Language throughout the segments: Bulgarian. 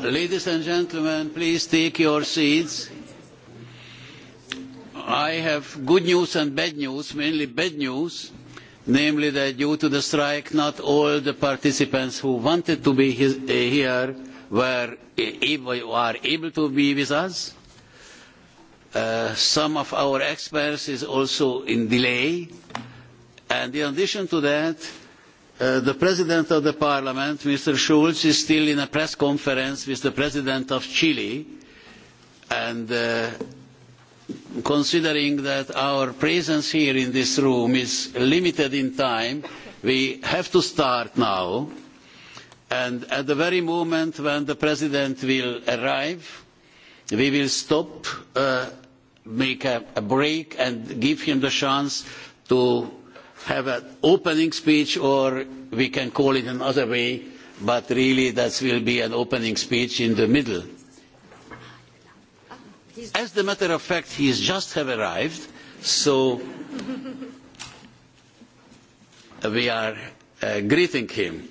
Ladies and gentlemen, please take your seats. I have good news and bad news, mainly bad news, namely that due to the strike, not all the participants who wanted to be here were able to be with us. some of our experts is also in delay. And in addition to that, the President of the Parliament, Mr. Schulz, is still in a press conference with the President of Chile, and considering that our presence here in this room is limited in time, we have to start now. And at the very moment when the President will arrive, we will stop, make a break, and give him the chance to have an opening speech or we can call it another way, but really that will be an opening speech in the middle. As a matter of fact, he just have arrived, so we are greeting him.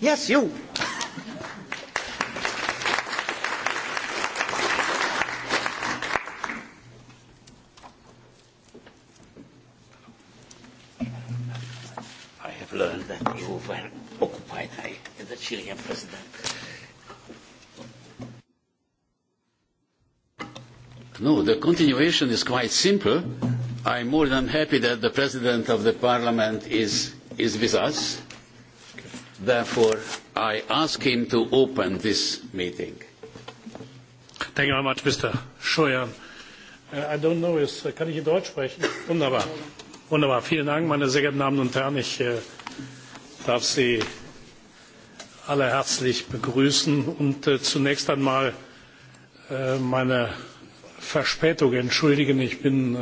Yes, you. learned that you were occupied by the Chilean president. No, the continuation is quite simple. I'm more than happy that the President of the Parliament is, is with us. Therefore, I ask him to open this meeting. Thank you very much, Mr. Scheuer. I don't know, is, kann ich in Deutsch sprechen? Wunderbar. Wunderbar. Vielen Dank, meine sehr geehrten Damen und Herren. Ich darf Sie alle herzlich begrüßen und zunächst einmal meine Verspätung entschuldigen. Ich bin,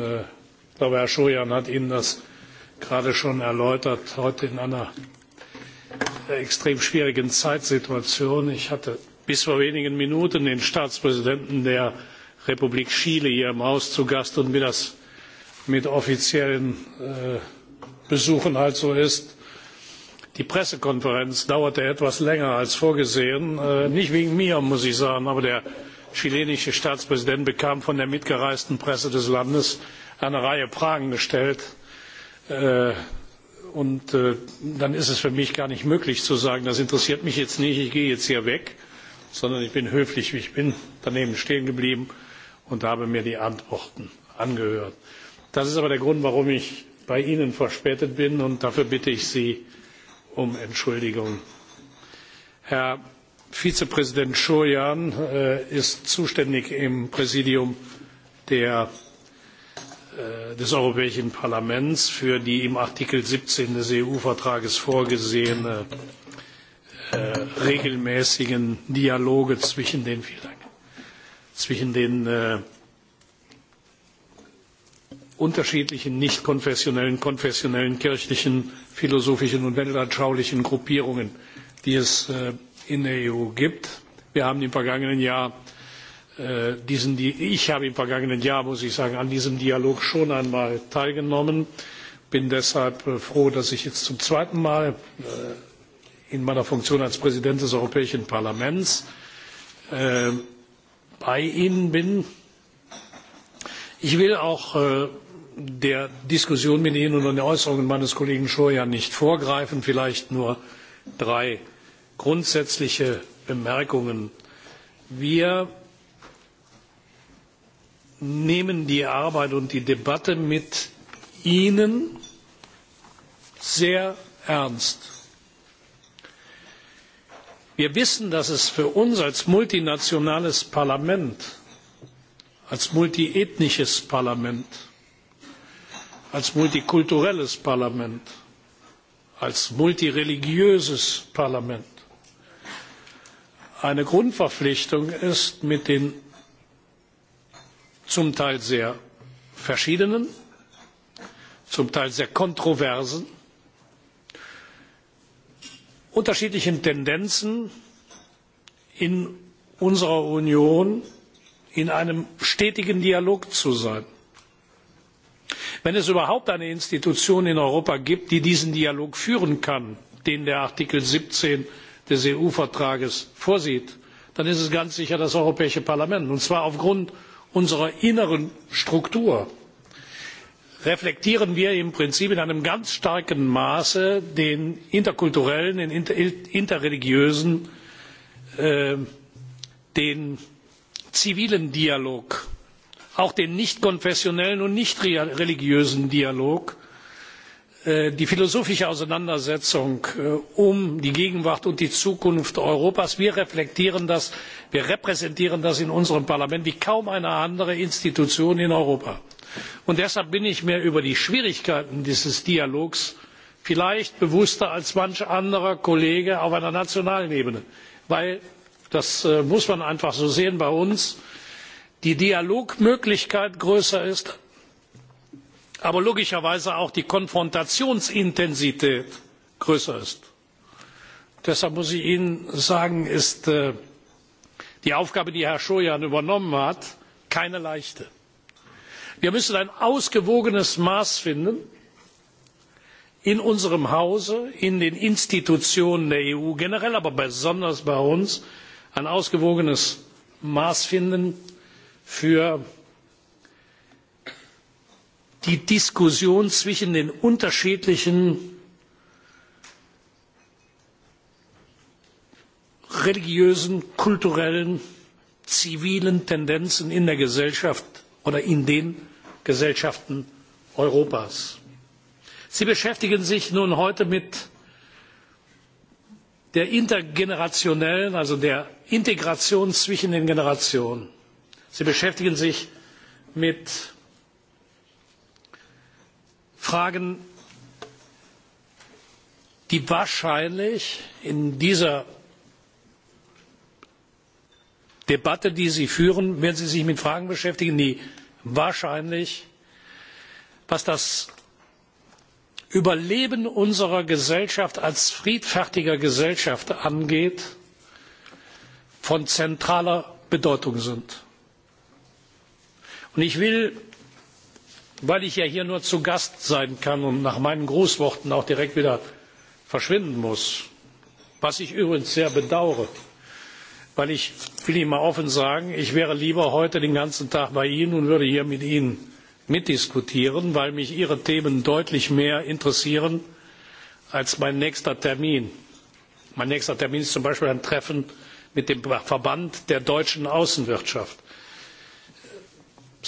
ich glaube, Herr surjn hat Ihnen das gerade schon erläutert, heute in einer extrem schwierigen Zeitsituation. Ich hatte bis vor wenigen Minuten den Staatspräsidenten der Republik Chile hier im Haus zu Gast und wie das mit offiziellen Besuchen halt so ist, die pressekonferenz dauerte etwas länger als vorgesehen nicht wegen mir muss ich sagen aber der chilenische staatspräsident bekam von der mitgereisten presse des landes eine reihe fragen gestellt und dann ist es für mich gar nicht möglich zu sagen das interessiert mich jetzt nicht ich gehe jetzt hier weg sondern ich bin höflich wie ich bin daneben stehen geblieben und habe mir die antworten angehört. das ist aber der grund warum ich bei ihnen verspätet bin und dafür bitte ich sie um Entschuldigung. Herr Vizepräsident Schurjan ist zuständig im Präsidium des Europäischen Parlaments für die im Artikel siebzehn des EU-Vertrages vorgesehenen regelmäßigen Dialoge zwischen den unterschiedlichen nicht konfessionellen, kirchlichen, philosophischen und weltanschaulichen Gruppierungen, die es in der EU gibt. Wir haben im vergangenen Jahr diesen, ich habe im vergangenen Jahr, muss ich sagen, an diesem Dialog schon einmal teilgenommen. Bin deshalb froh, dass ich jetzt zum zweiten Mal in meiner Funktion als Präsident des Europäischen Parlaments bei Ihnen bin. Ich will auch der Diskussion mit Ihnen und den Äußerungen meines Kollegen Scheuer nicht vorgreifen, vielleicht nur drei grundsätzliche Bemerkungen. Wir nehmen die Arbeit und die Debatte mit Ihnen sehr ernst. Wir wissen, dass es für uns als multinationales Parlament, als multiethnisches Parlament als multikulturelles Parlament, als multireligiöses Parlament eine Grundverpflichtung ist, mit den zum Teil sehr verschiedenen, zum Teil sehr kontroversen, unterschiedlichen Tendenzen in unserer Union in einem stetigen Dialog zu sein wenn es überhaupt eine institution in europa gibt die diesen dialog führen kann den der artikel siebzehn des eu vertrags vorsieht dann ist es ganz sicher das europäische parlament und zwar aufgrund unserer inneren struktur reflektieren wir im prinzip in einem ganz starken maße den interkulturellen den interreligiösen den zivilen dialog auch den nichtkonfessionellen und nichtreligiösen dialog die philosophische auseinandersetzung um die gegenwart und die zukunft europas. wir reflektieren das wir repräsentieren das in unserem parlament wie kaum eine andere institution in europa. deshalb bin ich mir über die schwierigkeiten dieses dialogs vielleicht bewusster als manch anderer kollege auf einer nationalen ebene weil das muss man einfach so sehen bei uns die dialogmöglichkeit größer ist aber logischerweise auch die konfrontationsintensität größer ist. deshalb muss ich ihnen sagen ist die aufgabe die herr surjan übernommen hat keine leichte. wir müssen ein ausgewogenes maß finden in unserem hause in den institutionen der eu generell aber besonders bei uns ein ausgewogenes maß finden für die diskussion zwischen den unterschiedlichen religiösen kulturellen zivilen tendenzen in der gesellschaft oder in den gesellschaften europas. sie beschäftigen sich nun heute mit der intergenerationellen also der integration zwischen den generationen. Sie beschäftigen sich mit Fragen, die wahrscheinlich in dieser Debatte, die Sie führen, wenn Sie sich mit Fragen beschäftigen, die wahrscheinlich, was das Überleben unserer Gesellschaft als friedfertiger Gesellschaft angeht, von zentraler Bedeutung sind und ich will weil ich ja hier nur zu gast sein kann und nach meinen grußworten auch direkt wieder verschwinden muss was ich übrigens sehr bedaure weil ich will ihnen mal offen sagen ich wäre lieber heute den ganzen tag bei ihnen und würde hier mit ihnen mitdiskutieren weil mich ihre themen deutlich mehr interessieren als mein nächster termin. mein nächster termin ist zum beispiel ein treffen mit dem verband der deutschen außenwirtschaft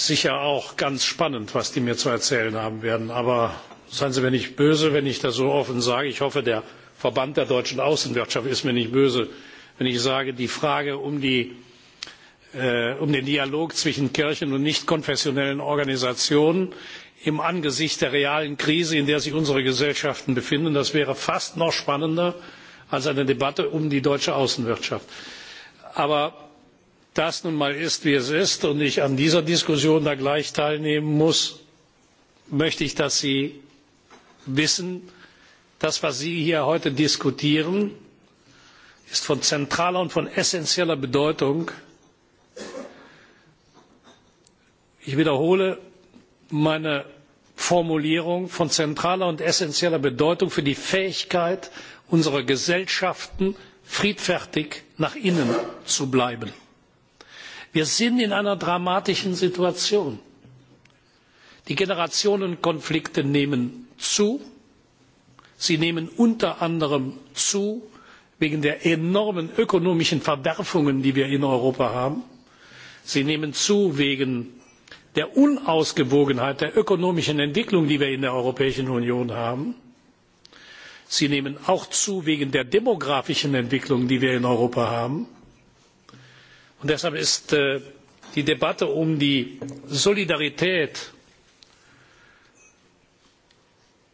sicher auch ganz spannend was die mir zu erzählen haben werden. aber seien sie mir nicht böse wenn ich das so offen sage ich hoffe der verband der deutschen außenwirtschaft ist mir nicht böse wenn ich sage die frage um den dialog zwischen kirchen und nichtkonfessionellen organisationen im angesicht der realen krise in der sich unsere gesellschaften befinden das wäre fast noch spannender als eine debatte um die deutsche außenwirtschaft. aber das nun mal ist wie es ist und ich an dieser diskussion da gleich teilnehmen muss möchte ich dass sie wissen das was sie hier heute diskutieren ist von zentraler und von essenzieller bedeutung. ich wiederhole meine formulierung von zentraler und essenzieller bedeutung für die fähigkeit unserer gesellschaften friedfertig nach innen zu bleiben wir sind in einer dramatischen situation. die generationenkonflikte nehmen zu sie nehmen unter anderem zu wegen der enormen ökonomischen verwerfungen die wir in europa haben sie nehmen zu wegen der unausgewogenheit der ökonomischen entwicklung die wir in der europäischen union haben sie nehmen auch zu wegen der demografischen entwicklung die wir in europa haben deshalb ist die debatte um die solidarität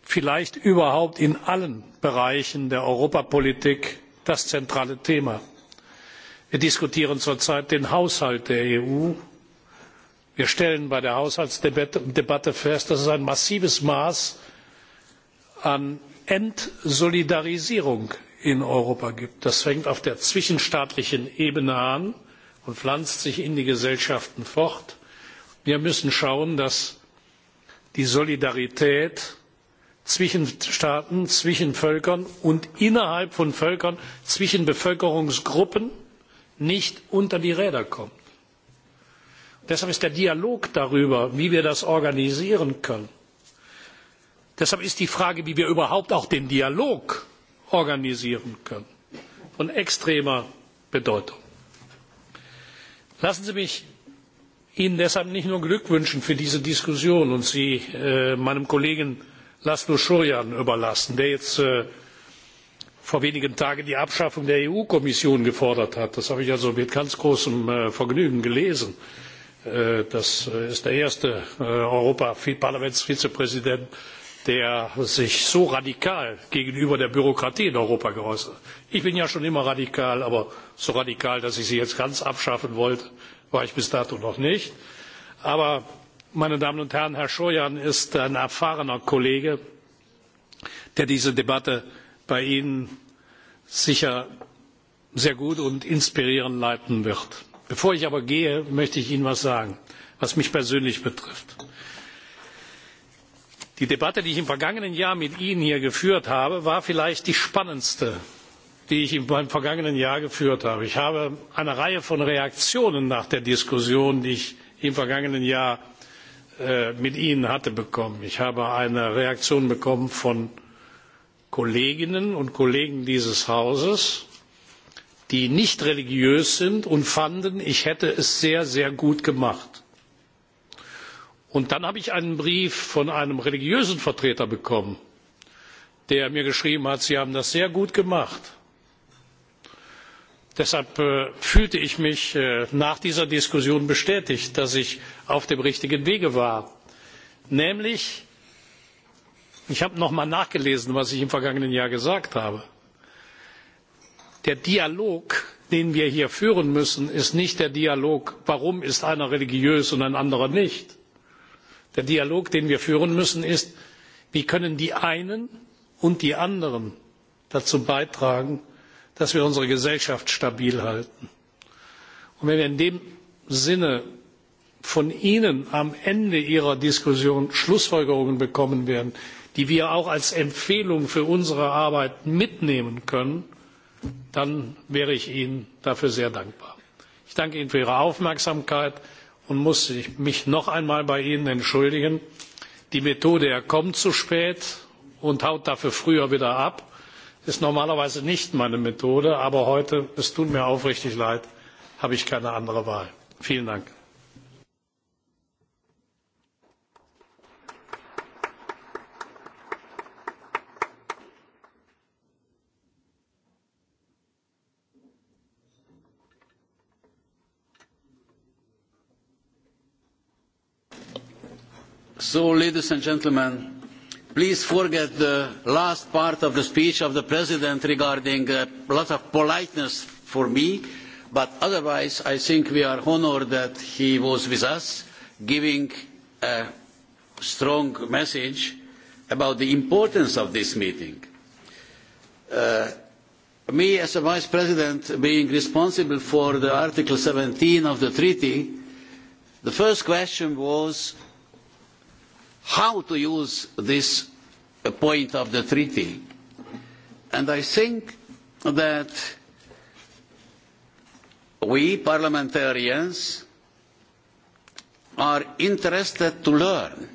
vielleicht überhaupt in allen bereichen der europapolitik das zentrale thema. wir diskutieren zurzeit den haushalt der eu. wir stellen bei der haushaltsdebatte fest dass es ein massives maß an entsolidarisierung in europa gibt. das fängt auf der zwischenstaatlichen ebene an und pflanzt sich in die gesellschaften fort. wir müssen schauen dass die solidarität zwischen staaten zwischen völkern und innerhalb von völkern zwischen bevölkerungsgruppen nicht unter die räder kommt. deshalb ist der dialog darüber wie wir das organisieren können deshalb ist die frage wie wir überhaupt auch den dialog organisieren können von extremer bedeutung lassen sie mich ihnen deshalb nicht nur Glückwünschen für diese diskussion und sie meinem kollegen lszl surjn überlassen der jetzt vor wenigen tagen die abschaffung der eu kommission gefordert hat. das habe ich also mit ganz großem vergnügen gelesen. das ist der erste europaparlamentsvizepräsident der sich so radikal gegenüber der bürokratie in europa geäußert hat. ich bin ja schon immer radikal aber so radikal dass ich sie jetzt ganz abschaffen wollte war ich bis dato noch nicht. aber meine damen und herren herr scheuan ist ein erfahrener kollege der diese debatte bei ihnen sicher sehr gut und inspirierend leiten wird. bevor ich aber gehe möchte ich ihnen etwas sagen was mich persönlich betrifft die debatte die ich im vergangenen jahr mit ihnen hier geführt habe war vielleicht die spannendste die ich im vergangenen jahr geführt habe. ich habe eine reihe von reaktionen nach der diskussion die ich im vergangenen jahr mit ihnen hatte bekommen. ich habe eine reaktion bekommen von kolleginnen und kollegen dieses hauses die nicht religiös sind und fanden ich hätte es sehr sehr gut gemacht und dann habe ich einen brief von einem religiösen vertreter bekommen der mir geschrieben hat sie haben das sehr gut gemacht. deshalb fühlte ich mich nach dieser diskussion bestätigt dass ich auf dem richtigen wege war. nämlich ich habe noch einmal nachgelesen was ich im vergangenen jahr gesagt habe der dialog den wir hier führen müssen ist nicht der dialog warum ist einer religiös und ein anderer nicht der dialog den wir führen müssen ist wie können die einen und die anderen dazu beitragen dass wir unsere gesellschaft stabil halten? wenn wir in dem sinne von ihnen am ende ihrer diskussion schlussfolgerungen bekommen werden die wir auch als empfehlung für unsere arbeit mitnehmen können dann wäre ich ihnen dafür sehr dankbar. ich danke ihnen für ihre aufmerksamkeit und muss mich noch einmal bei Ihnen entschuldigen. Die Methode, er kommt zu spät und haut dafür früher wieder ab, ist normalerweise nicht meine Methode, aber heute, es tut mir aufrichtig leid, habe ich keine andere Wahl. Vielen Dank. So, ladies and gentlemen, please forget the last part of the speech of the President regarding a lot of politeness for me, but otherwise I think we are honoured that he was with us, giving a strong message about the importance of this meeting. me, as a Vice President, being responsible for the Article seventeen of the treaty, the first question was how to use this point of the treaty. And I think that we parliamentarians are interested to learn.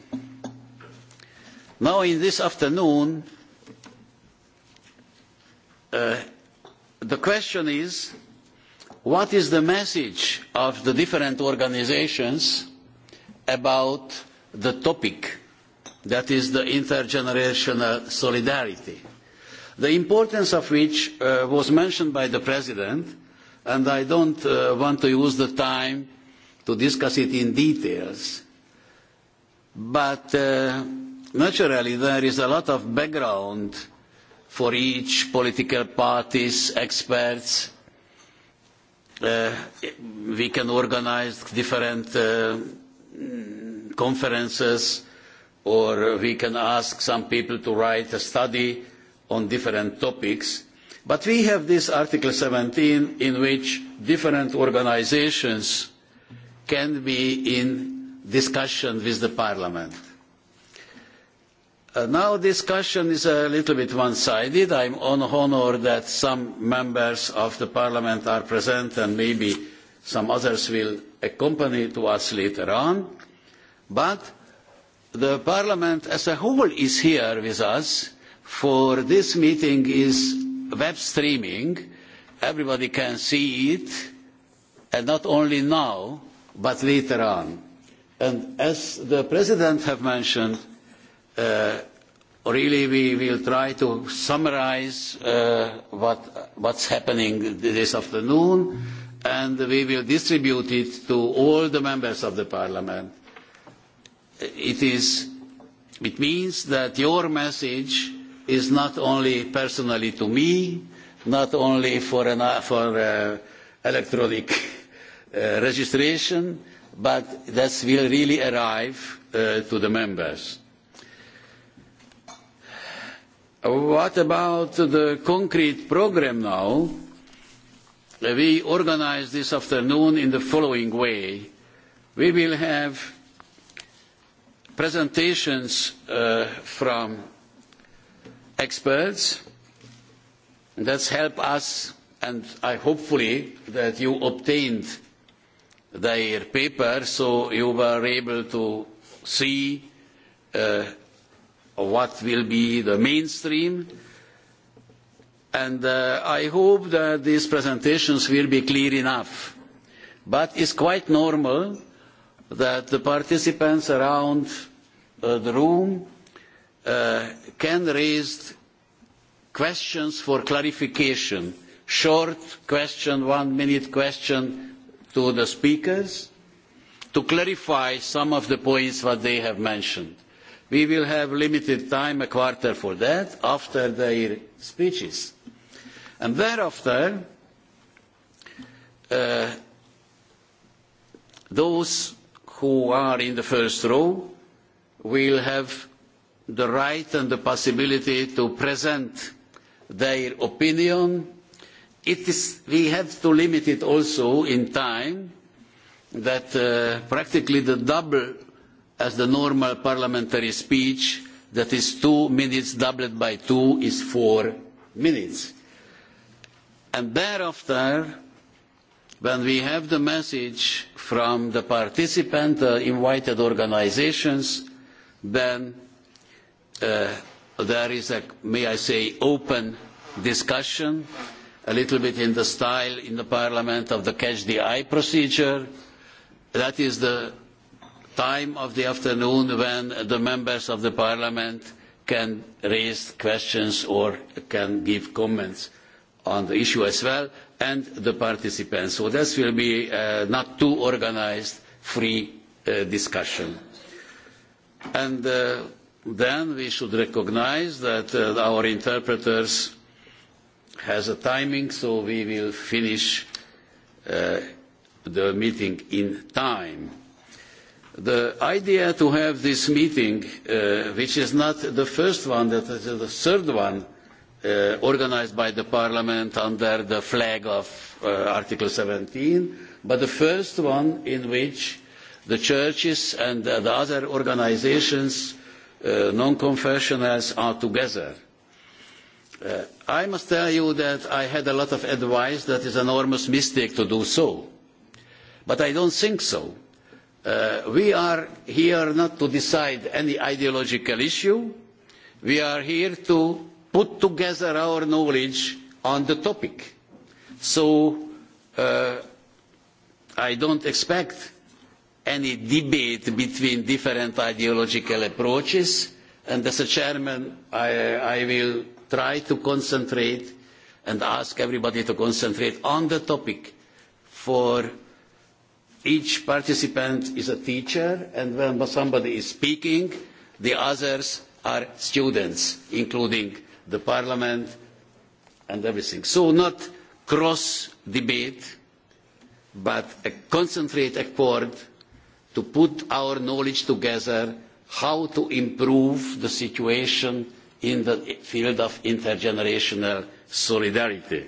Now in this afternoon, the question is, what is the message of the different organisations about the topic that is the intergenerational solidarity, the importance of which was mentioned by the President, and I don't uh, want to use the time to discuss it in details, but naturally there is a lot of background for each political parties, experts, we can organise different conferences or we can ask some people to write a study on different topics. But we have this Article seventeen in which different organisations can be in discussion with the Parliament. now discussion is a little bit one-sided. I am honoured that some members of the Parliament are present and maybe some others will accompany to us later on. But the Parliament as a whole is here with us for this meeting is web streaming. Everybody can see it, and not only now, but later on. And as the President has mentioned, really we will try to summarise what, what's happening this afternoon, and we will distribute it to all the members of the Parliament it is it means that your message is not only personally to me, not only for, an, for uh, electronic uh, registration, but that will really arrive uh, to the members. What about the concrete program now? We organize this afternoon in the following way. We will have presentations from experts that help us and I hopefully that you obtained their paper so you were able to see what will be the mainstream and I hope that these presentations will be clear enough. But it is quite normal that the participants around the room can raise questions for clarification. Short question, one minute question to the speakers to clarify some of the points that they have mentioned. We will have limited time, a quarter for that, after their speeches. And thereafter, those who are in the first row will have the right and the possibility to present their opinion. It is, we have to limit it also in time that uh, practically the double as the normal parliamentary speech that is two minutes doubled by two is four minutes. And thereafter, when we have the message from the participant, the invited organisations then there is a, may I say, open discussion, a little bit in the style in the Parliament of the catch the eye procedure. That is the time of the afternoon when the members of the Parliament can raise questions or can give comments on the issue as well, and the participants. So this will be not too organised, free discussion And then we should recognise that our interpreters has a timing, so we will finish the meeting in time. The idea to have this meeting, which is not the first one, that is the third one, organised by the Parliament under the flag of Article seventeen, but the first one in which the churches and the other organisations, non-confessionals are together. I must tell you that I had a lot of advice that is an enormous mistake to do so. But I don't think so. we are here not to decide any ideological issue. We are here to put together our knowledge on the topic. So I don't expect any debate between different ideological approaches. And as a chairman, I, I will try to concentrate and ask everybody to concentrate on the topic for each participant is a teacher and when somebody is speaking, the others are students, including the parliament and everything. So not cross debate, but a concentrate accord to put our knowledge together how to improve the situation in the field of intergenerational solidarity.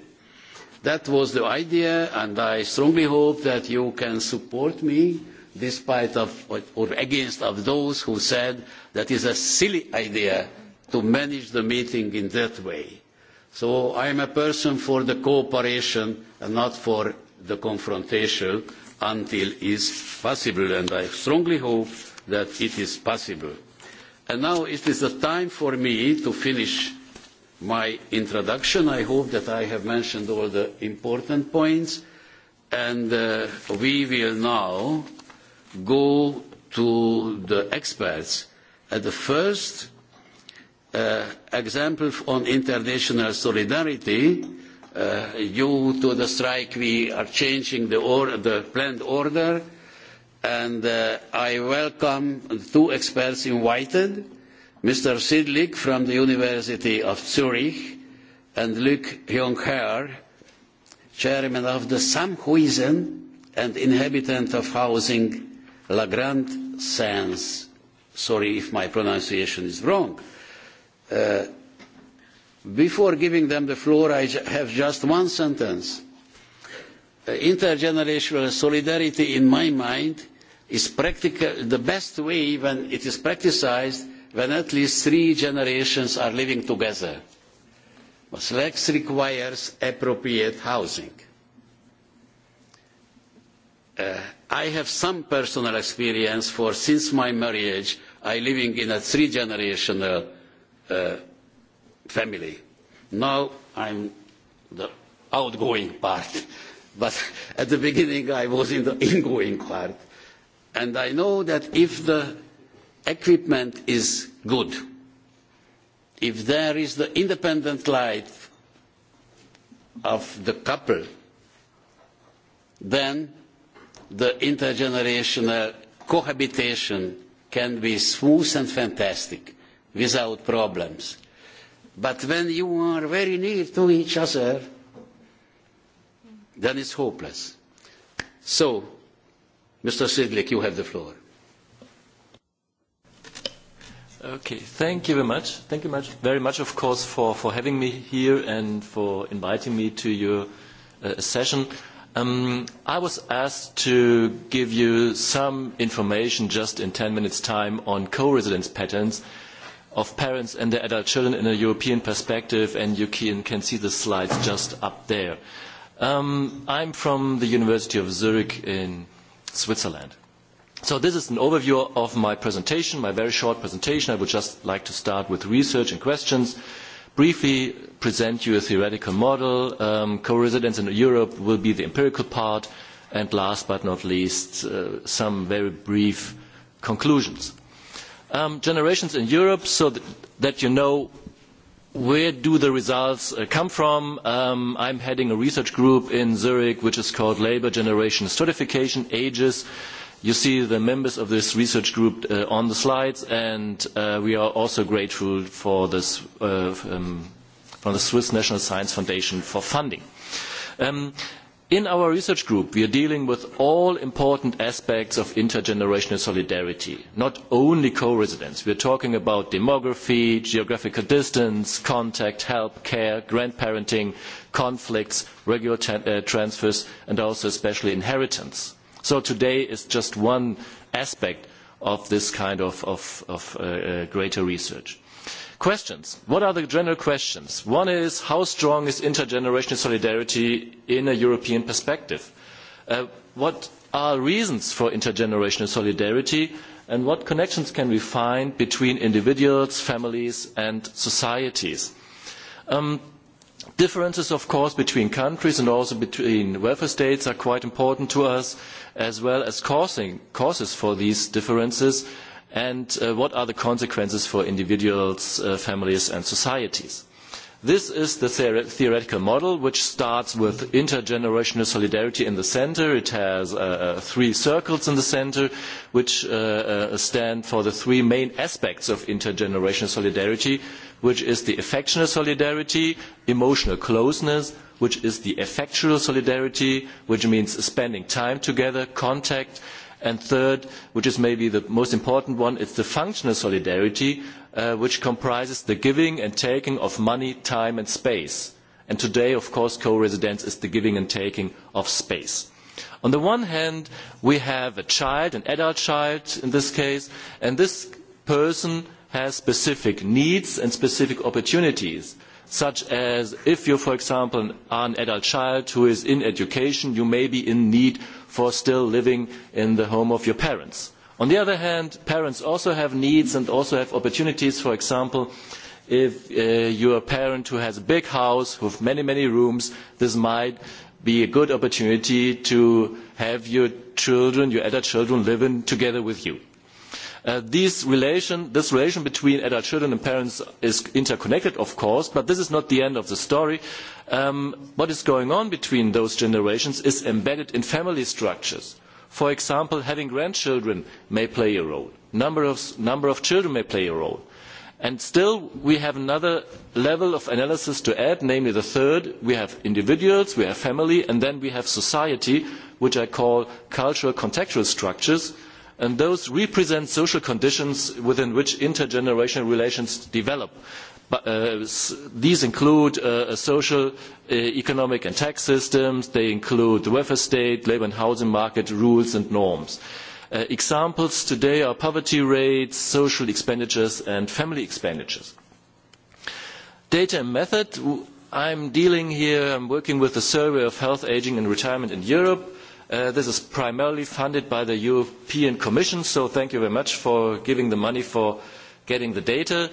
That was the idea, and I strongly hope that you can support me despite of or against of those who said that is a silly idea to manage the meeting in that way. So I am a person for the cooperation and not for the confrontation until is possible, and I strongly hope that it is possible. And now it is the time for me to finish my introduction. I hope that I have mentioned all the important points, and we will now go to the experts. At the first example on international solidarity, due to the strike, we are changing the, or, the planned order, and I welcome two experts invited, Mr. Sidlik from the University of Zurich and Luc Jongher, chairman of the Samhuisen and inhabitant of housing La Grande Sense. Sorry if my pronunciation is wrong Before giving them the floor, I have just one sentence. Intergenerational solidarity, in my mind, is practical, the best way when it is practiced when at least three generations are living together. But Slex requires appropriate housing. I have some personal experience for since my marriage, I living in a three generational family. Now I'm the outgoing part, but at the beginning I was in the ingoing part. And I know that if the equipment is good, if there is the independent life of the couple, then the intergenerational cohabitation can be smooth and fantastic without problems But when you are very near to each other, then it's hopeless. So, Mr. Sidlik, you have the floor. Okay, thank you very much. Thank you much, very much, of course, for, for having me here and for inviting me to your uh, session. Um, I was asked to give you some information just in 10 minutes' time on co-residence patterns of parents and their adult children in a European perspective, and you can, can see the slides just up there. Um, I'm from the University of Zurich in Switzerland. So this is an overview of my presentation, my very short presentation. I would just like to start with research and questions, briefly present you a theoretical model, um, co-residence in Europe will be the empirical part, and last but not least, uh, some very brief conclusions generations in Europe so that you know where do the results come from. I am heading a research group in Zurich which is called Labour Generation Stratification Ages. You see the members of this research group on the slides and we are also grateful for this from the Swiss National Science Foundation for funding in our research group we are dealing with all important aspects of intergenerational solidarity not only co residence we are talking about demography geographical distance contact help care grandparenting conflicts regular transfers and also especially inheritance so today is just one aspect of this kind of greater research Questions. What are the general questions? One is how strong is intergenerational solidarity in a European perspective? what are reasons for intergenerational solidarity and what connections can we find between individuals, families and societies? differences, of course, between countries and also between welfare states are quite important to us, as well as causing, causes for these differences and what are the consequences for individuals, families and societies. This is the theoretical model, which starts with intergenerational solidarity in the centre. It has three circles in the centre, which stand for the three main aspects of intergenerational solidarity, which is the affectional solidarity, emotional closeness, which is the effectual solidarity, which means spending time together, contact, and third which is maybe the most important one is the functional solidarity which comprises the giving and taking of money time and space and today of course co residence is the giving and taking of space. on the one hand we have a child an adult child in this case and this person has specific needs and specific opportunities such as if you for example are an adult child who is in education you may be in need for still living in the home of your parents. On the other hand, parents also have needs and also have opportunities. For example, if you are a parent who has a big house with many, many rooms, this might be a good opportunity to have your children, your adult children, living together with you this relation between adult children and parents is interconnected of course but this is not the end of the story. what is going on between those generations is embedded in family structures. for example having grandchildren may play a role the number of children may play a role and still we have another level of analysis to add namely the third we have individuals we have family and then we have society which i call cultural contextual structures and those represent social conditions within which intergenerational relations develop. these include social, economic and tax systems, they include the welfare state, labour and housing market rules and norms. examples today are poverty rates, social expenditures and family expenditures. Data and method, I am dealing here, I am working with the Survey of Health, Ageing and Retirement in Europe this is primarily funded by the European Commission, so thank you very much for giving the money for getting the data.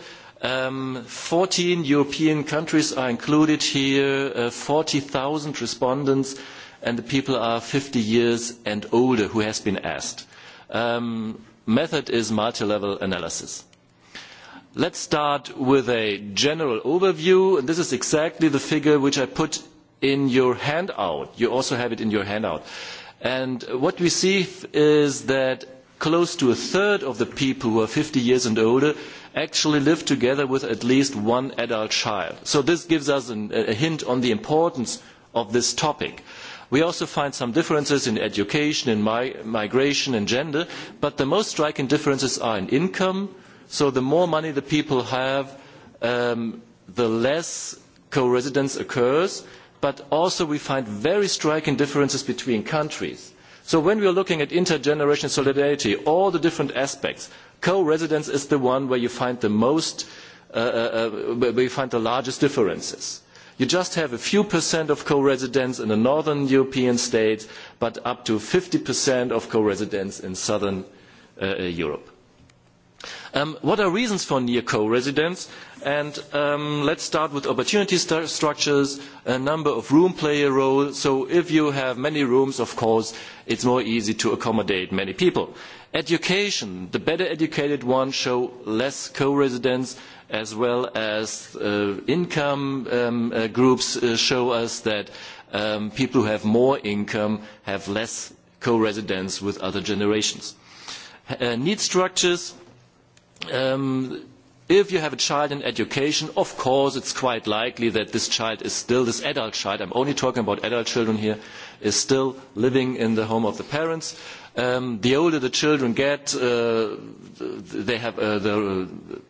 Fourteen European countries are included here, forty 40,000 respondents, and the people are fifty years and older who has been asked. method is multi-level analysis. Let's start with a general overview, and this is exactly the figure which I put in your handout. You also have it in your handout. And what we see is that close to a third of the people who are fifty years and older actually live together with at least one adult child. So this gives us a hint on the importance of this topic. We also find some differences in education, in migration and gender, but the most striking differences are in income. So the more money the people have, the less co-residence occurs but also we find very striking differences between countries. So when we are looking at intergenerational solidarity, all the different aspects, co-residence is the one where you find the most, where you find the largest differences. You just have a few percent of co-residents in the northern European states, but up to 50% of co-residents in southern Europe what are reasons for near co-residence? And let's start with opportunity structures, a number of room play a role. So if you have many rooms, of course, it's more easy to accommodate many people. Education, the better educated ones show less co-residence as well as income groups show us that people who have more income have less co-residence with other generations. need structures, if you have a child in education, of course it is quite likely that this child is still, this adult child, I am only talking about adult children here, is still living in the home of the parents. the older the children get, they, have,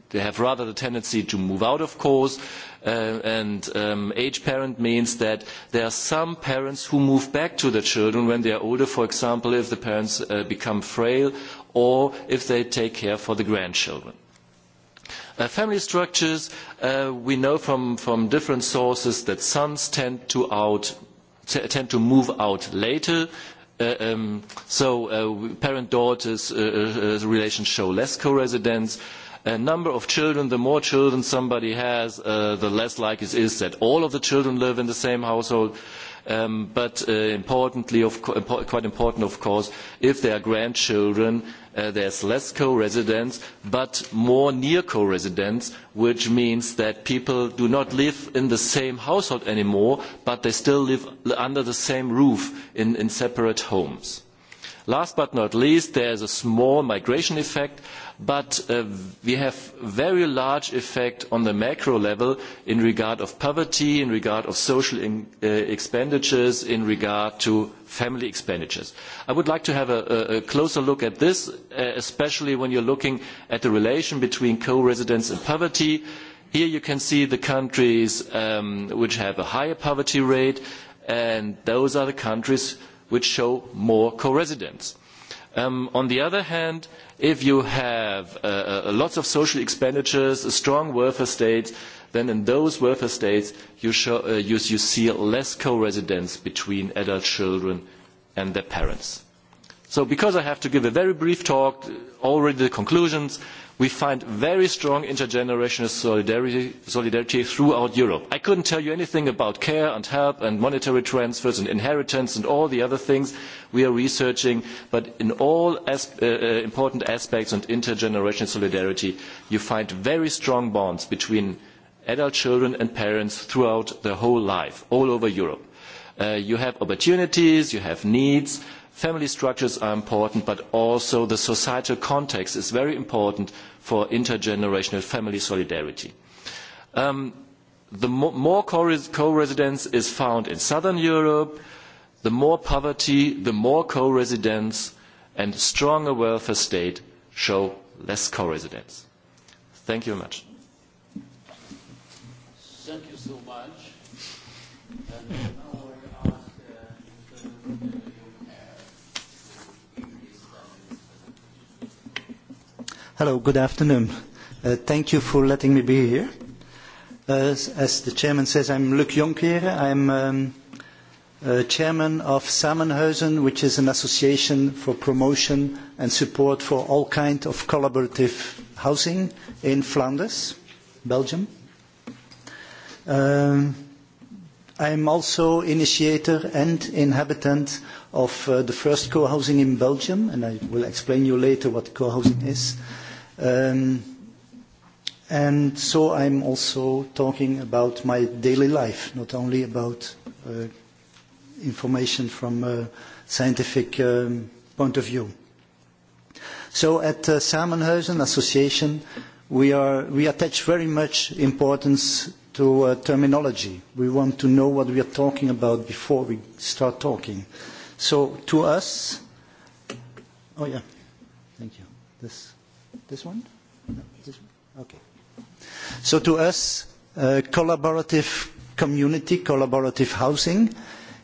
they have rather the tendency to move out, of course, and age parent means that there are some parents who move back to the children when they are older, for example, if the parents become frail or if they take care for the grandchildren. family structures, we know from, different sources that sons tend to, out, tend to move out later. so parent-daughters relations show less co-residence a number of children the more children somebody has the less likely it is that all of the children live in the same household but importantly quite important of course if they are grandchildren There is less co-residence, but more near co-residence, which means that people do not live in the same household anymore, but they still live under the same roof in separate homes Last but not least, there is a small migration effect, but we have a very large effect on the macro level in regard to poverty, in regard to social expenditures, in regard to family expenditures. I would like to have a closer look at this, especially when you are looking at the relation between co-residence and poverty. Here you can see the countries which have a higher poverty rate, and those are the countries which show more co-residence. on the other hand, if you have lots of social expenditures, a strong welfare state, then in those welfare states you, see less co-residence between adult children and their parents. So because I have to give a very brief talk, already the conclusions, we find very strong intergenerational solidarity, throughout Europe. I could not tell you anything about care and help and monetary transfers and inheritance and all the other things we are researching, but in all important aspects of intergenerational solidarity, you find very strong bonds between adult children and parents throughout their whole life, all over Europe you have opportunities, you have needs. Family structures are important, but also the societal context is very important for intergenerational family solidarity. the more co-residence is found in southern Europe, the more poverty, the more co-residence, and stronger welfare state show less co-residence. Thank you very much. Thank you so much. Hello, good afternoon. Thank you for letting me be here. As the chairman says, I'm Luc Jonker. I'm chairman of Samenhuizen, which is an association for promotion and support for all kinds of collaborative housing in Flanders, Belgium. I am also initiator and inhabitant of the first co-housing in Belgium, and I will explain you later what co-housing is and so I'm also talking about my daily life, not only about uh, information from a scientific um, point of view. So at the Samenhuizen Association, we, are, we attach very much importance to uh, terminology. We want to know what we are talking about before we start talking. So to us, oh yeah, thank you. This. This one? No, this one? Okay. So to us, uh, collaborative community, collaborative housing,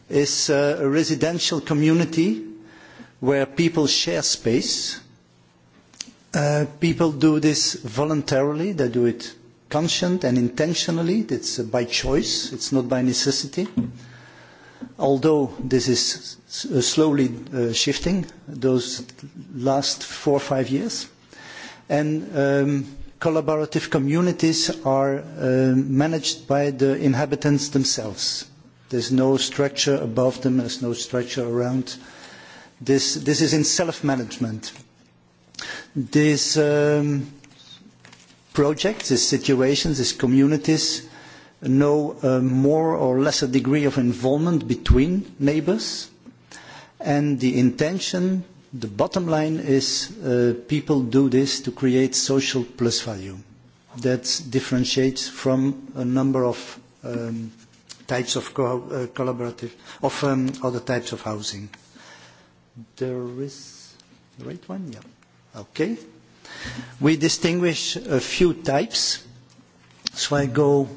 is uh, a residential community where people share space. Uh, people do this voluntarily, they do it conscient and intentionally, it's uh, by choice, it's not by necessity. Although this is slowly uh, shifting, those last four or five years and collaborative communities are managed by the inhabitants themselves. There is no structure above them, there is no structure around. This, this is in self-management. These projects, these situations, these communities know a more or lesser degree of involvement between neighbours, and the intention The bottom line is uh, people do this to create social plus value. That differentiates from a number of um, types of co uh, collaborative, of um, other types of housing. There is the right one, yeah. Okay. We distinguish a few types. So I go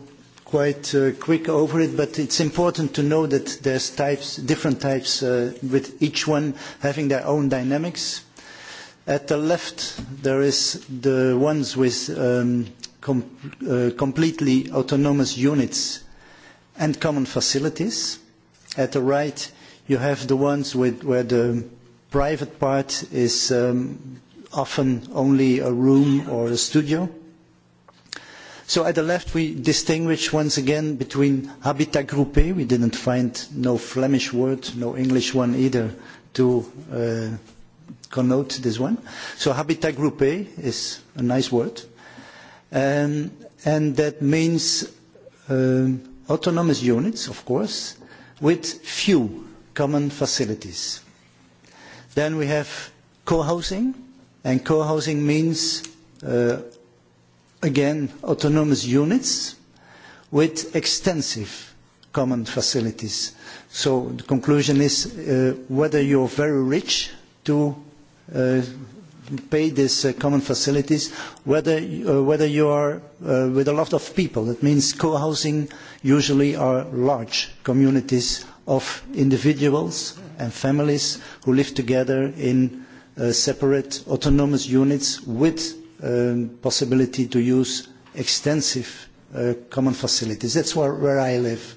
quite uh, quick over it, but it's important to know that there's types, different types, uh, with each one having their own dynamics. At the left, there is the ones with um, com uh, completely autonomous units and common facilities. At the right, you have the ones with, where the private part is um, often only a room or a studio So at the left, we distinguish once again between habitat groupé. We didn't find no Flemish word, no English one either to connote this one. So habitat groupé is a nice word. and that means autonomous units, of course, with few common facilities. Then we have co-housing, and co-housing means again, autonomous units with extensive common facilities. So the conclusion is whether you're very rich to pay these common facilities, whether, you are with a lot of people. That means co-housing usually are large communities of individuals and families who live together in separate autonomous units with possibility to use extensive common facilities. That's where, where I live.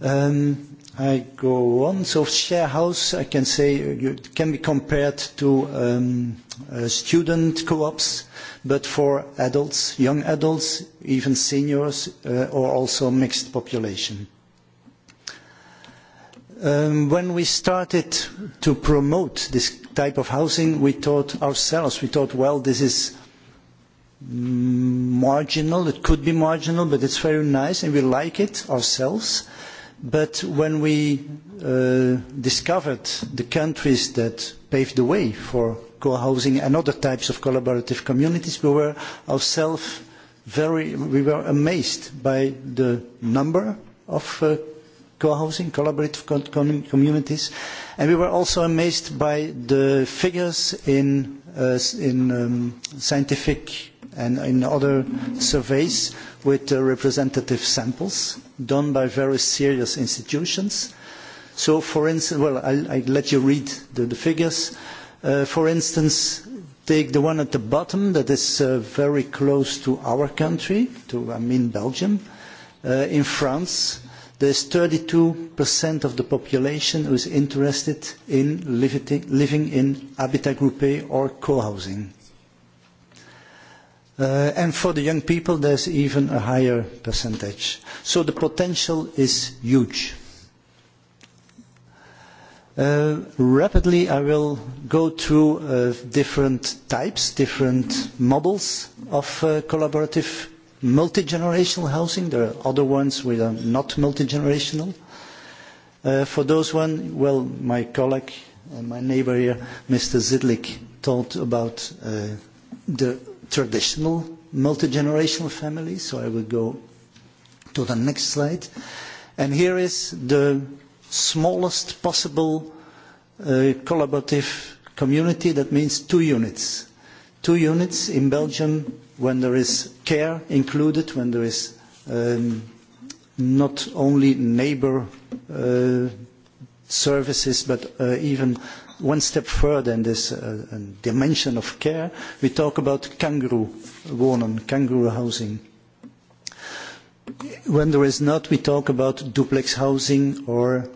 Um, I go on. So share house, I can say, can be compared to um, uh, student co-ops, but for adults, young adults, even seniors, uh, or also mixed population when we started to promote this type of housing, we thought ourselves, we thought, well, this is marginal, it could be marginal, but it's very nice and we like it ourselves. But when we discovered the countries that paved the way for co-housing and other types of collaborative communities, we were ourselves very, we were amazed by the number of co-housing, collaborative communities. And we were also amazed by the figures in, scientific and in other surveys with representative samples done by very serious institutions. So for instance, well, I'll, I'll let you read the, the figures. for instance, take the one at the bottom that is very close to our country, to, I mean Belgium. in France, There is thirty 32% of the population who is interested in living in habitat groupé or co-housing. and for the young people, there is even a higher percentage. So the potential is huge. rapidly, I will go through different types, different models of collaborative multi-generational housing. There are other ones which are not multi-generational. Uh, for those one, well, my colleague and my neighbor here, Mr. Zidlik, talked about uh, the traditional multi-generational families. So I will go to the next slide. And here is the smallest possible uh, collaborative community. That means two units. Two units in Belgium when there is care included, when there is not only neighbour services, but even one step further in this dimension of care, we talk about kangaroo wonen, kangaroo housing. When there is not, we talk about duplex housing or,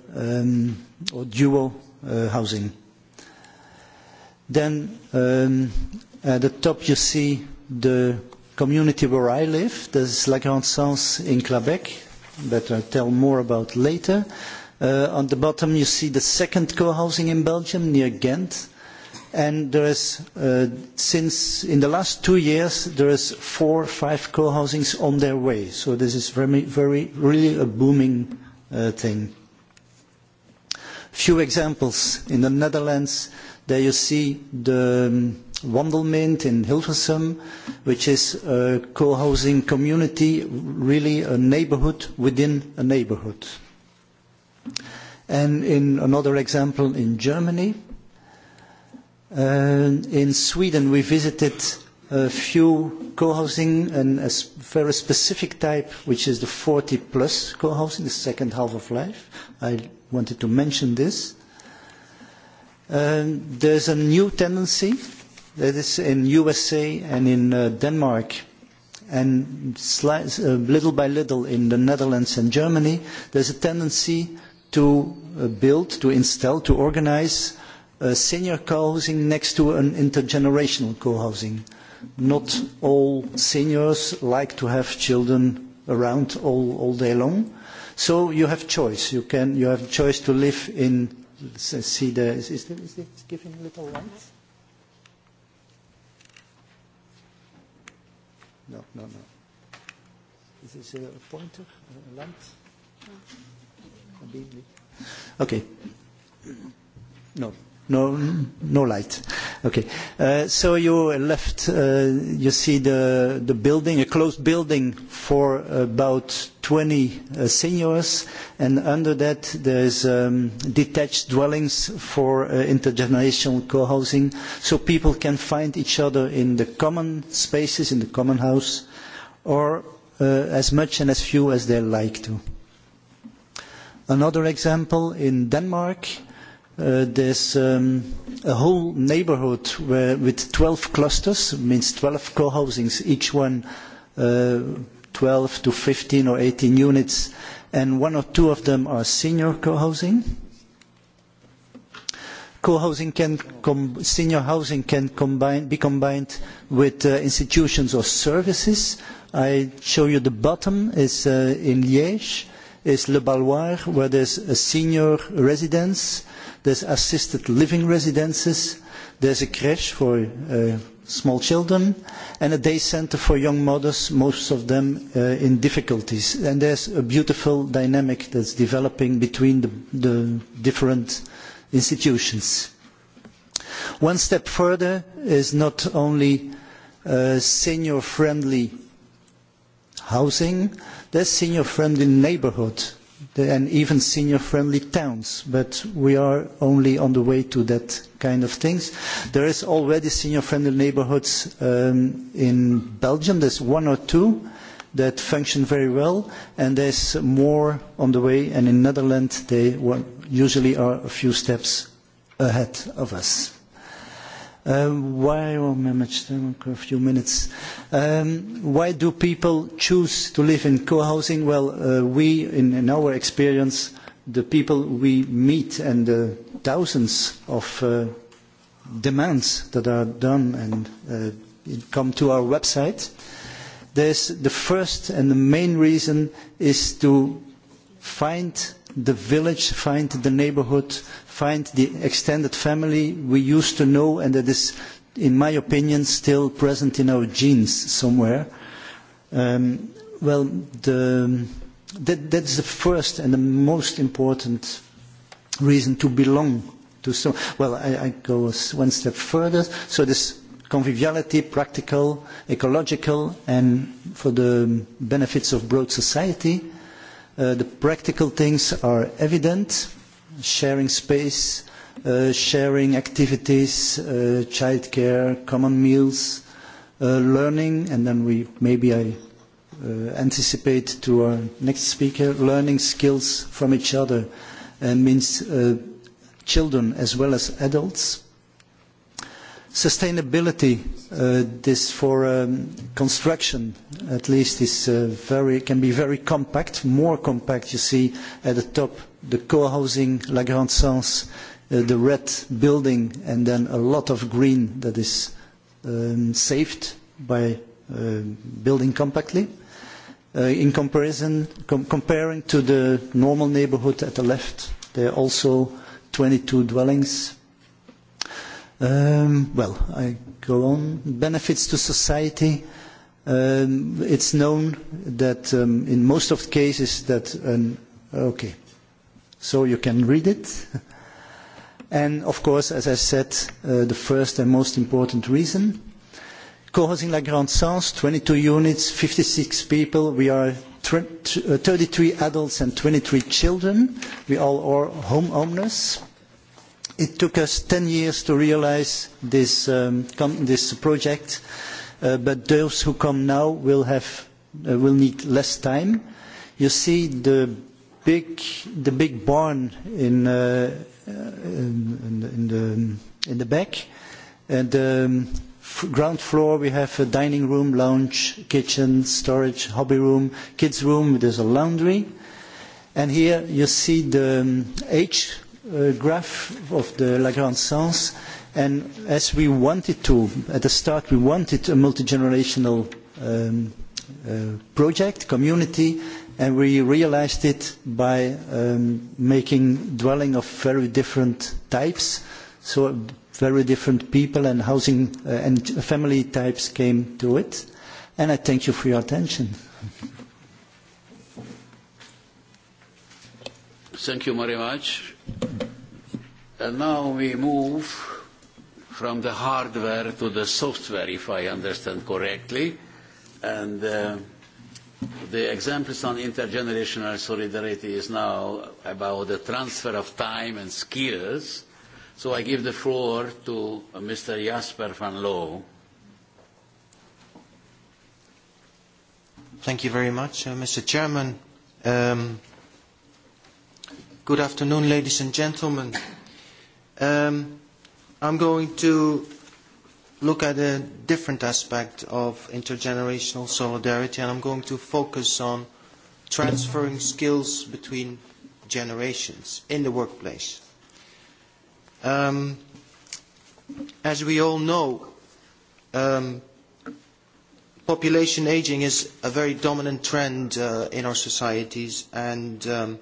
duo housing. Then at the top you see the community where I live, there's La Grande Sens in Quebec, that I'll tell more about later. on the bottom, you see the second co-housing in Belgium near Ghent. And there is, since in the last two years, there is four, or five co-housings on their way. So this is very, very really a booming thing. Few examples. In the Netherlands, there you see the Wandelmint in Hilversum, which is a co-housing community, really a neighborhood within a neighborhood. And in another example in Germany, in Sweden we visited a few co-housing and a very specific type, which is the 40 plus co-housing, the second half of life. I wanted to mention this. Um, there's a new tendency that is in USA and in uh, Denmark and slight, uh, little by little in the Netherlands and Germany, there's a tendency to uh, build, to install, to organize uh, senior co-housing next to an intergenerational co-housing. Not all seniors like to have children around all, all day long. So you have choice. You, can, you have choice to live in, see the, is, is, there, is it giving little lights? no, no, no. Is this a pointer? A lamp? A Okay. No. No, no light. Okay. Uh, so you left, uh, you see the, the building, a closed building for about 20 uh, seniors, and under that there's um, detached dwellings for uh, intergenerational co-housing, so people can find each other in the common spaces, in the common house, or uh, as much and as few as they like to. Another example in Denmark, uh, there's um, a whole neighborhood where, with 12 clusters, means 12 co-housings, each one uh, 12 to 15 or 18 units, and one or two of them are senior co-housing. Co-housing can com senior housing can combine, be combined with uh, institutions or services. I show you the bottom is uh, in Liège, is Le Balloir, where there's a senior residence, uh, There's assisted living residences. There's a crèche for uh, small children and a day center for young mothers, most of them uh, in difficulties. And there's a beautiful dynamic that's developing between the, the different institutions. One step further is not only uh, senior-friendly housing, there's senior-friendly neighborhood and even senior-friendly towns, but we are only on the way to that kind of things. There is already senior-friendly neighborhoods in Belgium. There's one or two that function very well, and there's more on the way. And in Netherlands, they usually are a few steps ahead of us why, or manage a few minutes, why do people choose to live in co-housing? Well, we, in, in our experience, the people we meet and the thousands of demands that are done and come to our website, there's the first and the main reason is to find the village, find the neighborhood, find the extended family we used to know and that is, in my opinion, still present in our genes somewhere. Um, well, the, that, that's the first and the most important reason to belong to some. Well, I, I go one step further. So this conviviality, practical, ecological, and for the benefits of broad society – the practical things are evident, sharing space, sharing activities, childcare, common meals, learning, and then we maybe I anticipate to our next speaker, learning skills from each other means children as well as adults Sustainability, this for construction at least, is very can be very compact, more compact. You see at the top the co-housing, La Grande Sens, the red building, and then a lot of green that is saved by building compactly. In comparison, comparing to the normal neighborhood at the left, there are also 22 dwellings Um, well, I go on. Benefits to society. Um, it's known that um, in most of the cases that an okay, so you can read it. And of course, as I said, uh, the first and most important reason. Cohousing La Grande Sens, 22 units, 56 people. We are thirty three adults and twenty three children. We all are homeowners It took us ten years to realise this, project, but those who come now will, have, will need less time. You see the big, the big barn in, in, the, in the back, and um, ground floor we have a dining room, lounge, kitchen, storage, hobby room, kids room, there's a laundry. And here you see the age graph of the Lagrange sense, and as we wanted to, at the start we wanted a multi-generational um, uh, project, community, and we realized it by um, making dwelling of very different types, so very different people and housing uh, and family types came to it. And I thank you for your attention. Thank you very much And now we move from the hardware to the software, if I understand correctly. And uh, the examples on intergenerational solidarity is now about the transfer of time and skills. So I give the floor to Mr. Jasper van Loo. Thank you very much, uh, Mr. Chairman. Um, Good afternoon, ladies and gentlemen. Um, I'm going to look at a different aspect of intergenerational solidarity, and I'm going to focus on transferring skills between generations in the workplace. Um, as we all know, um, population aging is a very dominant trend uh, in our societies, and um,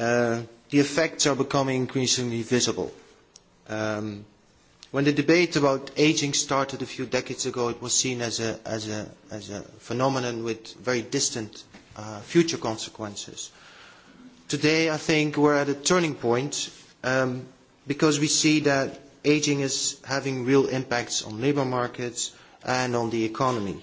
the effects are becoming increasingly visible. when the debate about ageing started a few decades ago, it was seen as a, as a, as a phenomenon with very distant future consequences. Today, I think we're at a turning point because we see that ageing is having real impacts on labour markets and on the economy.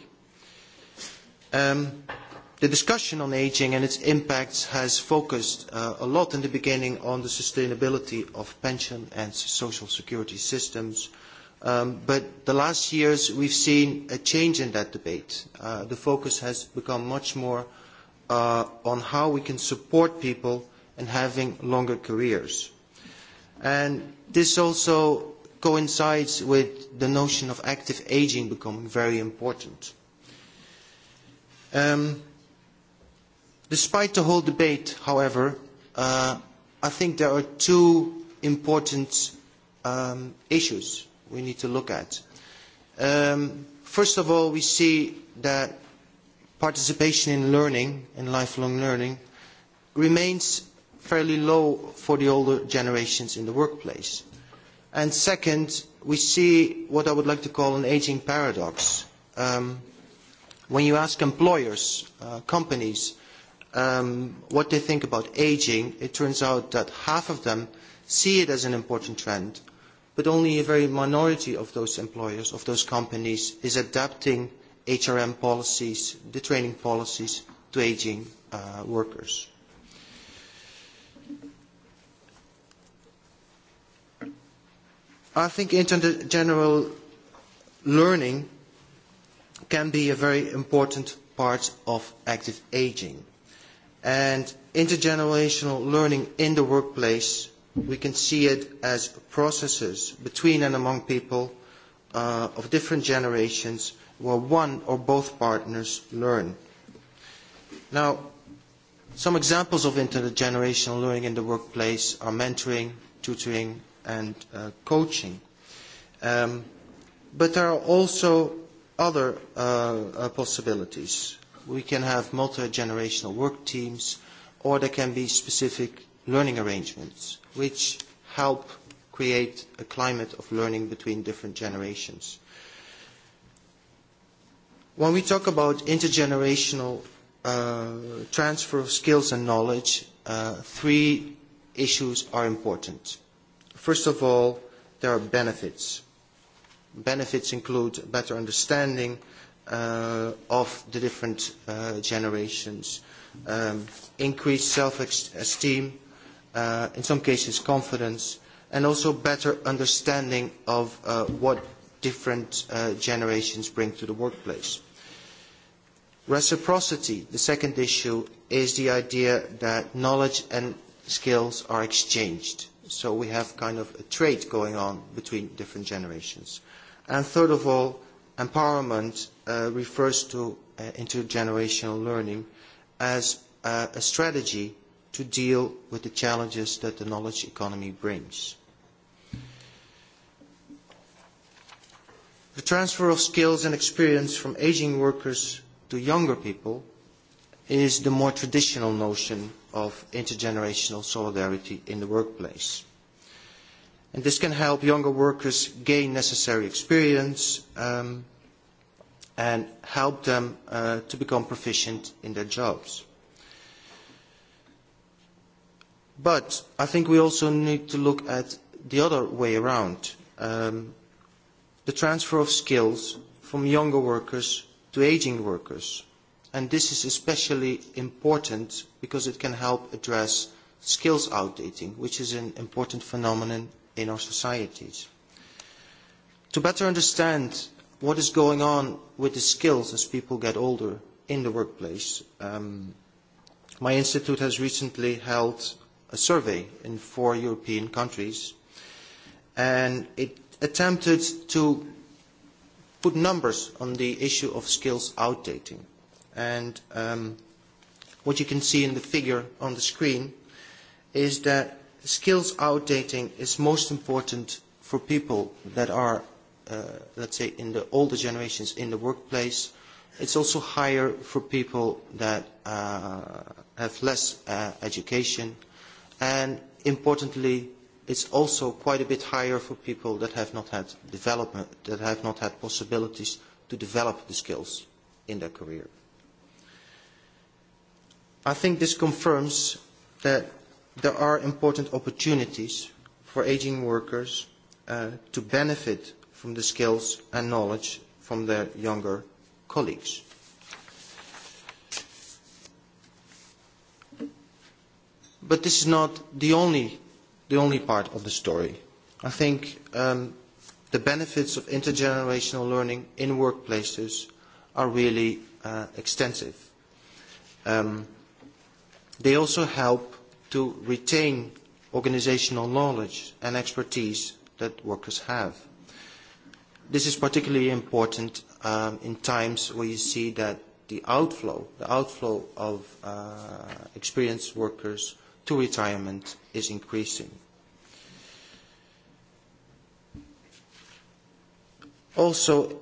The discussion on ageing and its impacts has focused a lot in the beginning on the sustainability of pension and social security systems. but the last years we've seen a change in that debate. the focus has become much more on how we can support people in having longer careers. And this also coincides with the notion of active ageing becoming very important. Um, Despite the whole debate, however, I think there are two important issues we need to look at. first of all, we see that participation in learning, in lifelong learning, remains fairly low for the older generations in the workplace. And second, we see what I would like to call an ageing paradox. when you ask employers, companies, um, what they think about aging, it turns out that half of them see it as an important trend, but only a very minority of those employers, of those companies, is adapting HRM policies, the training policies, to aging uh, workers. I think intergeneral learning can be a very important part of active aging. And intergenerational learning in the workplace, we can see it as processes between and among people uh, of different generations where one or both partners learn. Now, some examples of intergenerational learning in the workplace are mentoring, tutoring, and uh, coaching. Um, but there are also other uh, uh, possibilities we can have multi-generational work teams, or there can be specific learning arrangements, which help create a climate of learning between different generations. When we talk about intergenerational uh, transfer of skills and knowledge, uh, three issues are important. First of all, there are benefits. Benefits include better understanding, uh, of the different uh, generations. Um, increased self-esteem, uh, in some cases confidence, and also better understanding of uh, what different uh, generations bring to the workplace. Reciprocity, the second issue, is the idea that knowledge and skills are exchanged. So we have kind of a trade going on between different generations. And third of all, empowerment refers to intergenerational learning as a strategy to deal with the challenges that the knowledge economy brings. The transfer of skills and experience from aging workers to younger people is the more traditional notion of intergenerational solidarity in the workplace. And this can help younger workers gain necessary experience, um, and help them uh, to become proficient in their jobs. But I think we also need to look at the other way around, um, the transfer of skills from younger workers to aging workers. And this is especially important because it can help address skills outdating, which is an important phenomenon in our societies. To better understand what is going on with the skills as people get older in the workplace. Um, my institute has recently held a survey in four European countries, and it attempted to put numbers on the issue of skills outdating. And um, what you can see in the figure on the screen is that skills outdating is most important for people that are uh, let's say, in the older generations in the workplace. It's also higher for people that uh, have less uh, education. And importantly, it's also quite a bit higher for people that have not had development, that have not had possibilities to develop the skills in their career. I think this confirms that there are important opportunities for aging workers uh, to benefit from the skills and knowledge from their younger colleagues. But this is not the only, the only part of the story. I think um, the benefits of intergenerational learning in workplaces are really uh, extensive. Um, they also help to retain organizational knowledge and expertise that workers have This is particularly important um, in times where you see that the outflow, the outflow of uh, experienced workers to retirement is increasing. Also,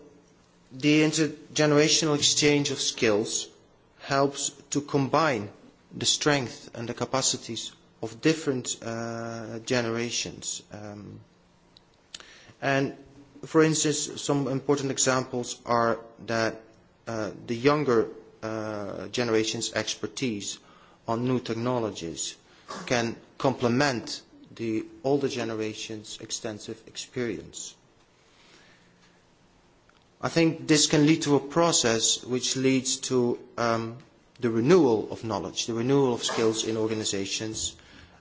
the intergenerational exchange of skills helps to combine the strength and the capacities of different uh, generations. Um, and for instance, some important examples are that uh, the younger uh, generation's expertise on new technologies can complement the older generation's extensive experience. I think this can lead to a process which leads to um, the renewal of knowledge, the renewal of skills in organizations,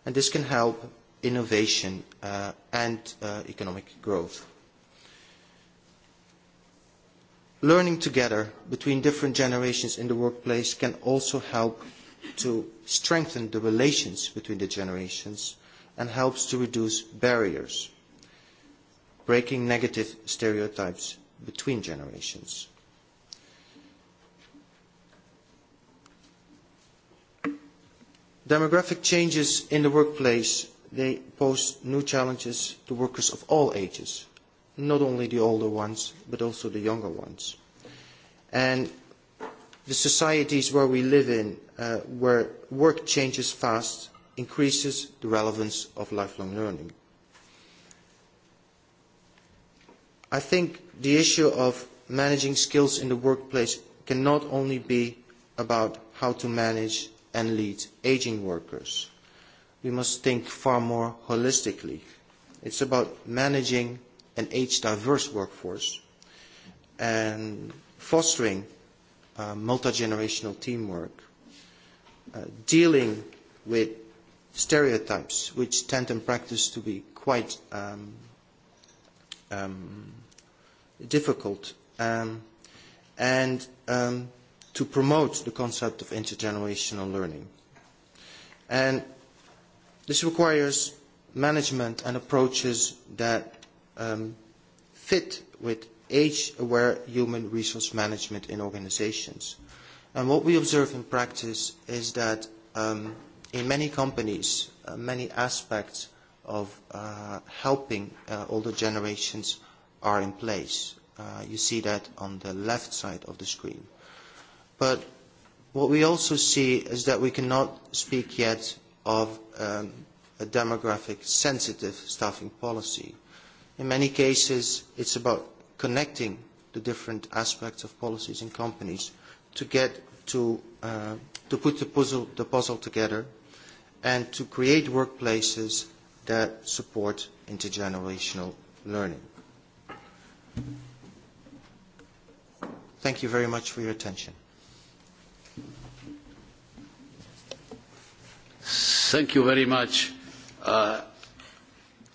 and this can help innovation uh, and uh, economic growth. learning together between different generations in the workplace can also help to strengthen the relations between the generations and helps to reduce barriers, breaking negative stereotypes between generations. Demographic changes in the workplace, they pose new challenges to workers of all ages, not only the older ones, but also the younger ones. And the societies where we live in, uh, where work changes fast, increases the relevance of lifelong learning. I think the issue of managing skills in the workplace can not only be about how to manage and lead aging workers. We must think far more holistically. It's about managing an age-diverse workforce and fostering uh, multi-generational teamwork, uh, dealing with stereotypes, which tend in practice to be quite um, um, difficult, um, and um, to promote the concept of intergenerational learning. And this requires management and approaches that um, fit with age-aware human resource management in organizations. And what we observe in practice is that um, in many companies, uh, many aspects of uh, helping uh, older generations are in place. Uh, you see that on the left side of the screen. But what we also see is that we cannot speak yet of um, a demographic sensitive staffing policy In many cases, it's about connecting the different aspects of policies and companies to get to, uh, to put the puzzle, the puzzle together and to create workplaces that support intergenerational learning. Thank you very much for your attention. Thank you very much. Uh,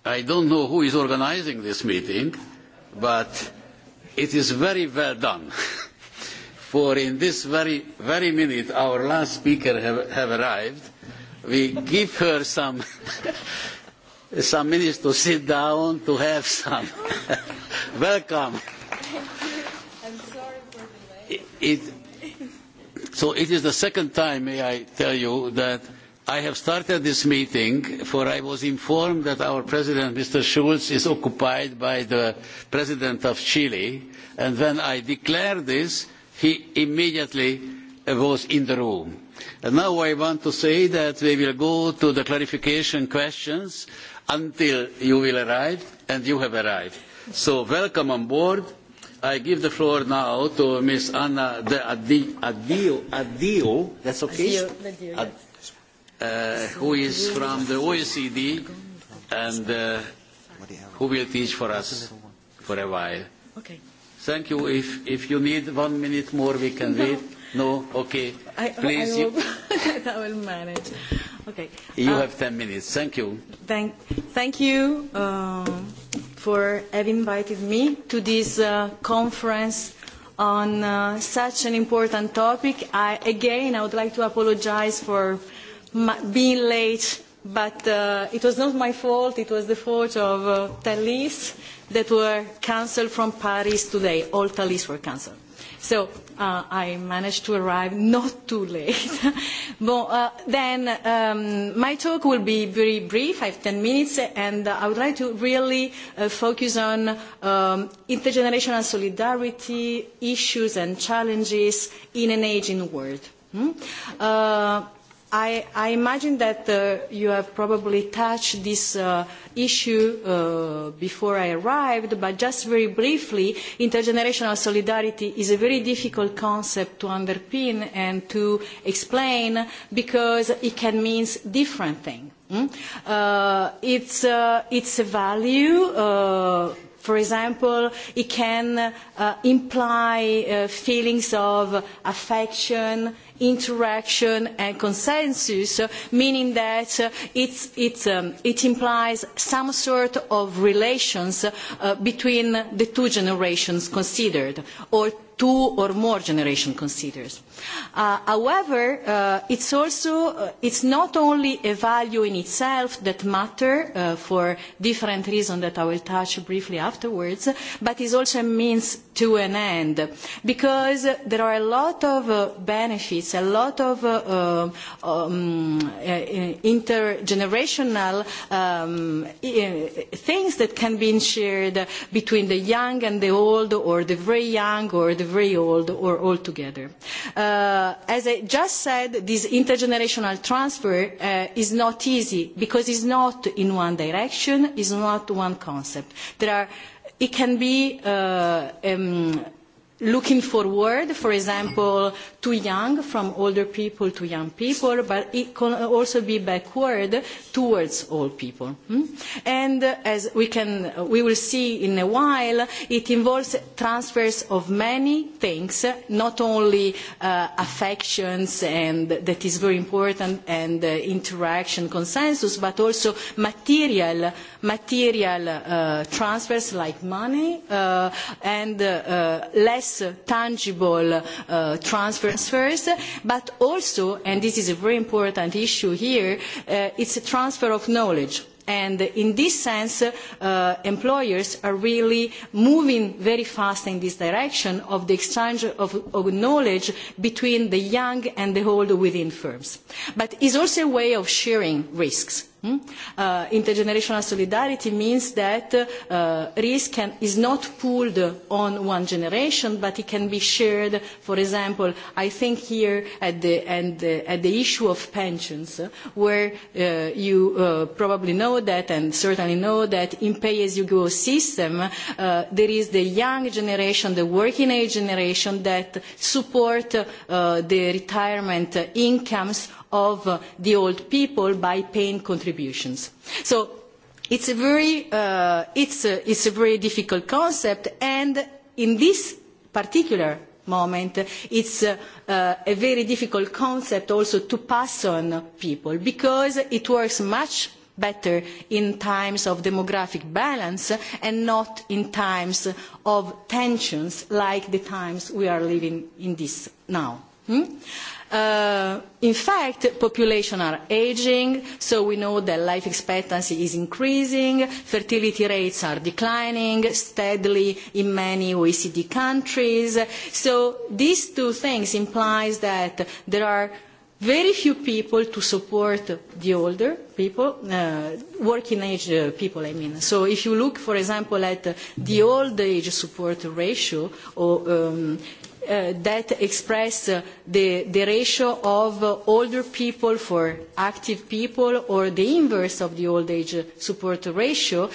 I don't know who is organising this meeting, but it is very well done. For in this very, very minute, our last speaker have, have arrived. We give her some, some minutes to sit down, to have some. Welcome. I'm sorry for the delay. It, so it is the second time, may I tell you, that I have started this meeting, for I was informed that our president, Mr. Schulz, is occupied by the president of Chile, and when I declared this, he immediately was in the room. And now I want to say that we will go to the clarification questions until you will arrive, and you have arrived. So welcome on board. I give the floor now to Ms. Anna de Adio. Adio, that's okay? Adio, who is from the OECD and uh, who will teach for us for a while. Okay. Thank you. If, if you need one minute more, we can no. wait. No? Okay. I, Please. I, will, I will manage. Okay. You uh, have 10 minutes. Thank you. Thank, thank you um, for having invited me to this uh, conference on uh, such an important topic. I, again, I would like to apologize for being late, but uh, it was not my fault. It was the fault of uh, Thalys that were cancelled from Paris today. All Thalys were cancelled. So uh, I managed to arrive not too late. uh, then um, my talk will be very brief. I have 10 minutes, and I would like to really uh, focus on um, intergenerational solidarity issues and challenges in an aging world. Hmm? Uh, I, I imagine that you have probably touched this issue before I arrived, but just very briefly, intergenerational solidarity is a very difficult concept to underpin and to explain because it can mean different things. It is a value for example, it can imply feelings of affection interaction and consensus, meaning that it implies some sort of relations between the two generations considered, or two or more generations considered. however, uh, it's also it's not only a value in itself that matters for different reasons that I will touch briefly afterwards, but is also a means to an end because there are a lot of benefits, a lot of intergenerational things that can be shared between the young and the old or the very young or the very old or all together. as I just said, this intergenerational transfer is not easy because it's not in one direction, it's not one concept. There are It can be looking forward, for example, to young, from older people to young people, but it can also be backward towards old people. And as we, can, we will see in a while, it involves transfers of many things, not only affections, and that is very important, and interaction, consensus, but also material, material transfers like money and less tangible transfers transfers, but also, and this is a very important issue here, it is a transfer of knowledge and in this sense employers are really moving very fast in this direction of the exchange of, knowledge between the young and the old within firms. But it is also a way of sharing risks intergenerational solidarity means that risk is not pooled on one generation, but it can be shared. For example, I think here at the, issue of pensions, where you probably know that and certainly know that in pay-as-you-go system, there is the young generation, the working age generation that support the retirement incomes of the old people by paying contributions. So it's a very, uh, it's a, it's a very difficult concept and in this particular moment it's uh, a very difficult concept also to pass on people because it works much better in times of demographic balance and not in times of tensions like the times we are living in this now in fact, population are ageing, so we know that life expectancy is increasing, fertility rates are declining steadily in many OECD countries. So these two things imply that there are very few people to support the older people, uh, working age uh, people, I mean. So if you look, for example, at the old age support ratio, or, um, that express the, ratio of older people for active people or the inverse of the old age support ratio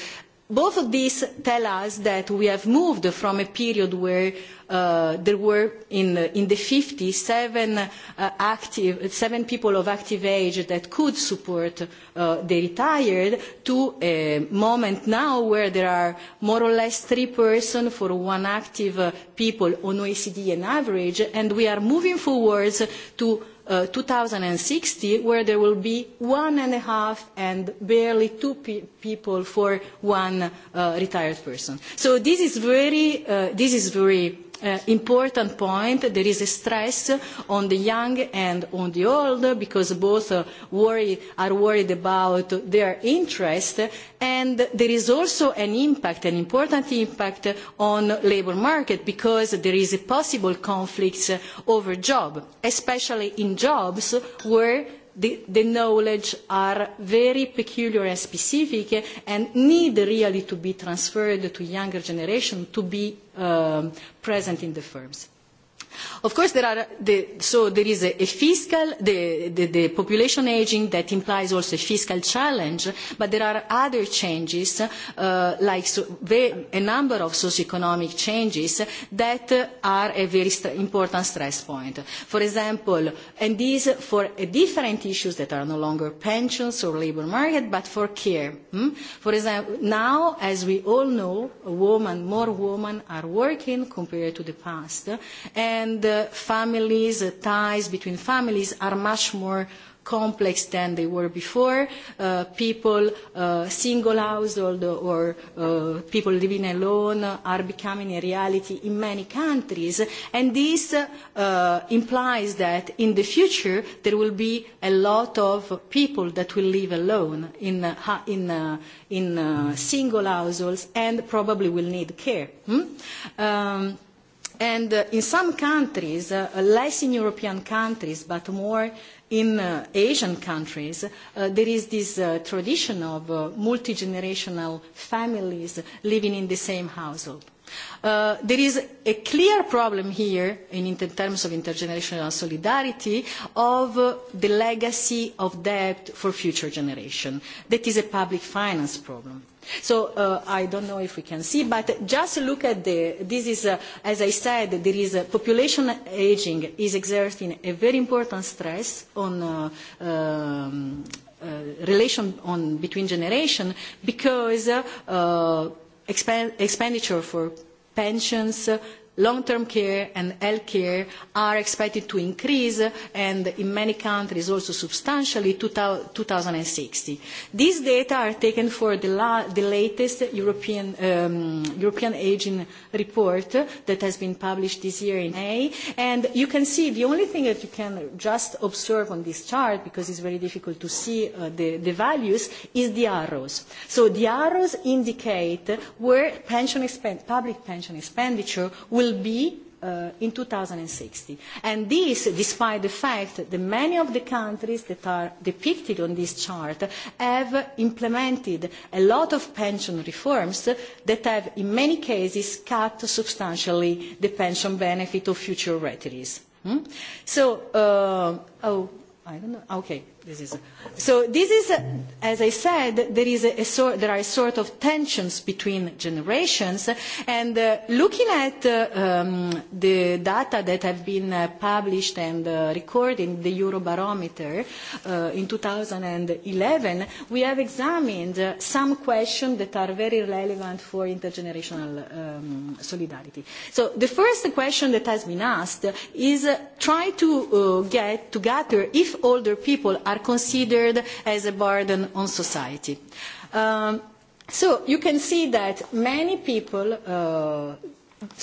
both of these tell us that we have moved from a period where there were in the, in the 50 seven, active, seven people of active age that could support the retired to a moment now where there are more or less three persons for one active people on OECD on average and we are moving forwards to uh, 2060, where there will be one and a half and barely two pe people for one uh, retired person. So this is very, uh, this is very important point. There is a stress on the young and on the old because both worry, are worried about their interest and there is also an impact, an important impact on the labour market because there is a possible conflict over jobs, especially in jobs where the, knowledge are very peculiar and specific and need really to be transferred to younger generation to be present in the firms. Of course, there are the, so there is a, a fiscal, the, the, the population aging that implies also a fiscal challenge, but there are other changes, uh, like so, the, a number of socioeconomic changes that are a very st- important stress point. For example, and these for a different issues that are no longer pensions or labour market, but for care. Hmm? For example, now, as we all know, woman, more women are working compared to the past, and and families, ties between families are much more complex than they were before. people single household or people living alone are becoming a reality in many countries. And this implies that in the future there will be a lot of people that will live alone in, single households and probably will need care And in some countries, less in European countries, but more in Asian countries, there is this tradition of multi-generational families living in the same household. there is a clear problem here in, terms of intergenerational solidarity of the legacy of debt for future generations. That is a public finance problem So uh, I don't know if we can see, but just look at the, this is, uh, as I said, there is a population aging is exerting a very important stress on uh, um, uh, relation on between generation because uh, uh, expenditure for pensions, long-term care and health care are expected to increase and in many countries also substantially to sixty. These data are taken for the, latest European, Aging report that has been published this year in May and you can see the only thing that you can just observe on this chart because it's very difficult to see the, the values is the arrows. So the arrows indicate where pension public pension expenditure will will be uh, in 2060. And this, despite the fact that many of the countries that are depicted on this chart have implemented a lot of pension reforms that have, in many cases, cut substantially the pension benefit of future retirees. So, uh, oh, I don't know, okay this is so this is as i said there is a, a sort there are sort of tensions between generations and uh, looking at uh, um, the data that have been uh, published and uh, recorded in the eurobarometer uh, in 2011 we have examined uh, some questions that are very relevant for intergenerational um, solidarity so the first question that has been asked is uh, try to uh, get to gather if older people are are considered as a burden on society. so you can see that many people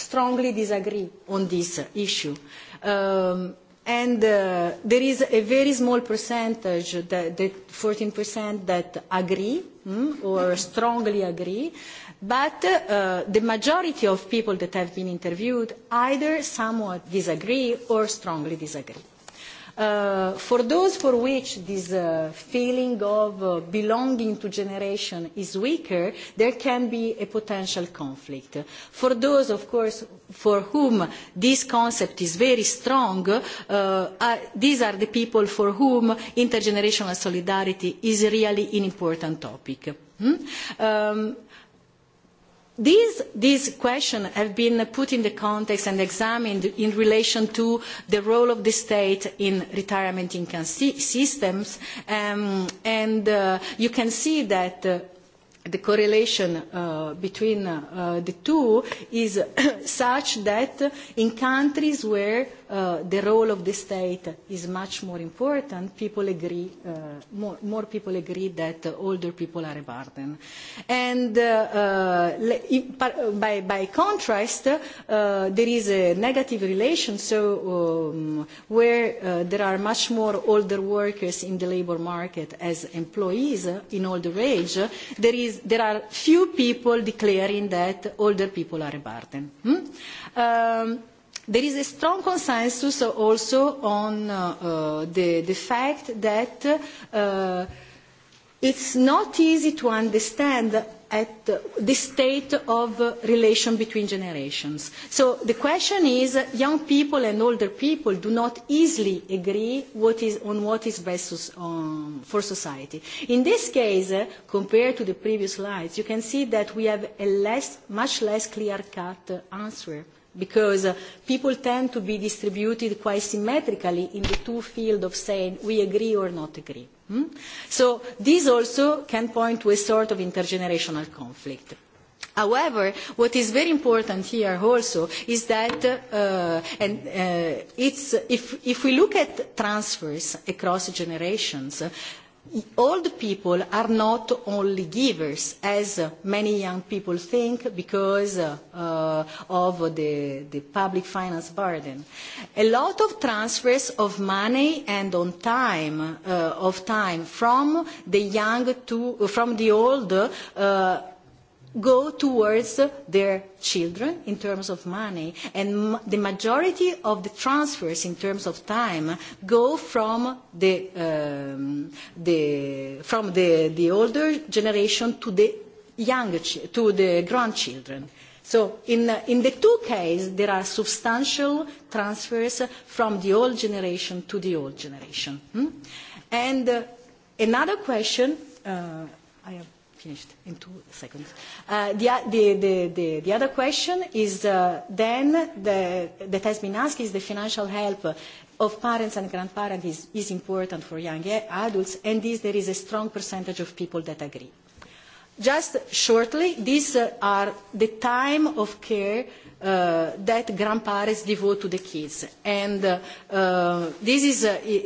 strongly disagree on this issue. and there is a very small percentage, that, that 14%, that agree or strongly agree. But the majority of people that have been interviewed either somewhat disagree or strongly disagree for those for which this uh, feeling of uh, belonging to generation is weaker, there can be a potential conflict. For those, of course, for whom this concept is very strong, uh, uh, these are the people for whom intergenerational solidarity is really an important topic. Hmm? Um, These, these questions have been put in the context and examined in relation to the role of the state in retirement income systems, and you can see that the correlation between the two is such that in countries where uh, the role of the state is much more important, people agree, uh, more, more people agree that uh, older people are a burden. And uh, uh, by, by contrast, uh, there is a negative relation, so um, where uh, there are much more older workers in the labor market as employees in older age, there, is, there are few people declaring that older people are a burden. Hmm? Um, There is a strong consensus also on the, fact that it is not easy to understand at the state of relation between generations. So the question is, young people and older people do not easily agree what is, on what is best for society. In this case, compared to the previous slides, you can see that we have a less, much less clear-cut answer because people tend to be distributed quite symmetrically in the two fields of saying we agree or not agree. So this also can point to a sort of intergenerational conflict. However, what is very important here also is that if, we look at transfers across generations, old people are not only givers, as many young people think, because of the, the public finance burden. A lot of transfers of money and on time, of time from the young to from the old go towards their children in terms of money and the majority of the transfers in terms of time go from the um, the from the the older generation to the young to the grandchildren so in in the two cases there are substantial transfers from the old generation to the old generation hmm? and uh, another question uh, i have finished in two seconds. Uh, the, the, the, the, the other question is uh, then the, that has been asked is the financial help of parents and grandparents is, is important for young adults, and is there is a strong percentage of people that agree. Just shortly, these are the time of care that grandparents devote to the kids. And this is,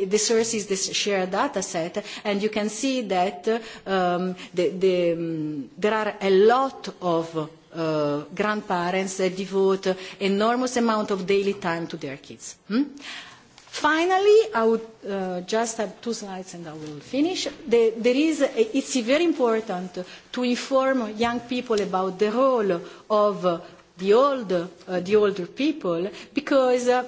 the source is the shared data set, and you can see that there are a lot of grandparents that devote enormous amount of daily time to their kids. Finally, I would uh, just have two slides and I will finish. The, there is a, it's very important to inform young people about the role of the, old, uh, the older people because uh,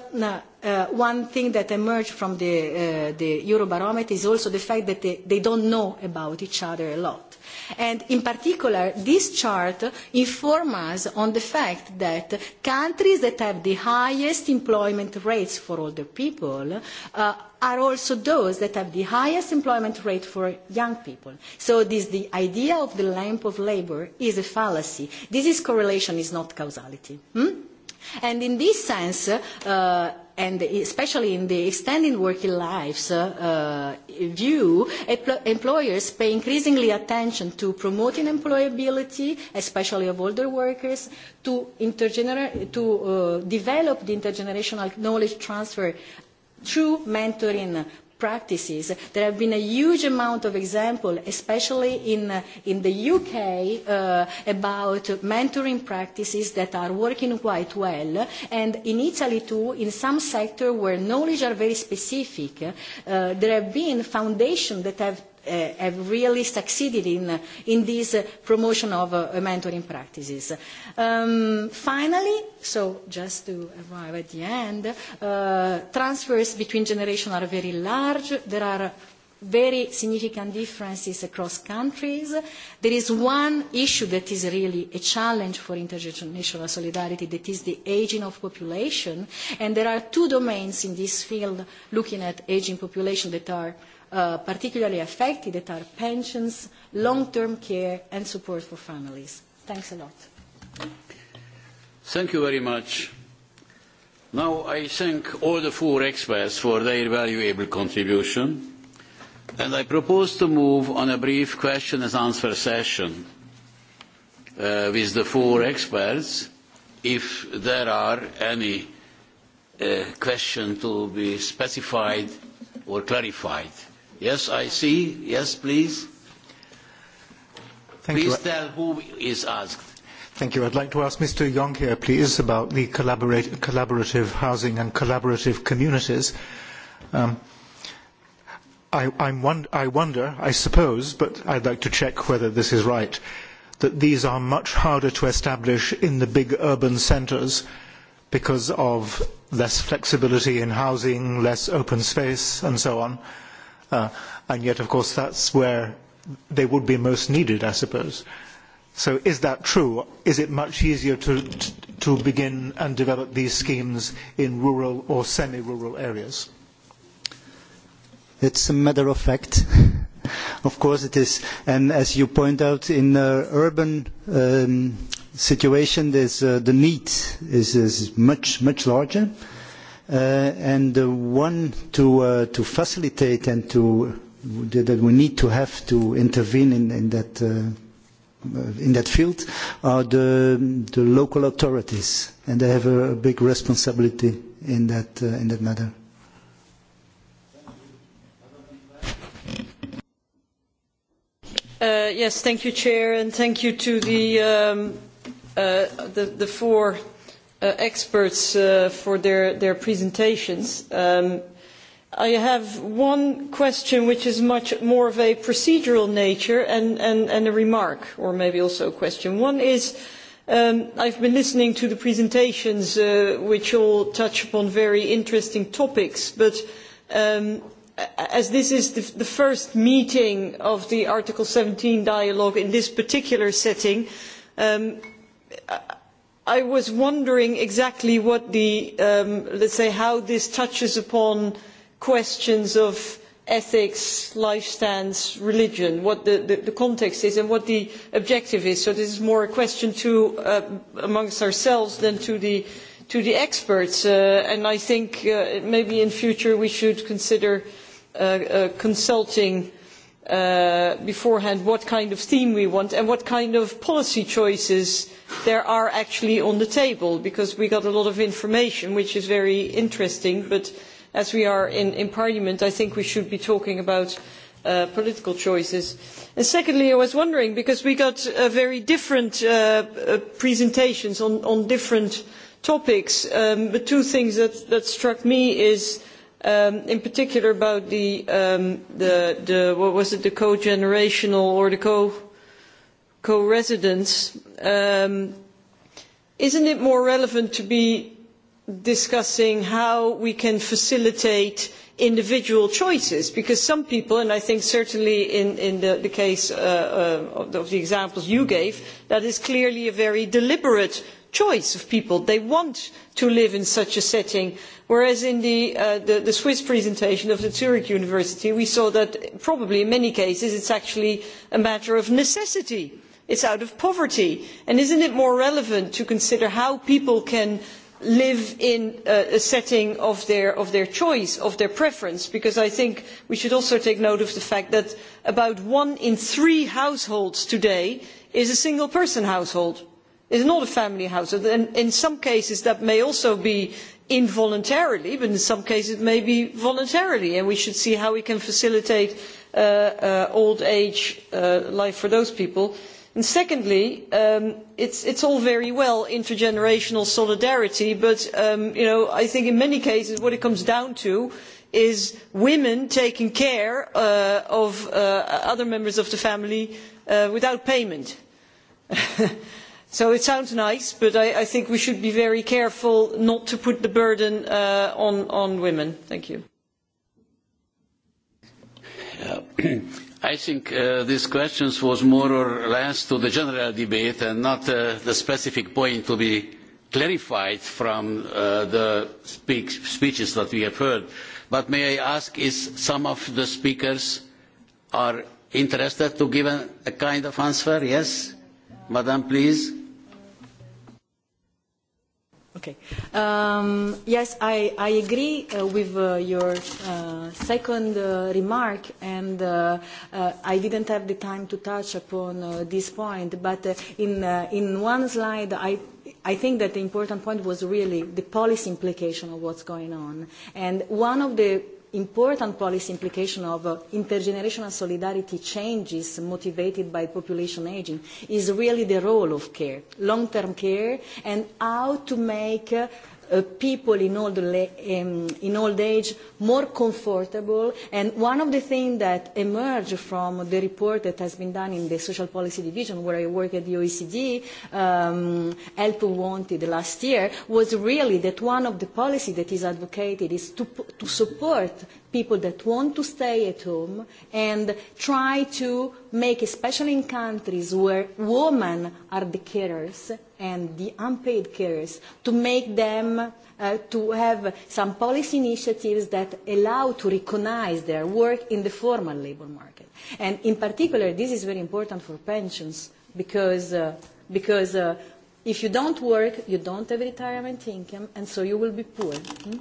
uh, one thing that emerged from the, uh, the Eurobarometer is also the fact that they, they don't know about each other a lot And in particular, this chart informs us on the fact that countries that have the highest employment rates for older people are also those that have the highest employment rate for young people. So this, the idea of the lamp of labour is a fallacy. This is correlation, is not causality. And in this sense, and especially in the extending working lives view, employers pay increasingly attention to promoting employability, especially of older workers, to, intergener- to develop the intergenerational knowledge transfer through mentoring practices. There have been a huge amount of examples, especially in, in the UK, uh, about mentoring practices that are working quite well. And in Italy too, in some sectors where knowledge are very specific, uh, there have been foundations that have have really succeeded in, in this promotion of mentoring practices. finally, so just to arrive at the end, transfers between generations are very large. There are very significant differences across countries. There is one issue that is really a challenge for intergenerational solidarity, that is the ageing of population. And there are two domains in this field looking at ageing population that are particularly affected, that are pensions, long-term care and support for families. Thanks a lot. Thank you very much. Now I thank all the four experts for their valuable contribution and I propose to move on a brief question and answer session with the four experts if there are any questions to be specified or clarified. Yes, I see. Yes, please. Thank please you. tell who is asked. Thank you. I'd like to ask Mr. Jonker, please, about the collaborative housing and collaborative communities. Um, I, I'm one, I wonder, I suppose, but I'd like to check whether this is right, that these are much harder to establish in the big urban centres because of less flexibility in housing, less open space, and so on. Uh, and yet, of course, that's where they would be most needed, I suppose. So is that true? Is it much easier to, to begin and develop these schemes in rural or semi-rural areas? It's a matter of fact. of course it is. And as you point out, in the urban um, situation, uh, the need is, is much, much larger. Uh, and the one to to facilitate and to that we need to have to intervene in, in that in that field are the the local authorities, and they have a, big responsibility in that in that matter. yes, thank you, Chair, and thank you to the the, the four experts for their presentations. I have one question which is much more of a procedural nature and a remark, or maybe also a question. One is, I have been listening to the presentations which all touch upon very interesting topics, but as this is the first meeting of the Article seventeen dialogue in this particular setting, I was wondering exactly what the, say, how this touches upon questions of ethics, life stance, religion, what the, the, the context is and what the objective is. So this is more a question to uh, amongst ourselves than to the, to the experts. and I think maybe in future we should consider consulting beforehand what kind of theme we want and what kind of policy choices there are actually on the table because we got a lot of information which is very interesting but as we are in parliament i think we should be talking about political choices. secondly i was wondering because we got very different presentations on different topics but two things that struck me is in particular about the, um, the, the, what was it, the co-generational or the co, co-residence, um, isn't it more relevant to be discussing how we can facilitate individual choices because some people and i think certainly in the case of the examples you gave that is clearly a very deliberate choice of people. They want to live in such a setting, whereas in the, Swiss presentation of the Zurich University, we saw that probably in many cases it is actually a matter of necessity. It is out of poverty. And is it more relevant to consider how people can live in a setting of their, choice, of their preference, because I think we should also take note of the fact that about one in three households today is a single person household is not a family house. and in some cases that may also be involuntarily but in some cases it may be voluntarily and we should see how we can facilitate old age life for those people. secondly it is all very well intergenerational solidarity but i think in many cases what it comes down to is women taking care of other members of the family without payment So it sounds nice, but I, I think we should be very careful not to put the burden uh, on, on women. Thank you. I think uh, these questions was more or less to the general debate and not uh, the specific point to be clarified from uh, the speeches that we have heard. But may I ask, is some of the speakers are interested to give a, a kind of answer? Yes? Madam, please. Okay. Um, yes, I, I agree uh, with uh, your uh, second uh, remark, and uh, uh, I didn't have the time to touch upon uh, this point, but uh, in, uh, in one slide, I I think that the important point was really the policy implication of what's going on. And one of the important policy implication of intergenerational solidarity changes motivated by population ageing is really the role of care, long-term care, and how to make people in old, in old age more comfortable. And one of the things that emerged from the report that has been done in the social policy division where I work at the OECD, um, Help Wanted last year, was really that one of the policies that is advocated is to, to support people that want to stay at home and try to make, especially in countries where women are the carers and the unpaid carers, to make them uh, to have some policy initiatives that allow to recognize their work in the formal labor market. And in particular, this is very important for pensions because, uh, because uh, if you don't work, you don't have retirement income, and so you will be poor. Hmm?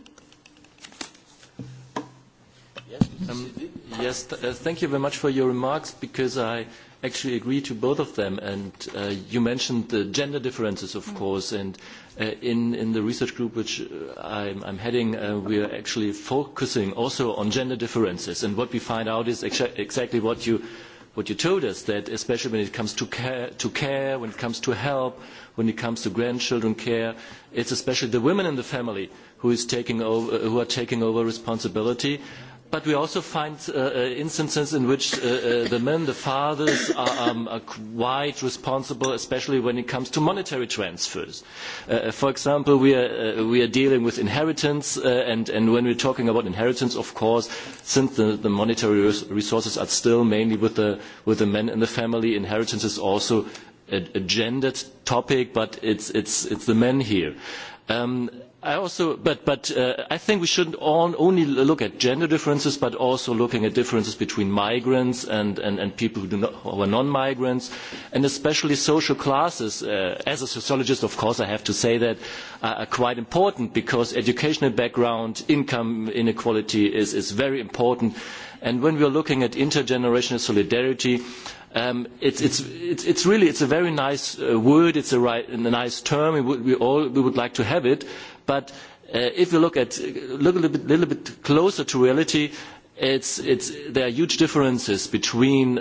Yes, thank you very much for your remarks because I actually agree to both of them. And you mentioned the gender differences, of course. And in the research group which I'm I'm heading, we are actually focusing also on gender differences. And what we find out is exactly what you what you told us that especially when it comes to care, to care, when it comes to help, when it comes to grandchildren care, it's especially the women in the family who is taking over who are taking over responsibility But we also find instances in which the men, the fathers, are, quite responsible, especially when it comes to monetary transfers. for example, we are, dealing with inheritance, and, when we are talking about inheritance, of course, since the, monetary resources are still mainly with the, with the men in the family, inheritance is also a, gendered topic, but it's, it's, it's the men here but i think we shouldn't only look at gender differences but also looking at differences between migrants and people who are non migrants and especially social classes as a sociologist of course i have to say that are quite important because educational background income inequality is very important and when we are looking at intergenerational solidarity it's really a very nice word it's a nice term we would like to have it But if you look at look a little bit, closer to reality, it's, it's, there are huge differences between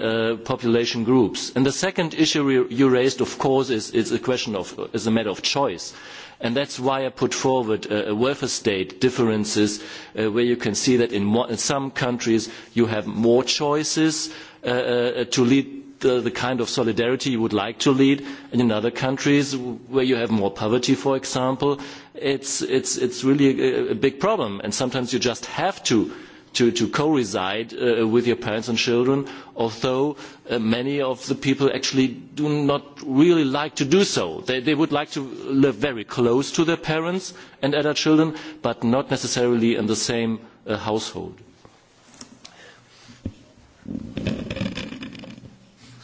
population groups. And the second issue you raised, of course, is, is a question of is a matter of choice. And that's why I put forward a welfare state differences where you can see that in, some countries you have more choices to lead the, the kind of solidarity you would like to lead, and in other countries where you have more poverty, for example, it's, it's, it's really a, a big problem. And sometimes you just have to to, to co-reside with your parents and children, although many of the people actually do not really like to do so. They, they would like to live very close to their parents and other children, but not necessarily in the same household.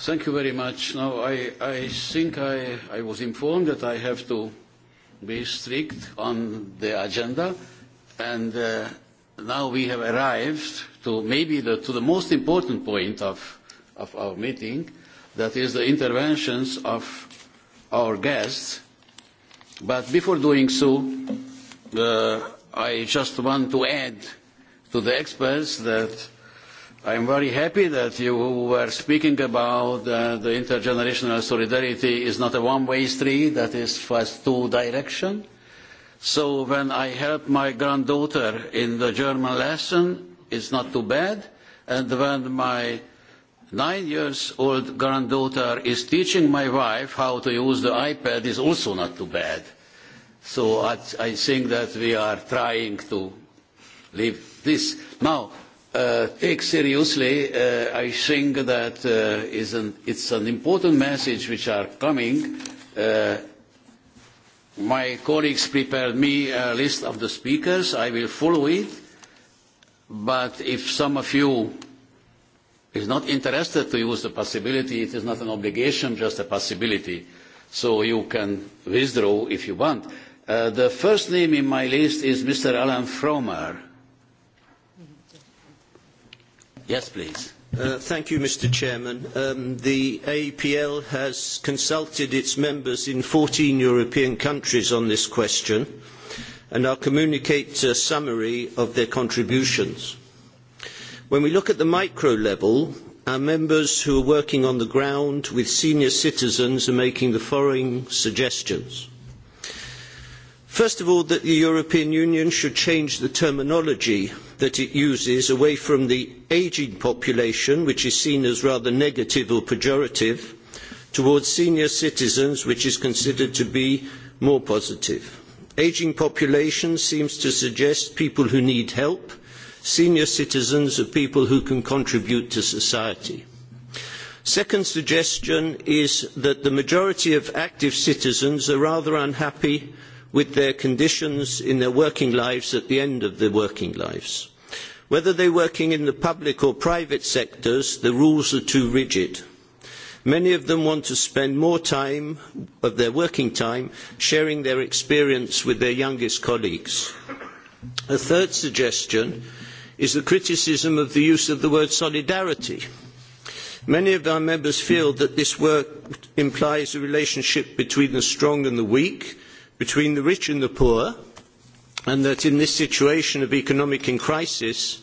Thank you very much. Now, I, I think I, I was informed that I have to be strict on the agenda. And uh, now we have arrived to maybe the, to the most important point of, of our meeting, that is the interventions of our guests. But before doing so, uh, I just want to add to the experts that I am very happy that you were speaking about uh, the intergenerational solidarity is not a one-way street, that is fast two-direction. So when I help my granddaughter in the German lesson, it's not too bad. And when my nine years old granddaughter is teaching my wife how to use the iPad, is also not too bad. So I, I think that we are trying to live this. Now, take seriously, I think that it is an important message which are coming. my colleagues prepared me a list of the speakers. I will follow it. But if some of you is not interested to use the possibility, it is not an obligation, just a possibility. So you can withdraw if you want. the first name in my list is Mr. Alan Fromer Yes, please. Mr President, the AEPL has consulted its members in fourteen European countries on this question, and I will communicate a summary of their contributions. When we look at the micro level, our members who are working on the ground with senior citizens are making the following suggestions. First of all, that the European Union should change the terminology that it uses away from the ageing population, which is seen as rather negative or pejorative, towards senior citizens, which is considered to be more positive. Ageing population seems to suggest people who need help. Senior citizens are people who can contribute to society. Second suggestion is that the majority of active citizens are rather unhappy with their conditions in their working lives at the end of their working lives. Whether they are working in the public or private sectors, the rules are too rigid. Many of them want to spend more time of their working time sharing their experience with their youngest colleagues. A third suggestion is the criticism of the use of the word solidarity. Many of our members feel that this work implies a relationship between the strong and the weak, between the rich and the poor, and that in this situation of economic crisis,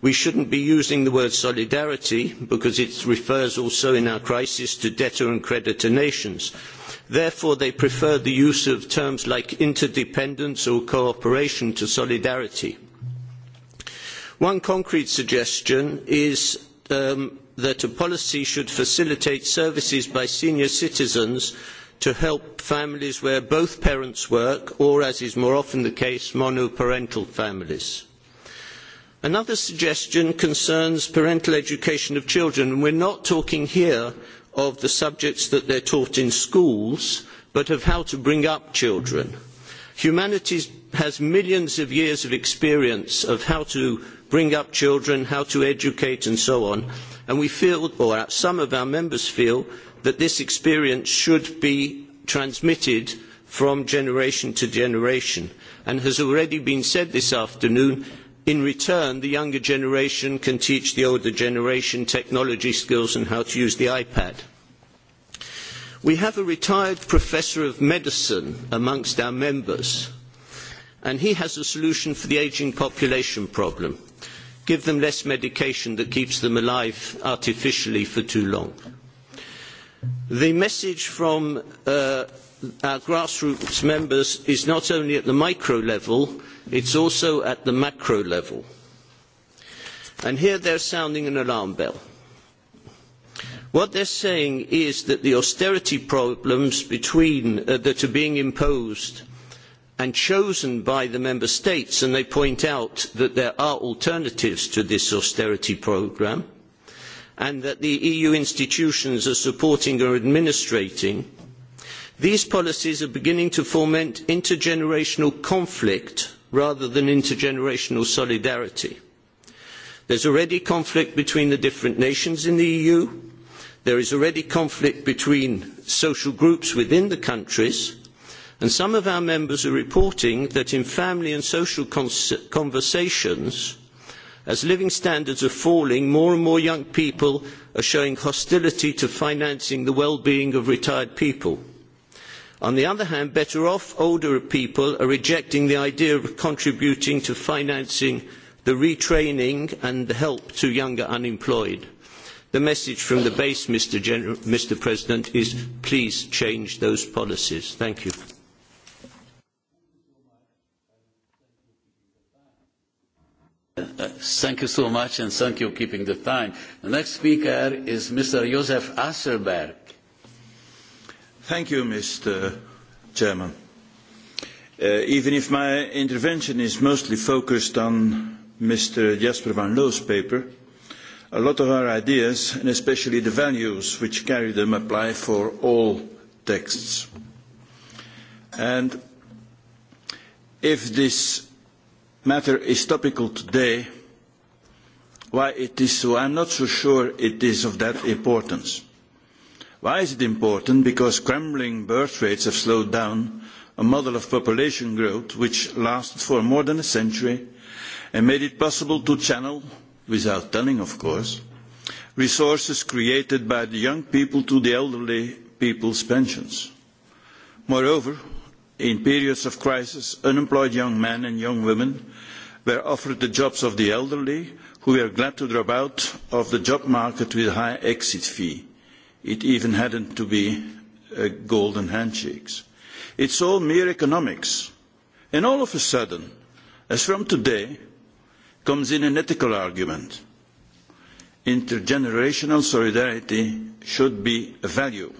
we should not be using the word solidarity because it refers also in our crisis to debtor and creditor nations. Therefore, they prefer the use of terms like interdependence or cooperation to solidarity. One concrete suggestion is that a policy should facilitate services by senior citizens to help families where both parents work or, as is more often the case, monoparental families. Another suggestion concerns parental education of children. We are not talking here of the subjects that they are taught in schools, but of how to bring up children. Humanity has millions of years of experience of how to bring up children, how to educate and so on, and we feel, or some of our members feel, that this experience should be transmitted from generation to generation. And has already been said this afternoon, in return, the younger generation can teach the older generation technology skills and how to use the iPad. We have a retired professor of medicine amongst our members, and he has a solution for the ageing population problem. Give them less medication that keeps them alive artificially for too long. The message from our grassroots members is not only at the micro level, it is also at the macro level. And here they are sounding an alarm bell. What they are saying is that the austerity problems that are being imposed and chosen by the member states, and they point out that there are alternatives to this austerity programme, and that the EU institutions are supporting or administrating, these policies are beginning to foment intergenerational conflict rather than intergenerational solidarity. There is already conflict between the different nations in the EU. There is already conflict between social groups within the countries. And some of our members are reporting that in family and social conversations, As living standards are falling, more and more young people are showing hostility to financing the well-being of retired people. On the other hand, better off older people are rejecting the idea of contributing to financing the retraining and the help to younger unemployed. The message from the base, Mr. President, is please change those policies. Thank you. Thank you so much, and thank you for keeping the time. The next speaker is Mr. Josef Asselberg. Thank you, Mr. Chairman. even if my intervention is mostly focused on Mr. Jasper van Loo's paper, a lot of our ideas, and especially the values which carry them, apply for all texts. And if this matter is topical today, why it is so, I'm not so sure it is of that importance. Why is it important? Because crumbling birth rates have slowed down a model of population growth which lasted for more than a century and made it possible to channel, without telling of course, resources created by the young people to the elderly people's pensions. Moreover, in periods of crisis, unemployed young men and young women were offered the jobs of the elderly, who were glad to drop out of the job market with a high exit fee. It even hadn't to be a golden handshakes. It's all mere economics. And all of a sudden, as from today, comes in an ethical argument. Intergenerational solidarity should be a value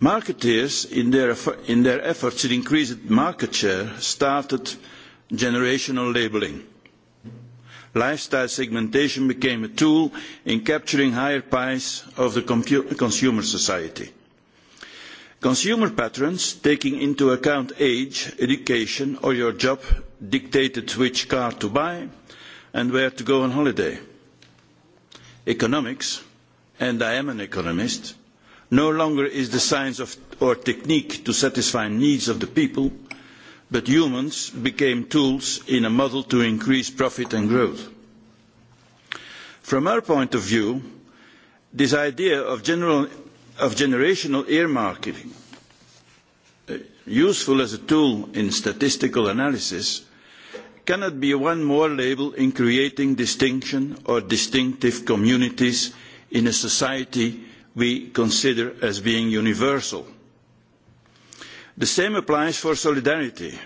Marketeers, in their, efforts to increase market share, started generational labelling. Lifestyle segmentation became a tool in capturing higher pies of the consumer society. Consumer patterns, taking into account age, education or your job, dictated which car to buy and where to go on holiday. Economics, and I am an economist, No longer is the science or technique to satisfy needs of the people, but humans became tools in a model to increase profit and growth. From our point of view, this idea of, generational earmarking, useful as a tool in statistical analysis, cannot be one more label in creating distinction or distinctive communities in a society we consider as being universal. The same applies for solidarity.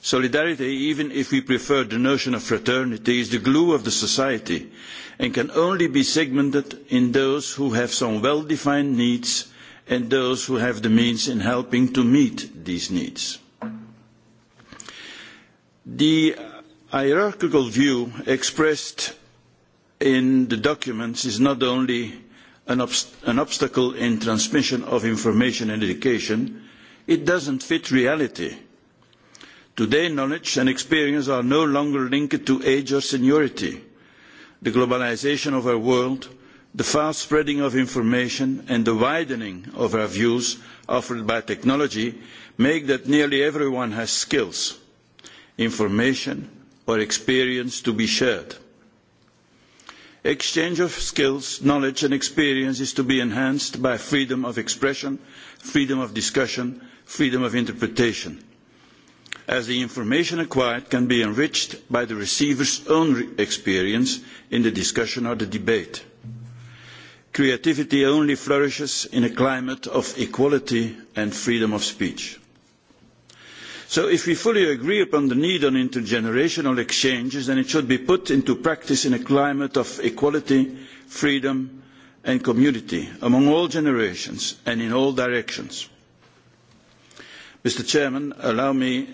Solidarity, even if we prefer the notion of fraternity, is the glue of the society and can only be segmented in those who have some well-defined needs and those who have the means in helping to meet these needs. The hierarchical view expressed in the documents is not only an, obstacle in transmission of information and education, it does not fit reality. Today, knowledge and experience are no longer linked to age or seniority. The globalisation of our world, the fast spreading of information, and the widening of our views offered by technology make that nearly everyone has skills, information, or experience to be shared exchange of skills knowledge and experience is to be enhanced by freedom of expression freedom of discussion freedom of interpretation as the information acquired can be enriched by the receiver's own experience in the discussion or the debate. creativity only flourishes in a climate of equality and freedom of speech so if we fully agree upon the need for intergenerational exchanges then it should be put into practice in a climate of equality freedom and community among all generations and in all directions. mr president allow me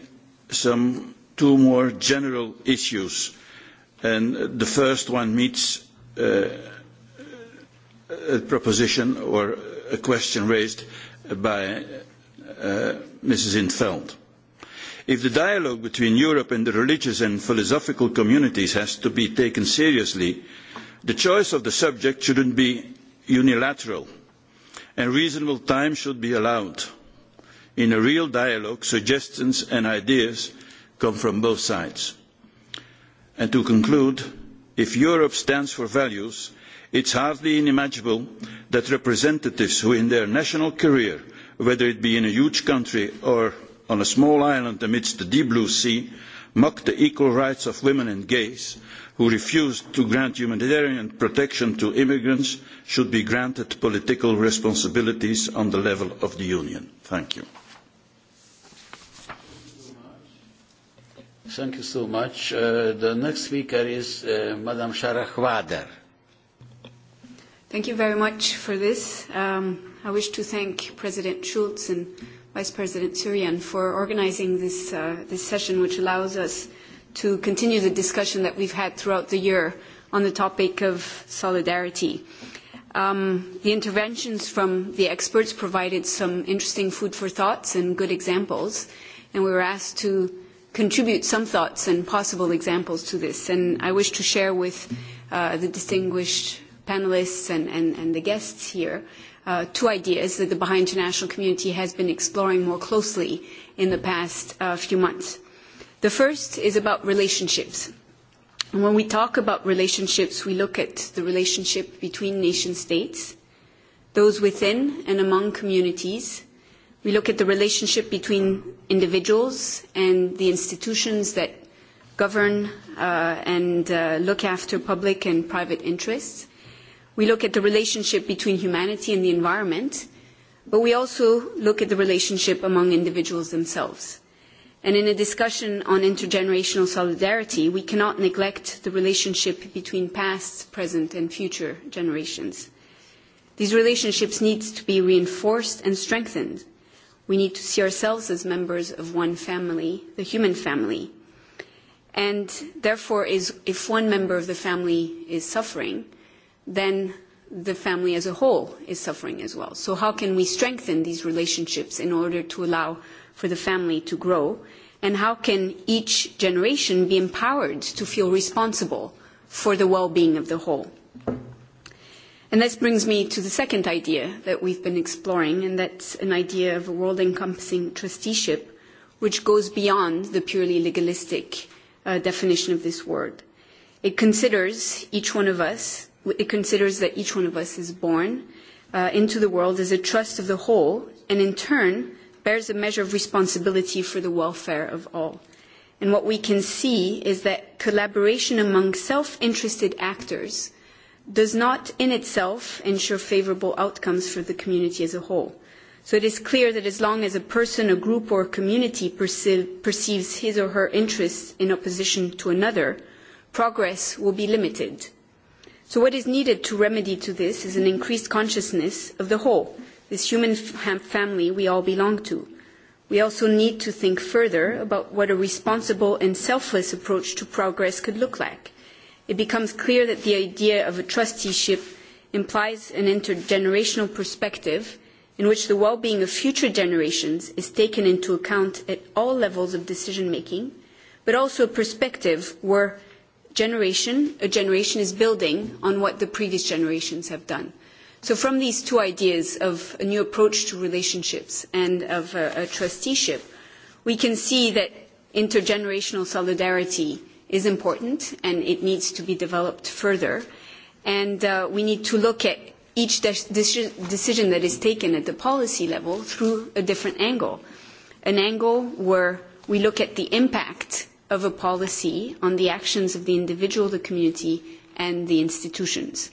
two more general issues and the first one meets a proposition or a question raised by Mrs. In't Veld. If the dialogue between Europe and the religious and philosophical communities has to be taken seriously, the choice of the subject should not be unilateral, and reasonable time should be allowed. In a real dialogue, suggestions and ideas come from both sides. And to conclude, if Europe stands for values, it is hardly unimaginable that representatives who in their national career, whether it be in a huge country or on a small island amidst the deep blue sea, mocked the equal rights of women and gays, who refused to grant humanitarian protection to immigrants, should be granted political responsibilities on the level of the Union. Thank you. Thank you so much. the next speaker is uh, Madam Sharah Wader. Thank you very much for this. Um, I wish to thank President Schulz and Vice President Turian, for organizing this, uh, this session, which allows us to continue the discussion that we've had throughout the year on the topic of solidarity. Um, the interventions from the experts provided some interesting food for thoughts and good examples, and we were asked to contribute some thoughts and possible examples to this. And I wish to share with uh, the distinguished panelists and, and, and the guests here two ideas that the Baha'i international community has been exploring more closely in the past uh, few months. The first is about relationships. And when we talk about relationships, we look at the relationship between nation states, those within and among communities. We look at the relationship between individuals and the institutions that govern uh, and uh, look after public and private interests. We look at the relationship between humanity and the environment, but we also look at the relationship among individuals themselves. And in a discussion on intergenerational solidarity, we cannot neglect the relationship between past, present, and future generations. These relationships need to be reinforced and strengthened. We need to see ourselves as members of one family, the human family. And therefore, is, if one member of the family is suffering, then the family as a whole is suffering as well. So how can we strengthen these relationships in order to allow for the family to grow? And how can each generation be empowered to feel responsible for the well-being of the whole? And this brings me to the second idea that we've been exploring, and that's an idea of a world-encompassing trusteeship, which goes beyond the purely legalistic uh, definition of this word. It considers each one of us it considers that each one of us is born uh, into the world as a trust of the whole, and in turn bears a measure of responsibility for the welfare of all. And what we can see is that collaboration among self-interested actors does not in itself ensure favorable outcomes for the community as a whole. So it is clear that as long as a person, a group, or a community perceives his or her interests in opposition to another, progress will be limited So what is needed to remedy to this is an increased consciousness of the whole, this human family we all belong to. We also need to think further about what a responsible and selfless approach to progress could look like. It becomes clear that the idea of a trusteeship implies an intergenerational perspective in which the well-being of future generations is taken into account at all levels of decision making, but also a perspective where generation, a generation is building on what the previous generations have done. So from these two ideas of a new approach to relationships and of a, a trusteeship, we can see that intergenerational solidarity is important and it needs to be developed further. And uh, we need to look at each de- decision that is taken at the policy level through a different angle, an angle where we look at the impact of a policy on the actions of the individual, the community, and the institutions.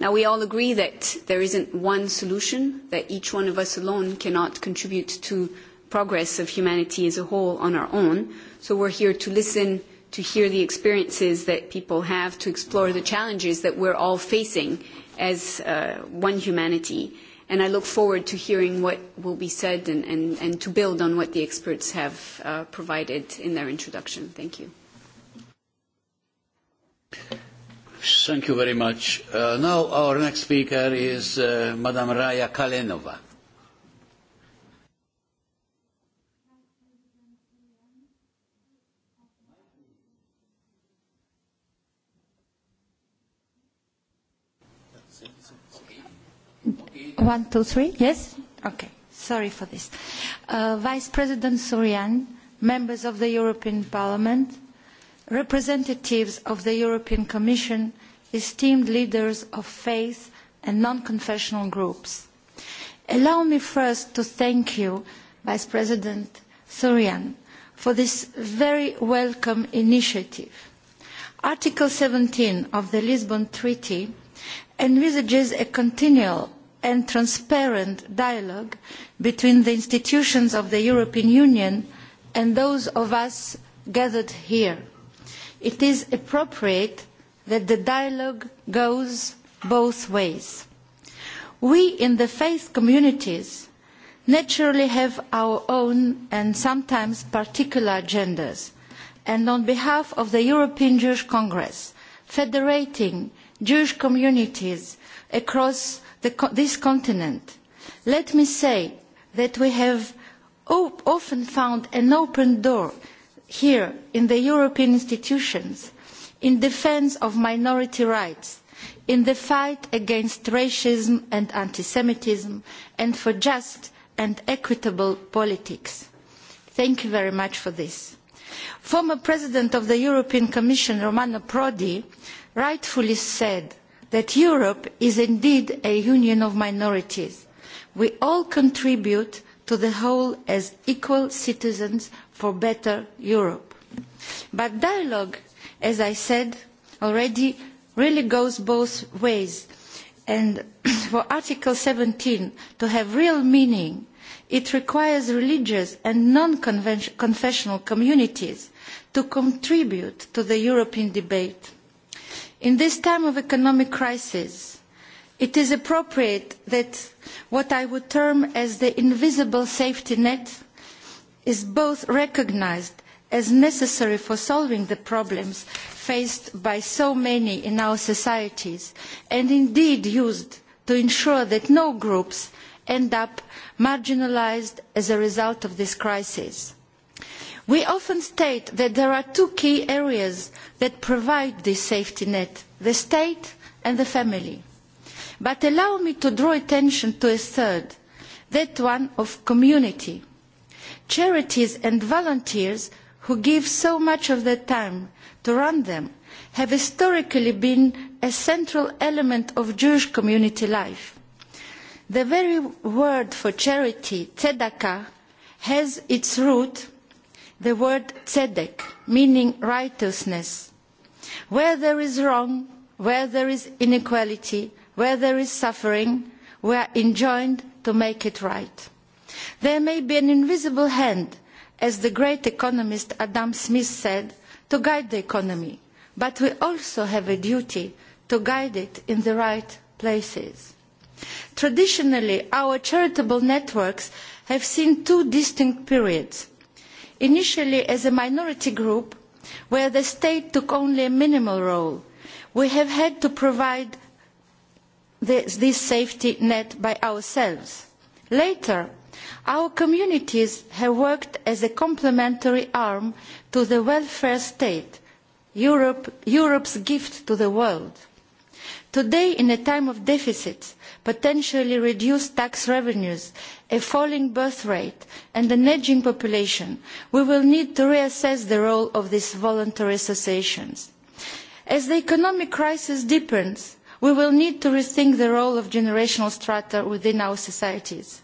Now, we all agree that there isn't one solution, that each one of us alone cannot contribute to progress of humanity as a whole on our own. So we're here to listen, to hear the experiences that people have, to explore the challenges that we're all facing as uh, one humanity and I look forward to hearing what will be said and, and, and to build on what the experts have uh, provided in their introduction. Thank you. Thank you very much. Uh, now our next speaker is uh, Madame Raya Kalenova. One, two, three. Yes? Okay. Sorry for this. Uh, Vice President Surian, members of the European Parliament, representatives of the European Commission, esteemed leaders of faith and non-confessional groups. Allow me first to thank you, Vice President Surian, for this very welcome initiative. Article 17 of the Lisbon Treaty envisages a continual and transparent dialogue between the institutions of the European Union and those of us gathered here. It is appropriate that the dialogue goes both ways. We in the faith communities naturally have our own and sometimes particular agendas. And on behalf of the European Jewish Congress, federating Jewish communities across this continent. Let me say that we have often found an open door here in the European institutions in defence of minority rights, in the fight against racism and anti-Semitism, and for just and equitable politics. Thank you very much for this. Former President of the European Commission, Romano Prodi, rightfully said that Europe is indeed a union of minorities. We all contribute to the whole as equal citizens for better Europe. But dialogue, as I said already, really goes both ways. And for Article seventeen to have real meaning, it requires religious and non-confessional communities to contribute to the European debate In this time of economic crisis, it is appropriate that what I would term as the invisible safety net is both recognised as necessary for solving the problems faced by so many in our societies and indeed used to ensure that no groups end up marginalised as a result of this crisis. We often state that there are two key areas that provide this safety net, the state and the family. But allow me to draw attention to a third, that one of community. Charities and volunteers who give so much of their time to run them have historically been a central element of Jewish community life. The very word for charity, tzedakah, has its root the word tzedek, meaning righteousness. Where there is wrong, where there is inequality, where there is suffering, we are enjoined to make it right. There may be an invisible hand, as the great economist Adam Smith said, to guide the economy, but we also have a duty to guide it in the right places. Traditionally, our charitable networks have seen two distinct periods – Initially as a minority group, where the state took only a minimal role, we have had to provide this safety net by ourselves. Later, our communities have worked as a complementary arm to the welfare state, Europe's gift to the world. Today, in a time of deficits, potentially reduced tax revenues, a falling birth rate, and an ageing population, we will need to reassess the role of these voluntary associations. As the economic crisis deepens, we will need to rethink the role of generational strata within our societies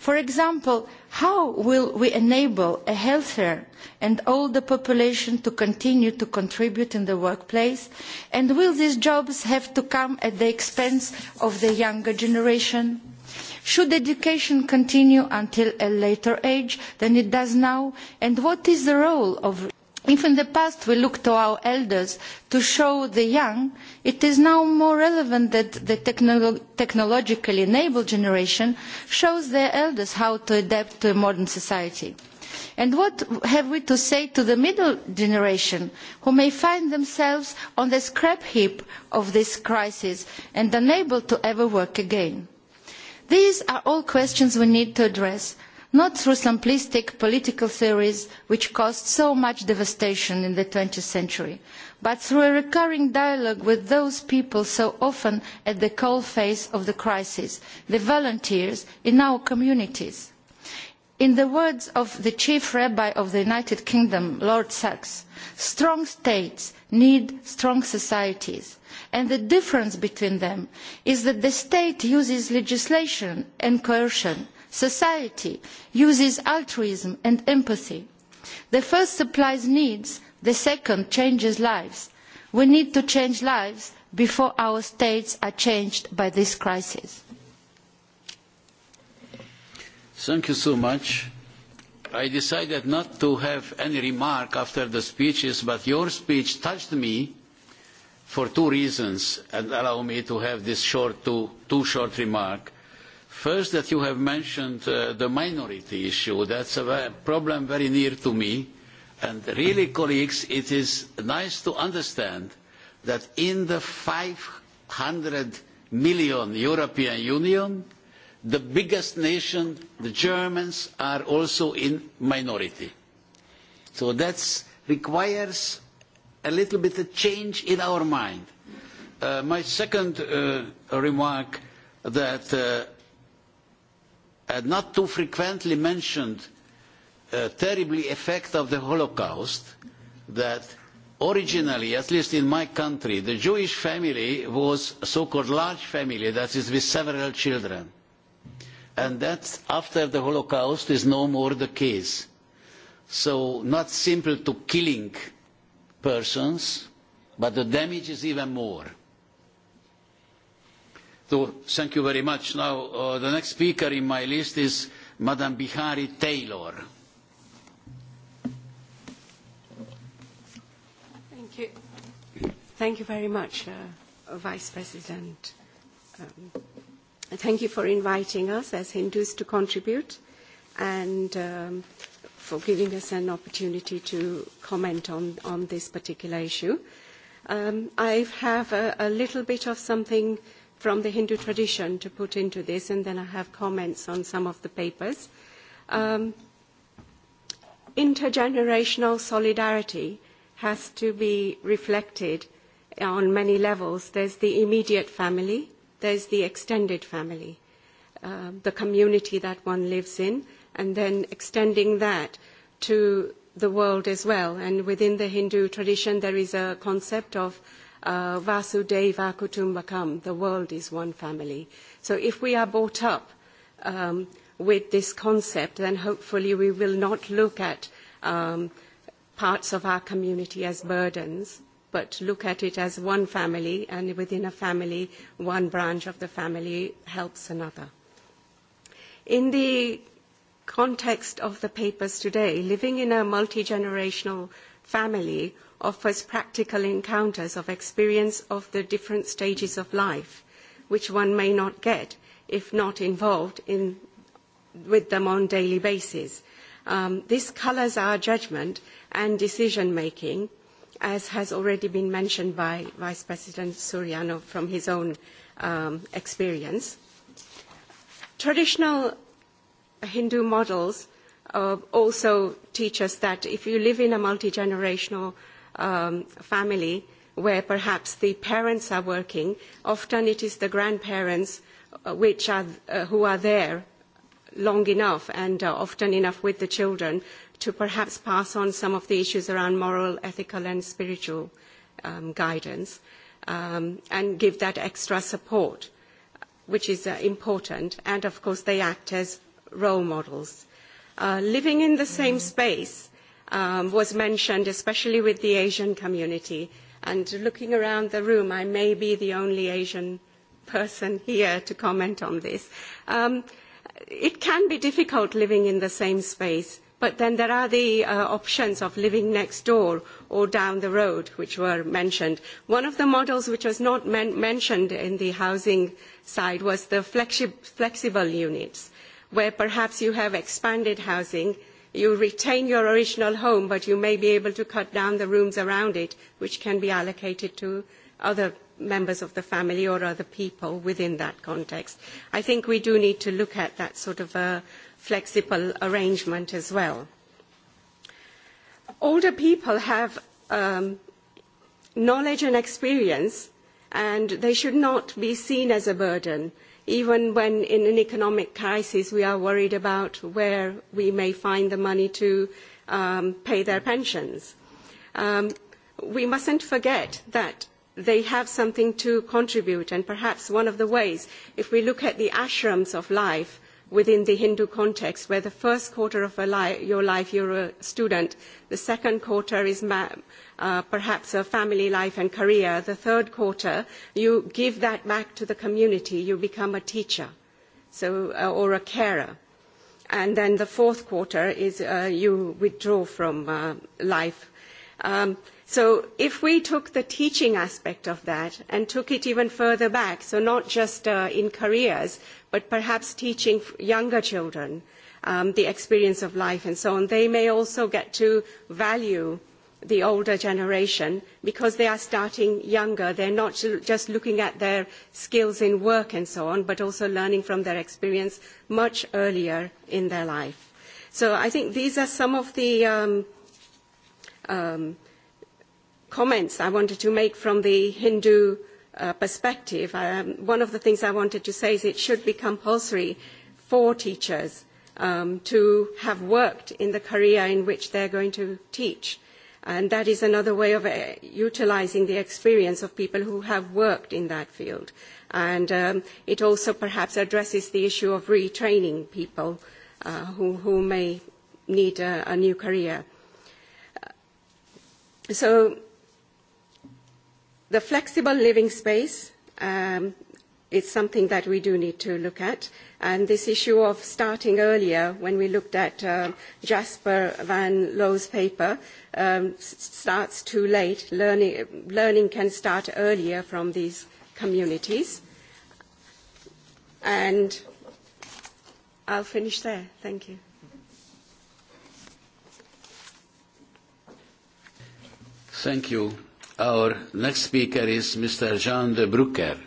For example, how will we enable a healthier and older population to continue to contribute in the workplace? And will these jobs have to come at the expense of the younger generation? Should education continue until a later age than it does now? And what is the role of If in the past we looked to our elders to show the young, it is now more relevant that the technologically enabled generation shows their elders how to adapt to a modern society. And what have we to say to the middle generation who may find themselves on the scrap heap of this crisis and unable to ever work again? These are all questions we need to address not through simplistic political theories which caused so much devastation in the twentieth century, but through a recurring dialogue with those people so often at the coalface of the crisis, the volunteers in our communities. In the words of the chief rabbi of the United Kingdom, Lord Sachs, strong states need strong societies. And the difference between them is that the state uses legislation and coercion, Society uses altruism and empathy. The first supplies needs, the second changes lives. We need to change lives before our states are changed by this crisis. Thank you so much. I decided not to have any remark after the speeches, but your speech touched me for two reasons and allow me to have this short two, two short remark. First, that you have mentioned the minority issue. That's a problem very near to me. And really, colleagues, it is nice to understand that in the five hundred million European Union, the biggest nation, the Germans, are also in minority. So that requires a little bit of change in our mind. my second remark that not too frequently mentioned terrible effect of the Holocaust that originally, at least in my country, the Jewish family was a so-called large family, that is with several children. And that, after the Holocaust, is no more the case. So not simple to killing persons, but the damage is even more thank you very much. Now, the next speaker in my list is Madam Bihari Taylor. Thank you. Thank you very much, Vice President. thank you for inviting us as Hindus to contribute and for giving us an opportunity to comment on, this particular issue. I have a, a little bit of something from the Hindu tradition to put into this, and then I have comments on some of the papers. Um, intergenerational solidarity has to be reflected on many levels. There's the immediate family, there's the extended family, uh, the community that one lives in, and then extending that to the world as well. And within the Hindu tradition, there is a concept of uh, Vasudeva Kutumbakam, the world is one family. So if we are brought up um, with this concept, then hopefully we will not look at um, parts of our community as burdens, but look at it as one family, and within a family, one branch of the family helps another. In the context of the papers today, living in a multi-generational family offers practical encounters of experience of the different stages of life, which one may not get if not involved in, with them on a daily basis. this colours our judgment and decision making, as has already been mentioned by Vice President Suriano from his own experience. Traditional Hindu models also teach us that if you live in a multi-generational family where perhaps the parents are working, often it is the grandparents which are, who are there long enough and often enough with the children to perhaps pass on some of the issues around moral, ethical and spiritual guidance and give that extra support, which is important. And of course, they act as role models living in the same space was mentioned, especially with the Asian community. And looking around the room, I may be the only Asian person here to comment on this. it can be difficult living in the same space, but then there are the options of living next door or down the road, which were mentioned. One of the models which was not mentioned in the housing side was the flexible units where perhaps you have expanded housing, you retain your original home, but you may be able to cut down the rooms around it, which can be allocated to other members of the family or other people within that context. I think we do need to look at that sort of a flexible arrangement as well. Older people have knowledge and experience, and they should not be seen as a burden even when in an economic crisis we are worried about where we may find the money to pay their pensions. we must not forget that they have something to contribute and perhaps one of the ways if we look at the ashrams of life within the hindu context where the first quarter of your life you are a student the second quarter is perhaps a family life and career, the third quarter, you give that back to the community, you become a teacher so, or a carer. And then the fourth quarter is you withdraw from life. so if we took the teaching aspect of that and took it even further back, so not just in careers, but perhaps teaching younger children the experience of life and so on, they may also get to value the older generation because they are starting younger. They are not just looking at their skills in work and so on, but also learning from their experience much earlier in their life. So I think these are some of the comments I wanted to make from the Hindu perspective. one of the things I wanted to say is it should be compulsory for teachers to have worked in the career in which they are going to teach And that is another way of uh, utilizing the experience of people who have worked in that field. And um, it also perhaps addresses the issue of retraining people uh, who, who may need a, a new career. So the flexible living space um, It is something that we do need to look at. And this issue of starting earlier, when we looked at Jasper Van Loo's paper, starts too late. Learning, can start earlier from these communities. And I'll finish there. Thank you. Thank you. Our next speaker is Mr. Jean de Brucker.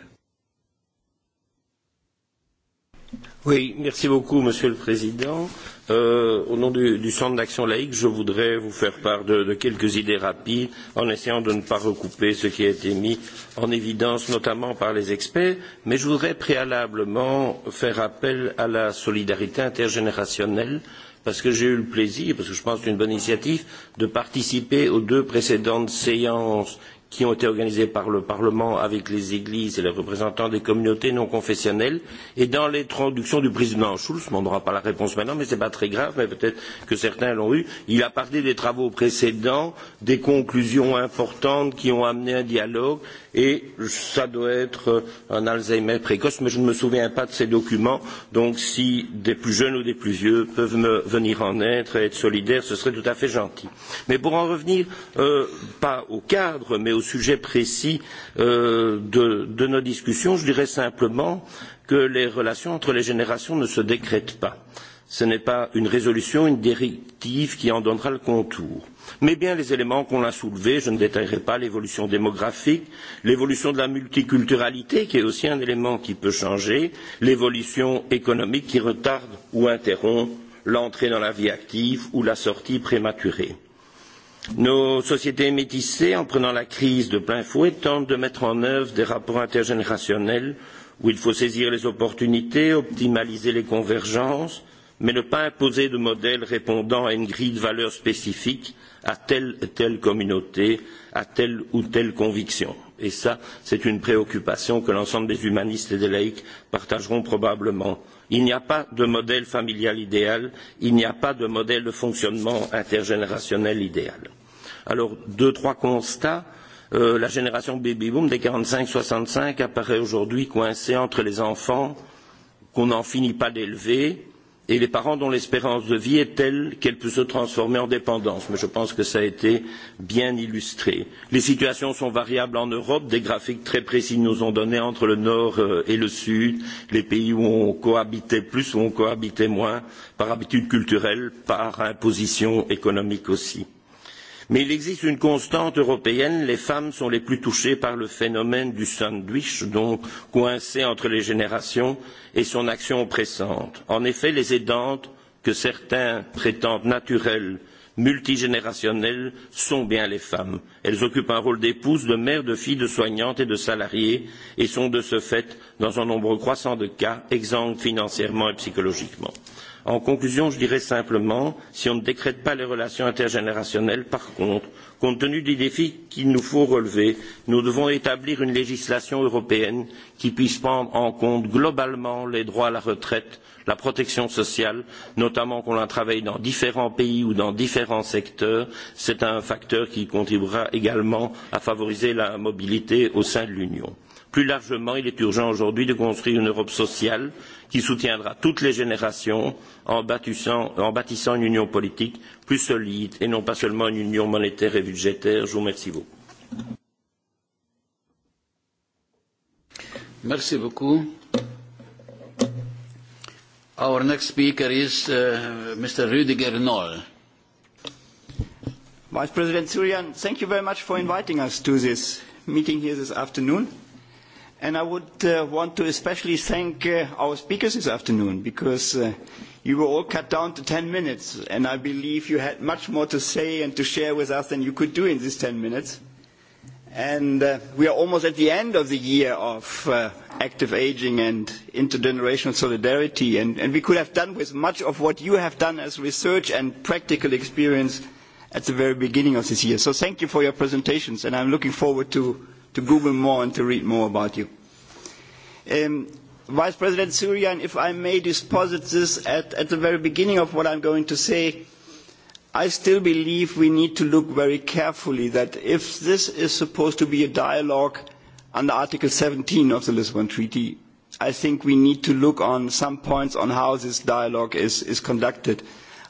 Oui, merci beaucoup, Monsieur le Président. Euh, au nom du, du Centre d'action laïque, je voudrais vous faire part de, de quelques idées rapides en essayant de ne pas recouper ce qui a été mis en évidence, notamment par les experts, mais je voudrais préalablement faire appel à la solidarité intergénérationnelle parce que j'ai eu le plaisir, parce que je pense que c'est une bonne initiative, de participer aux deux précédentes séances qui ont été organisées par le Parlement avec les églises et les représentants des communautés non confessionnelles. Et dans les traductions du président Schulz, on n'aura pas la réponse maintenant, mais ce n'est pas très grave, mais peut-être que certains l'ont eu, il a parlé des travaux précédents, des conclusions importantes qui ont amené un dialogue, et ça doit être un Alzheimer précoce, mais je ne me souviens pas de ces documents, donc si des plus jeunes ou des plus vieux peuvent me venir en aide et être solidaires, ce serait tout à fait gentil. Mais pour en revenir, pas au cadre, mais au sujet précis de, de nos discussions. Je dirais simplement que les relations entre les générations ne se décrètent pas. Ce n'est pas une résolution, une directive qui en donnera le contour, mais bien les éléments qu'on a soulevés. Je ne détaillerai pas l'évolution démographique, l'évolution de la multiculturalité, qui est aussi un élément qui peut changer, l'évolution économique qui retarde ou interrompt l'entrée dans la vie active ou la sortie prématurée. Nos sociétés métissées, en prenant la crise de plein fouet, tentent de mettre en œuvre des rapports intergénérationnels où il faut saisir les opportunités, optimaliser les convergences, mais ne pas imposer de modèles répondant à une grille de valeurs spécifique à telle ou telle communauté, à telle ou telle conviction. Et ça, c'est une préoccupation que l'ensemble des humanistes et des laïcs partageront probablement. Il n'y a pas de modèle familial idéal, il n'y a pas de modèle de fonctionnement intergénérationnel idéal. Alors, deux, trois constats. la génération baby boom des quarante cinq soixante cinq apparaît aujourd'hui coincée entre les enfants qu'on n'en finit pas d'élever, et les parents dont l'espérance de vie est telle qu'elle peut se transformer en dépendance. Mais je pense que cela a été bien illustré. Les situations sont variables en Europe. Des graphiques très précis nous ont donné entre le nord et le sud, les pays où on cohabitait plus, où on cohabitait moins, par habitude culturelle, par imposition économique aussi Mais il existe une constante européenne, les femmes sont les plus touchées par le phénomène du sandwich, donc coincé entre les générations, et son action oppressante. En effet, les aidantes, que certains prétendent naturelles, multigénérationnelles, sont bien les femmes. Elles occupent un rôle d'épouse, de mère, de fille, de soignante et de salariée, et sont de ce fait, dans un nombre croissant de cas, exemptes financièrement et psychologiquement. En conclusion, je dirais simplement, si on ne décrète pas les relations intergénérationnelles, par contre, compte tenu des défis qu'il nous faut relever, nous devons établir une législation européenne qui puisse prendre en compte globalement les droits à la retraite, la protection sociale, notamment qu'on la travaille dans différents pays ou dans différents secteurs. C'est un facteur qui contribuera également à favoriser la mobilité au sein de l'Union. Plus largement, il est urgent aujourd'hui de construire une Europe sociale qui soutiendra toutes les générations en bâtissant, une union politique plus solide et non pas seulement une union monétaire et budgétaire. Je vous remercie beaucoup. Merci beaucoup. Our next speaker is Mr. Rüdiger Noll. Vice President Syrian, thank you very much for inviting us to this meeting here this afternoon And I would want to especially thank our speakers this afternoon because you were all cut down to ten minutes, and I believe you had much more to say and to share with us than you could do in these ten minutes. And we are almost at the end of the year of active ageing and intergenerational solidarity, and we could have done with much of what you have done as research and practical experience at the very beginning of this year. So thank you for your presentations, and I'm looking forward to to Google more and to read more about you. Um, Vice President Surian, if I may deposit this at, at the very beginning of what I'm going to say, I still believe we need to look very carefully that if this is supposed to be a dialogue under Article seventeen of the Lisbon Treaty, I think we need to look on some points on how this dialogue is, conducted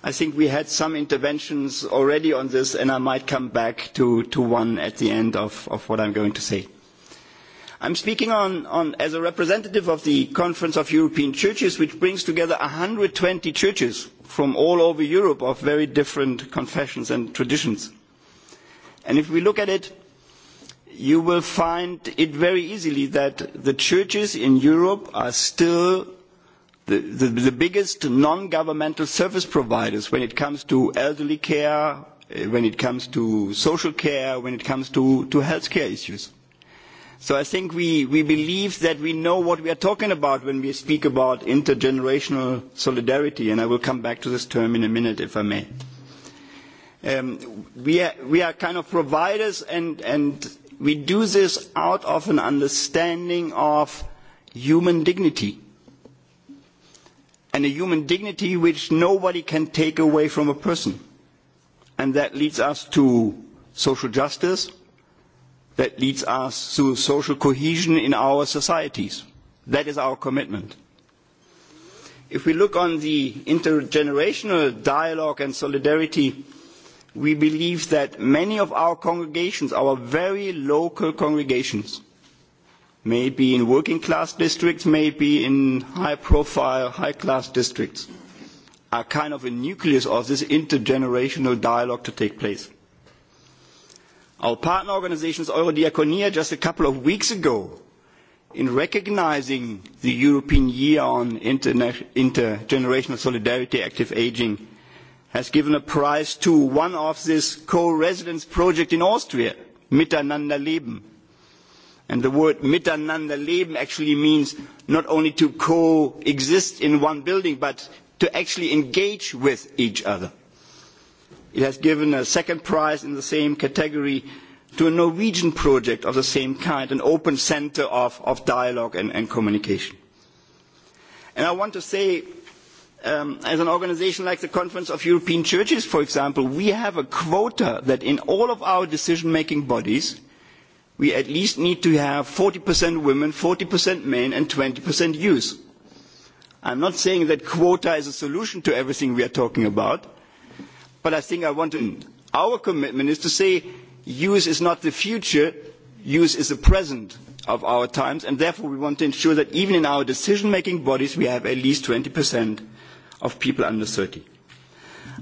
I think we had some interventions already on this, and I might come back to one at the end of what I'm going to say. I'm speaking on as a representative of the Conference of European Churches, which brings together one hundred and twenty churches from all over Europe of very different confessions and traditions. And if we look at it, you will find it very easily that the churches in Europe are still the, the, the biggest non-governmental service providers when it comes to elderly care, when it comes to social care, when it comes to, to health care issues. So I think we, we believe that we know what we are talking about when we speak about intergenerational solidarity, and I will come back to this term in a minute if I may. Um, we, are, we are kind of providers, and, and we do this out of an understanding of human dignity and a human dignity which nobody can take away from a person. And that leads us to social justice, that leads us to social cohesion in our societies. That is our commitment. If we look on the intergenerational dialogue and solidarity, we believe that many of our congregations, our very local congregations, maybe in working class districts, maybe in high profile, high class districts, are kind of a nucleus of this intergenerational dialogue to take place. Our partner organizations, Eurodiaconia, just a couple of weeks ago, in recognizing the European Year on Intergenerational Solidarity Active Aging, has given a prize to one of this co-residence project in Austria, Miteinander Leben And the word miteinander leben actually means not only to coexist in one building, but to actually engage with each other. It has given a second prize in the same category to a Norwegian project of the same kind, an open centre of, of dialogue and, and communication. And I want to say, um, as an organisation like the Conference of European Churches, for example, we have a quota that in all of our decision-making bodies – we at least need to have 40% women, 40% men, and 20% youth. I'm not saying that quota is a solution to everything we are talking about, but I think I want to. Our commitment is to say youth is not the future, youth is the present of our times, and therefore we want to ensure that even in our decision-making bodies we have at least 20% of people under 30.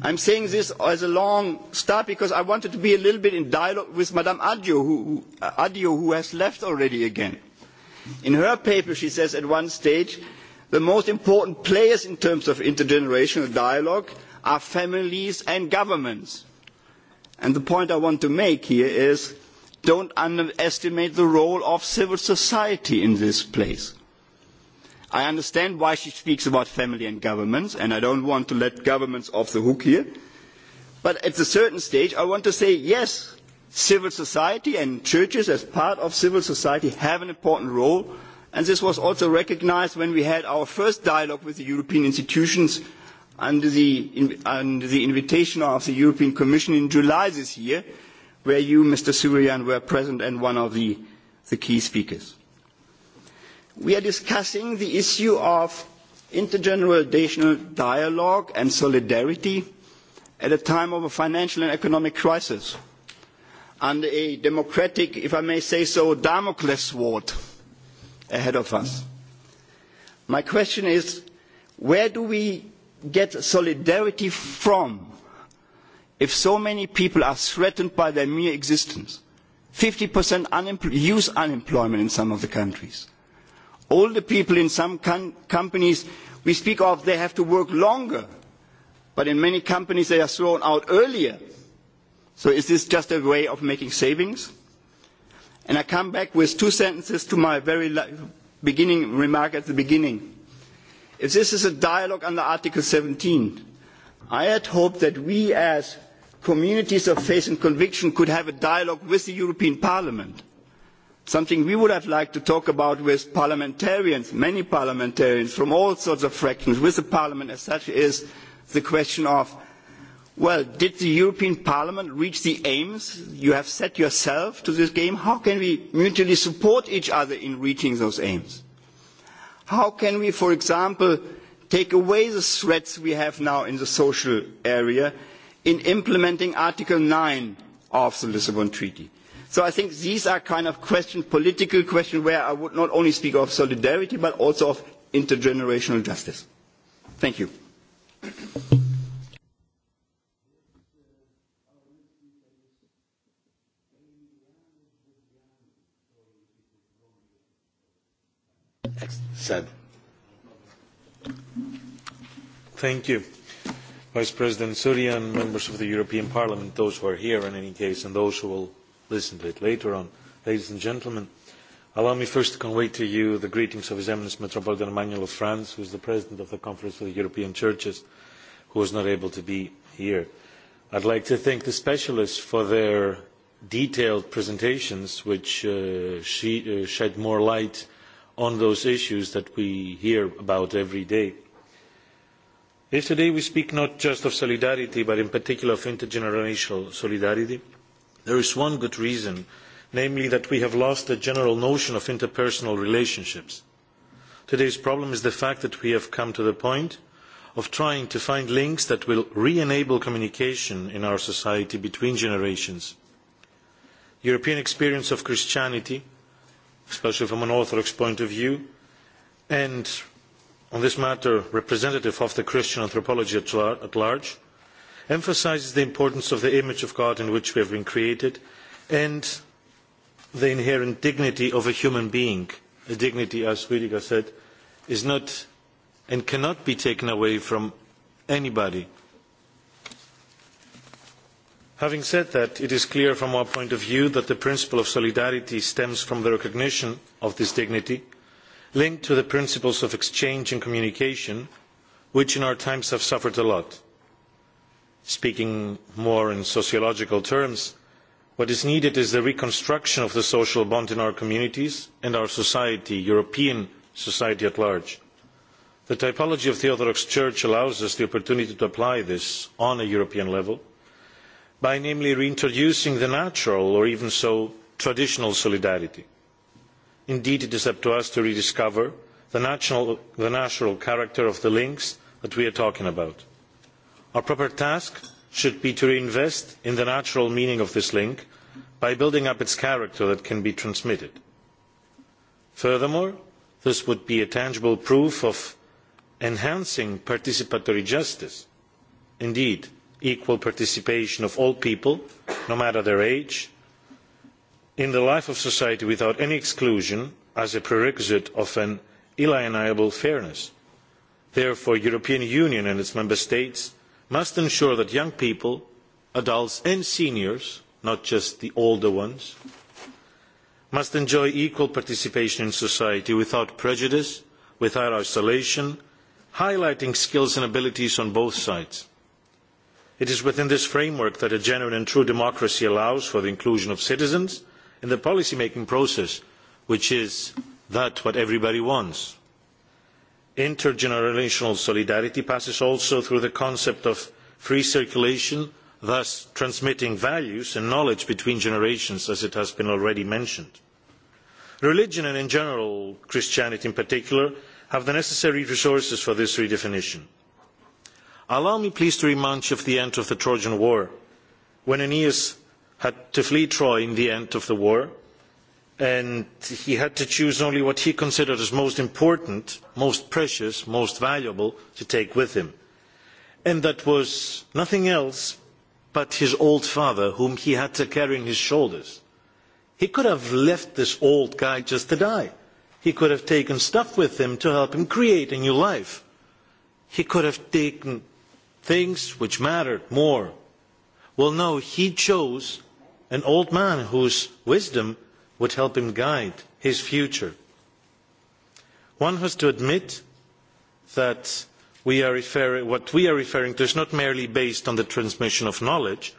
I am saying this as a long start because I wanted to be a little bit in dialogue with Madame Adio, who, Adio, who has left already again. In her paper, she says at one stage, the most important players in terms of intergenerational dialogue are families and governments. And the point I want to make here is don't underestimate the role of civil society in this place I understand why she speaks about family and governments, and I don't want to let governments off the hook here. But at a certain stage, I want to say, yes, civil society and churches as part of civil society have an important role, and this was also recognised when we had our first dialogue with the European institutions under the, under the invitation of the European Commission in July this year, where you, Mr. Surian, were present and one of the, the key speakers we are discussing the issue of intergenerational dialogue and solidarity at a time of a financial and economic crisis under a democratic, if I may say so, Damocles sword ahead of us. My question is, where do we get solidarity from if so many people are threatened by their mere existence? 50% youth unemployment in some of the countries older people in some companies we speak of they have to work longer but in many companies they are thrown out earlier so is this just a way of making savings and i come back with two sentences to my very beginning remark at the beginning if this is a dialogue under article seventeen i had hoped that we as communities of faith and conviction could have a dialogue with the european parliament something we would have liked to talk about with parliamentarians, many parliamentarians from all sorts of fractions, with the parliament as such, is the question of, well, did the European Parliament reach the aims you have set yourself to this game? How can we mutually support each other in reaching those aims? How can we, for example, take away the threats we have now in the social area in implementing Article nine of the Lisbon Treaty? So I think these are kind of questions, political questions where I would not only speak of solidarity but also of intergenerational justice. Thank you. Said. Thank you. Vice President Surya and members of the European Parliament, those who are here in any case, and those who will listen to it later on. Ladies and gentlemen, allow me first to convey to you the greetings of His Eminence Metropolitan Emmanuel of France, who is the President of the Conference of the European Churches, who was not able to be here. I would like to thank the specialists for their detailed presentations, which shed more light on those issues that we hear about every day. If today we speak not just of solidarity, but in particular of intergenerational solidarity, There is one good reason, namely that we have lost the general notion of interpersonal relationships. Today's problem is the fact that we have come to the point of trying to find links that will re-enable communication in our society between generations. European experience of Christianity, especially from an Orthodox point of view, and on this matter representative of the Christian anthropology at large, emphasises the importance of the image of God in which we have been created and the inherent dignity of a human being. A dignity, as Rüdiger said, is not and cannot be taken away from anybody. Having said that, it is clear from our point of view that the principle of solidarity stems from the recognition of this dignity, linked to the principles of exchange and communication, which in our times have suffered a lot Speaking more in sociological terms, what is needed is the reconstruction of the social bond in our communities and our society, European society at large. The typology of the Orthodox Church allows us the opportunity to apply this on a European level by namely reintroducing the natural or even so traditional solidarity. Indeed, it is up to us to rediscover the natural, character of the links that we are talking about Our proper task should be to reinvest in the natural meaning of this link by building up its character that can be transmitted. Furthermore, this would be a tangible proof of enhancing participatory justice. Indeed, equal participation of all people, no matter their age, in the life of society without any exclusion as a prerequisite of an inalienable fairness. Therefore, the European Union and its member states must ensure that young people, adults and seniors, not just the older ones, must enjoy equal participation in society without prejudice, without isolation, highlighting skills and abilities on both sides. It is within this framework that a genuine and true democracy allows for the inclusion of citizens in the policy making process, which is that what everybody wants intergenerational solidarity passes also through the concept of free circulation thus transmitting values and knowledge between generations as has been already mentioned. religion and in general christianity in particular have the necessary resources for this redefinition. allow me please to remind you of the end of the trojan war when aeneas had to flee troy in the end of the war and he had to choose only what he considered as most important, most precious, most valuable to take with him. And that was nothing else but his old father, whom he had to carry on his shoulders. He could have left this old guy just to die. He could have taken stuff with him to help him create a new life. He could have taken things which mattered more. Well, no, he chose an old man whose wisdom would help him guide his future. One has to admit that what we are referring to is not merely based on the transmission of knowledge,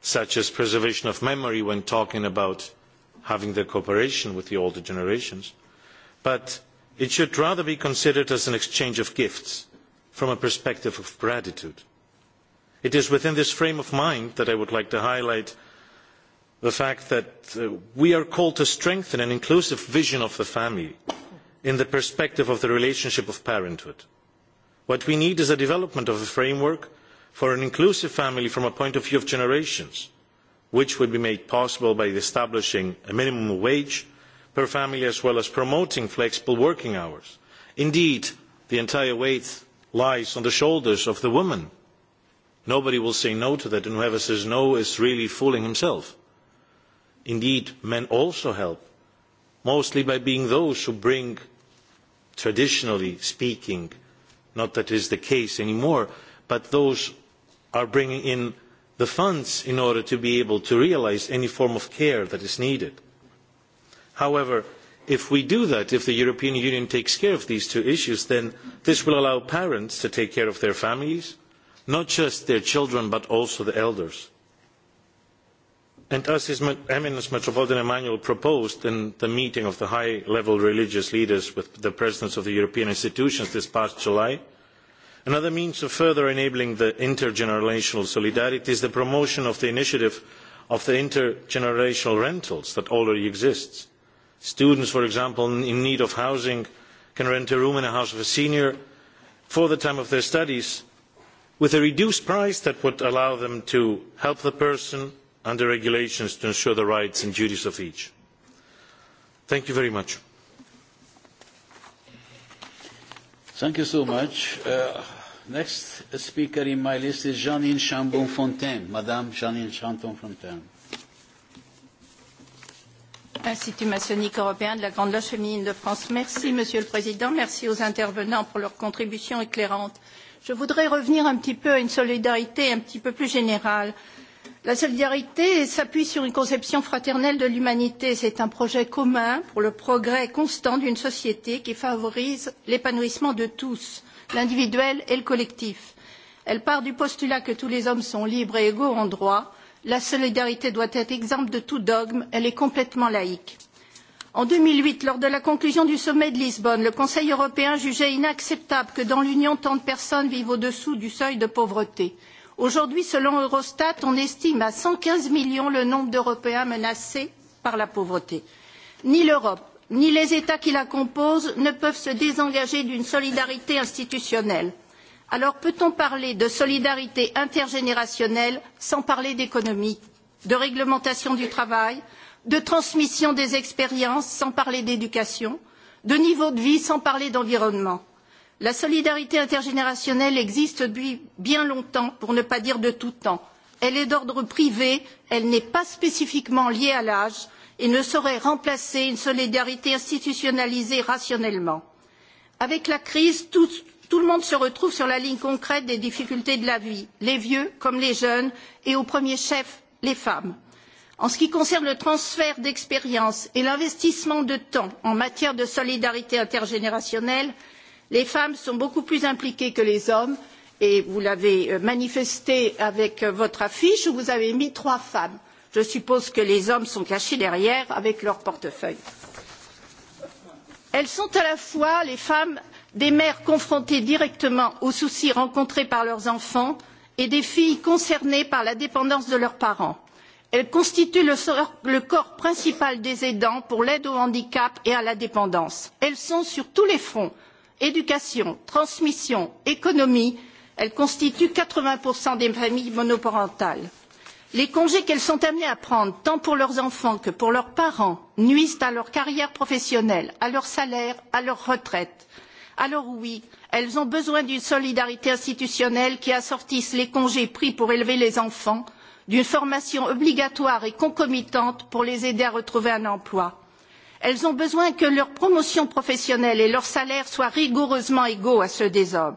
such as preservation of memory when talking about having the cooperation with the older generations, but it should rather be considered as an exchange of gifts from a perspective of gratitude. It is within this frame of mind that I would like to highlight the fact that we are called to strengthen an inclusive vision of the family in the perspective of the relationship of parenthood. What we need is a development of a framework for an inclusive family from a point of view of generations, which would be made possible by establishing a minimum wage per family as well as promoting flexible working hours. Indeed, the entire weight lies on the shoulders of the woman. Nobody will say no to that, and whoever says no is really fooling himself Indeed, men also help, mostly by being those who bring, traditionally speaking, not that is the case anymore, but those are bringing in the funds in order to be able to realise any form of care that is needed. However, if we do that, if the European Union takes care of these two issues, then this will allow parents to take care of their families, not just their children, but also the elders And as His Eminence Metropolitan Emmanuel proposed in the meeting of the high-level religious leaders with the presidents of the European institutions this past July, another means of further enabling the intergenerational solidarity is the promotion of the initiative of the intergenerational rentals that already exists. Students, for example, in need of housing can rent a room in a house of a senior for the time of their studies with a reduced price that would allow them to help the person and the regulations to ensure the rights and duties of each. Thank you very much. Thank you so much. Uh, next speaker in my list is Jeanine Chambon Fontaine. Madame Jeanine Chambon Fontaine. Institut maçonnique européen de la Grande Loge féminine de France. Merci, Monsieur le Président. Merci aux intervenants pour leur contribution éclairante. Je voudrais revenir un petit peu à une solidarité un petit peu plus générale La solidarité s'appuie sur une conception fraternelle de l'humanité. C'est un projet commun pour le progrès constant d'une société qui favorise l'épanouissement de tous, l'individuel et le collectif. Elle part du postulat que tous les hommes sont libres et égaux en droit. La solidarité doit être exempte de tout dogme. Elle est complètement laïque. En deux mille huit, lors de la conclusion du sommet de Lisbonne, le Conseil européen jugeait inacceptable que dans l'Union tant de personnes vivent au-dessous du seuil de pauvreté. Aujourd'hui, selon Eurostat, on estime à cent quinze millions le nombre d'Européens menacés par la pauvreté. Ni l'Europe, ni les États qui la composent ne peuvent se désengager d'une solidarité institutionnelle. Alors peut-on parler de solidarité intergénérationnelle sans parler d'économie, de réglementation du travail, de transmission des expériences sans parler d'éducation, de niveau de vie sans parler d'environnement La solidarité intergénérationnelle existe depuis bien longtemps, pour ne pas dire de tout temps. Elle est d'ordre privé, elle n'est pas spécifiquement liée à l'âge et ne saurait remplacer une solidarité institutionnalisée rationnellement. Avec la crise, tout, le monde se retrouve sur la ligne concrète des difficultés de la vie, les vieux comme les jeunes et au premier chef les femmes. En ce qui concerne le transfert d'expérience et l'investissement de temps en matière de solidarité intergénérationnelle, les femmes sont beaucoup plus impliquées que les hommes et vous l'avez manifesté avec votre affiche où vous avez mis trois femmes. Je suppose que les hommes sont cachés derrière avec leur portefeuille. Elles sont à la fois les femmes des mères confrontées directement aux soucis rencontrés par leurs enfants et des filles concernées par la dépendance de leurs parents. Elles constituent le, corps principal des aidants pour l'aide au handicap et à la dépendance. Elles sont sur tous les fronts éducation transmission économie elles constituent quatre vingts des familles monoparentales. les congés qu'elles sont amenées à prendre tant pour leurs enfants que pour leurs parents nuisent à leur carrière professionnelle à leur salaire à leur retraite. alors oui elles ont besoin d'une solidarité institutionnelle qui assortisse les congés pris pour élever les enfants d'une formation obligatoire et concomitante pour les aider à retrouver un emploi elles ont besoin que leur promotion professionnelle et leur salaire soient rigoureusement égaux à ceux des hommes.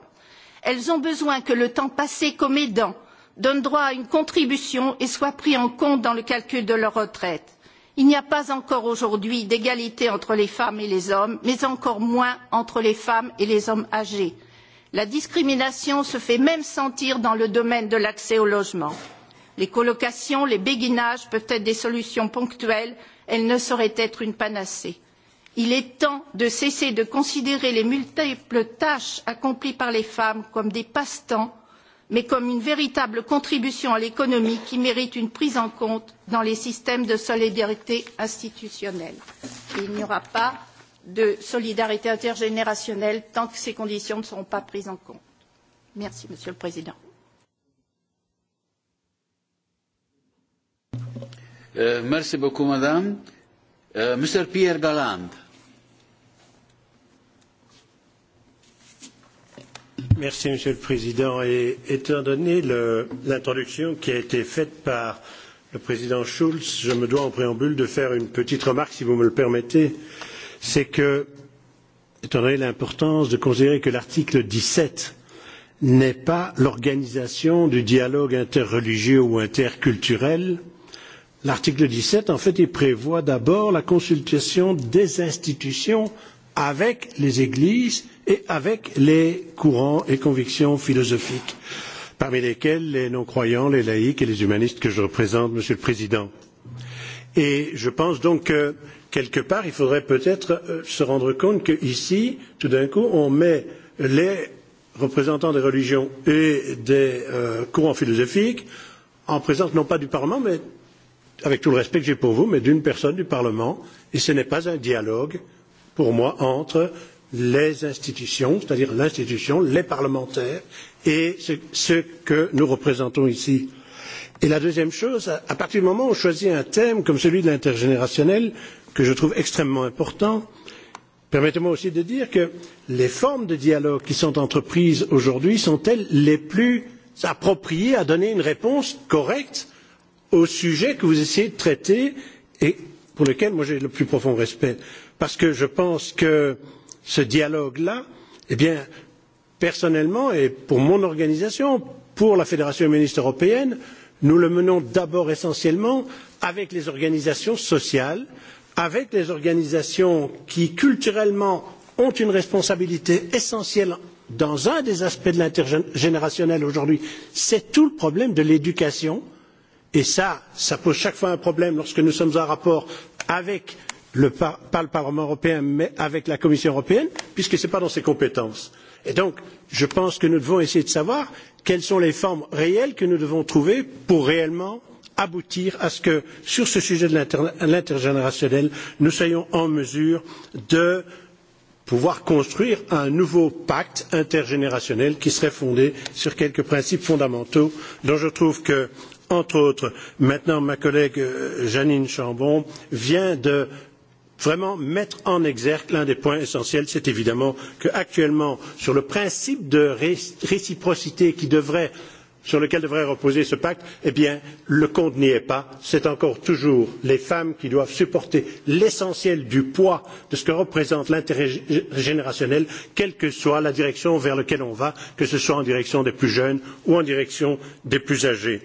Elles ont besoin que le temps passé comme aidant donne droit à une contribution et soit pris en compte dans le calcul de leur retraite. Il n'y a pas encore aujourd'hui d'égalité entre les femmes et les hommes, mais encore moins entre les femmes et les hommes âgés. La discrimination se fait même sentir dans le domaine de l'accès au logement. Les colocations, les béguinages peuvent être des solutions ponctuelles, elle ne saurait être une panacée. Il est temps de cesser de considérer les multiples tâches accomplies par les femmes comme des passe-temps, mais comme une véritable contribution à l'économie qui mérite une prise en compte dans les systèmes de solidarité institutionnelle. Il n'y aura pas de solidarité intergénérationnelle tant que ces conditions ne seront pas prises en compte. Merci, Monsieur le Président. Merci beaucoup, madame. Mr. Pierre Galland. Merci, Monsieur le Président. Et étant donné l'introduction qui a été faite par le Président Schulz, je me dois en préambule de faire une petite remarque, si vous me le permettez. C'est que, étant donné l'importance de considérer que l'article dix sept n'est pas l'organisation du dialogue interreligieux ou interculturel, L'article dix sept, en fait, il prévoit d'abord la consultation des institutions avec les églises et avec les courants et convictions philosophiques, parmi lesquels les non-croyants, les laïcs et les humanistes que je représente, Monsieur le Président. Et je pense donc que, quelque part, il faudrait peut-être se rendre compte qu'ici, tout d'un coup, on met les représentants des religions et des courants philosophiques en présence non pas du Parlement, mais avec tout le respect que j'ai pour vous, mais d'une personne du Parlement, et ce n'est pas un dialogue, pour moi, entre les institutions, c'est-à-dire l'institution, les parlementaires, et ce, que nous représentons ici. Et la deuxième chose, à partir du moment où on choisit un thème comme celui de l'intergénérationnel, que je trouve extrêmement important, permettez-moi aussi de dire que les formes de dialogue qui sont entreprises aujourd'hui sont-elles les plus appropriées à donner une réponse correcte au sujet que vous essayez de traiter et pour lequel moi j'ai le plus profond respect. Parce que je pense que ce dialogue-là, eh bien, personnellement et pour mon organisation, pour la Fédération humaniste européenne, nous le menons d'abord essentiellement avec les organisations sociales, avec les organisations qui, culturellement, ont une responsabilité essentielle dans un des aspects de l'intergénérationnel aujourd'hui. C'est tout le problème de l'éducation, Et cela pose chaque fois un problème lorsque nous sommes en rapport avec le, par, le Parlement européen, mais avec la Commission européenne, puisque ce n'est pas dans ses compétences. Et donc, je pense que nous devons essayer de savoir quelles sont les formes réelles que nous devons trouver pour réellement aboutir à ce que, sur ce sujet de l'intergénérationnel, nous soyons en mesure de pouvoir construire un nouveau pacte intergénérationnel qui serait fondé sur quelques principes fondamentaux dont je trouve que entre autres. Maintenant, ma collègue Jeanine Chambon vient de vraiment mettre en exergue l'un des points essentiels, c'est évidemment qu'actuellement, sur le principe de réciprocité qui devrait sur lequel devrait reposer ce pacte, eh bien, le compte n'y est pas. C'est encore toujours les femmes qui doivent supporter l'essentiel du poids de ce que représente l'intérêt générationnel, quelle que soit la direction vers laquelle on va, que ce soit en direction des plus jeunes ou en direction des plus âgés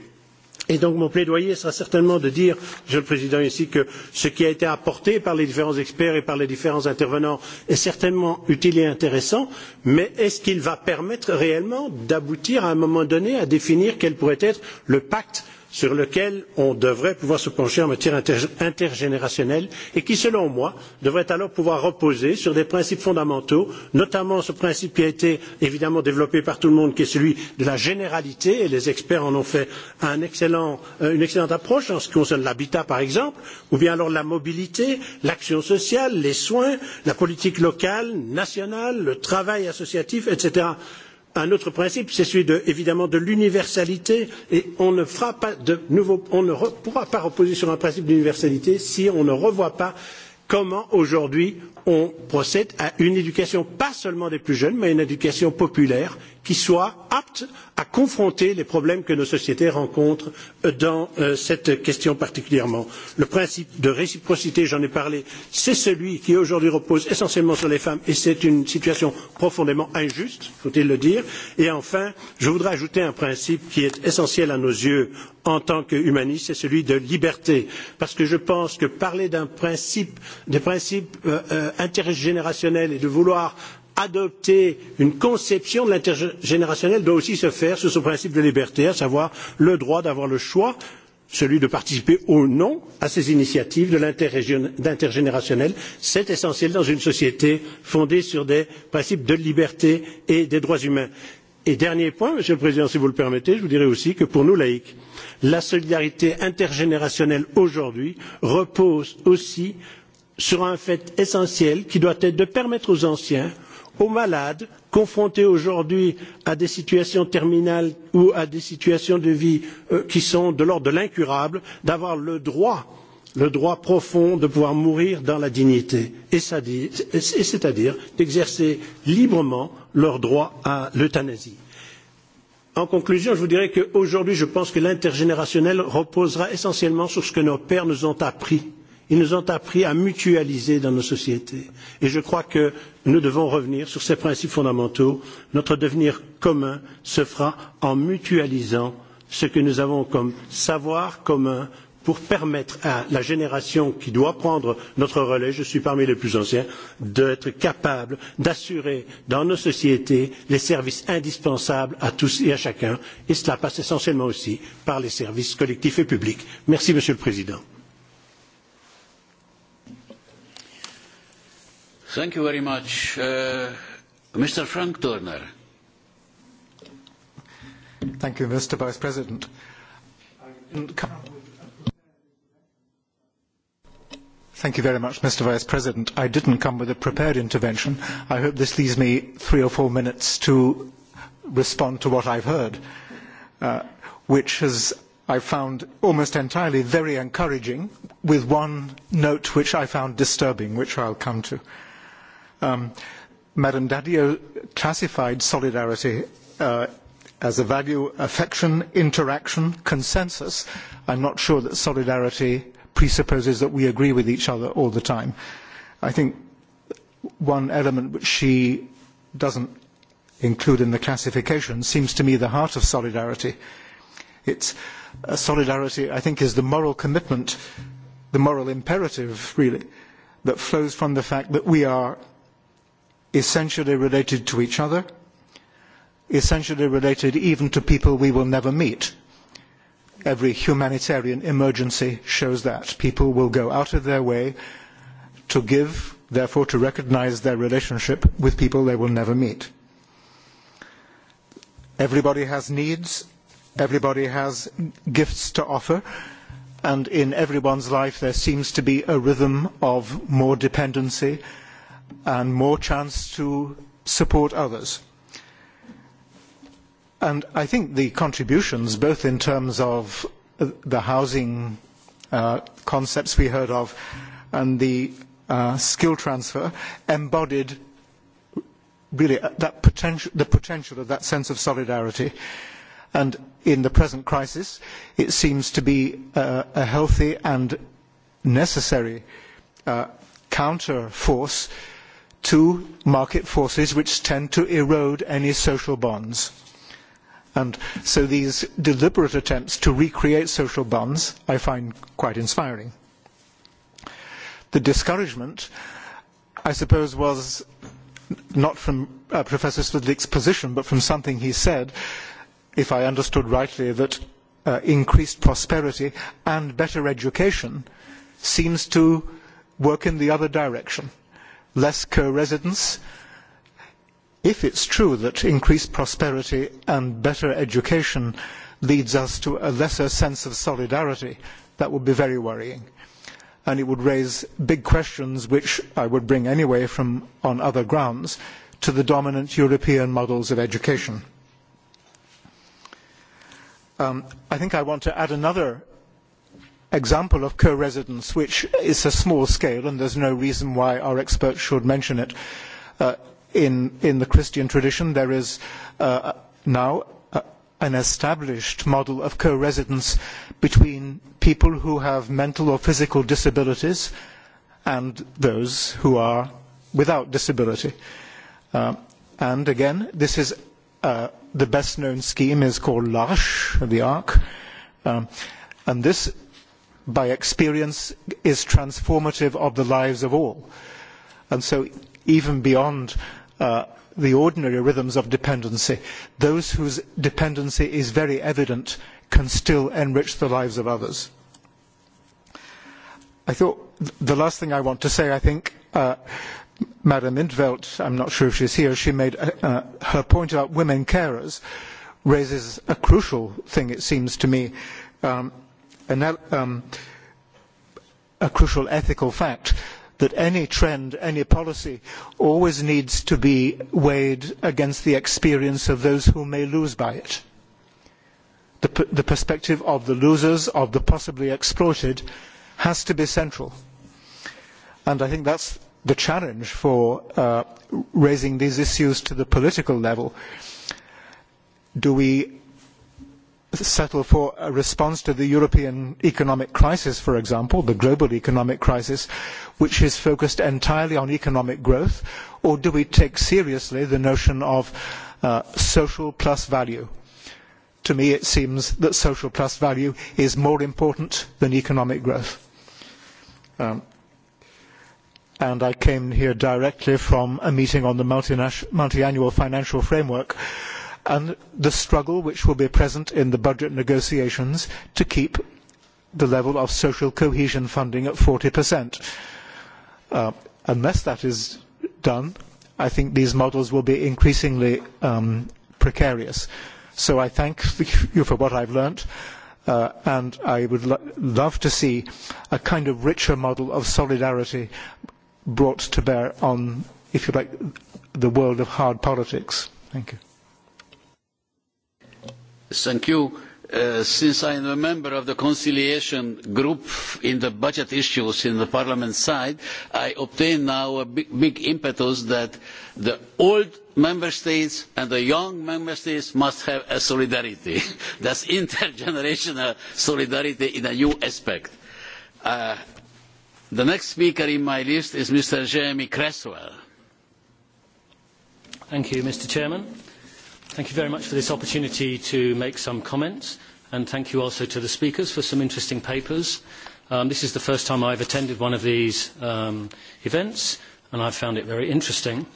Et donc mon plaidoyer sera certainement de dire, Monsieur le Président, ici que ce qui a été apporté par les différents experts et par les différents intervenants est certainement utile et intéressant, mais est-ce qu'il va permettre réellement d'aboutir à un moment donné à définir quel pourrait être le pacte sur lequel on devrait pouvoir se pencher en matière intergénérationnelle et qui, selon moi, devrait alors pouvoir reposer sur des principes fondamentaux, notamment ce principe qui a été évidemment développé par tout le monde, qui est celui de la généralité, et les experts en ont fait une excellente approche en ce qui concerne l'habitat, par exemple, ou bien alors la mobilité, l'action sociale, les soins, la politique locale, nationale, le travail associatif, etc un autre principe, c'est celui évidemment de l'universalité, et on ne, pourra pas reposer sur un principe d'universalité si on ne revoit pas comment aujourd'hui on procède à une éducation pas seulement des plus jeunes, mais une éducation populaire qui soit apte à confronter les problèmes que nos sociétés rencontrent dans cette question particulièrement. Le principe de réciprocité, j'en ai parlé, c'est celui qui aujourd'hui repose essentiellement sur les femmes et c'est une situation profondément injuste, faut-il le dire. Et enfin, je voudrais ajouter un principe qui est essentiel à nos yeux en tant qu'humaniste, c'est celui de liberté. Parce que je pense que parler d'un principe, des principes intergénérationnel et de vouloir adopter une conception de l'intergénérationnel doit aussi se faire sur ce principe de liberté, à savoir le droit d'avoir le choix, celui de participer ou non à ces initiatives d'intergénérationnel. C'est essentiel dans une société fondée sur des principes de liberté et des droits humains. Et dernier point, Monsieur le Président, si vous le permettez, je vous dirai aussi que pour nous laïcs, la solidarité intergénérationnelle aujourd'hui repose aussi sur un fait essentiel qui doit être de permettre aux anciens, aux malades, confrontés aujourd'hui à des situations terminales ou à des situations de vie qui sont de l'ordre de l'incurable, d'avoir le droit, le droit profond de pouvoir mourir dans la dignité, c'est-à-dire d'exercer librement leur droit à l'euthanasie. En conclusion, je vous dirais qu'aujourd'hui, je pense que l'intergénérationnel reposera essentiellement sur ce que nos pères nous ont appris Ils nous ont appris à mutualiser dans nos sociétés. Et je crois que nous devons revenir sur ces principes fondamentaux. Notre devenir commun se fera en mutualisant ce que nous avons comme savoir commun pour permettre à la génération qui doit prendre notre relais, je suis parmi les plus anciens, d'être capable d'assurer dans nos sociétés les services indispensables à tous et à chacun. Et cela passe essentiellement aussi par les services collectifs et publics. Merci, Monsieur le Président. Thank you very much. Mr. Frank Turner. Thank you, Mr. Vice President. Thank you very much, Mr. Vice President. I didn't come with a prepared intervention. I hope this leaves me three or four minutes to respond to what I've heard, which has I found almost entirely very encouraging, with one note which I found disturbing, which I'll come to. Madam Dadio classified solidarity as a value, affection, interaction, consensus. I am not sure that solidarity presupposes that we agree with each other all the time. I think one element which she doesn't include in the classification seems to me the heart of solidarity. It's solidarity, I think, is the moral commitment, the moral imperative, really, that flows from the fact that we are essentially related to each other, essentially related even to people we will never meet. Every humanitarian emergency shows that. People will go out of their way to give, therefore to recognise their relationship with people they will never meet. Everybody has needs, everybody has gifts to offer, and in everyone's life there seems to be a rhythm of more dependency, and more chance to support others. And I think the contributions, both in terms of the housing concepts we heard of and the skill transfer, embodied really that potential, the potential of that sense of solidarity. And in the present crisis, it seems to be a healthy and necessary counter force uh, to market forces which tend to erode any social bonds. And so these deliberate attempts to recreate social bonds I find quite inspiring. The discouragement, I suppose, was not from Professor Slidlik's position, but from something he said, if I understood rightly, that increased prosperity and better education seems to work in the other direction less co-residence. If it is true that increased prosperity and better education leads us to a lesser sense of solidarity, that would be very worrying. And it would raise big questions, which I would bring anyway from on other grounds, to the dominant European models of education. I think I want to add another example of co-residence, which is a small scale, and there is no reason why our experts should mention it. in, the Christian tradition, there is now an established model of co-residence between people who have mental or physical disabilities and those who are without disability. and again, this is the best known scheme is called L'Arche, the ARC, and this by experience is transformative of the lives of all. And so even beyond the ordinary rhythms of dependency, those whose dependency is very evident can still enrich the lives of others. I thought the last thing I want to say, I think uh, Madam Intveld, I'm not sure if she's here, she made her point about women carers raises a crucial thing, it seems to me. Um, a crucial ethical fact that any trend, any policy always needs to be weighed against the experience of those who may lose by it. The, perspective of the losers, of the possibly exploited, has to be central. And I think that is the challenge for raising these issues to the political level. Do we settle for a response to the European economic crisis, for example, the global economic crisis, which is focused entirely on economic growth, or do we take seriously the notion of social plus value? To me, it seems that social plus value is more important than economic growth. and I came here directly from a meeting on the multiannual financial framework, uh, and the struggle which will be present in the budget negotiations to keep the level of social cohesion funding at 40%. Uh, unless that is done, I think these models will be increasingly precarious. So I thank you for what I've learnt, and I would love to see a kind of richer model of solidarity brought to bear on, if you like, the world of hard politics. Thank you since I am a member of the conciliation group in the budget issues in the parliament side, I obtain now a big, impetus that the old member states and the young member states must have a solidarity. That is intergenerational solidarity in a new aspect. the next speaker on my list is Mr. Jeremy Cresswell. Mr. president Thank you very much for this opportunity to make some comments, and thank you also to the speakers for some interesting papers. this is the first time I've attended one of these events, and I've found it very interesting.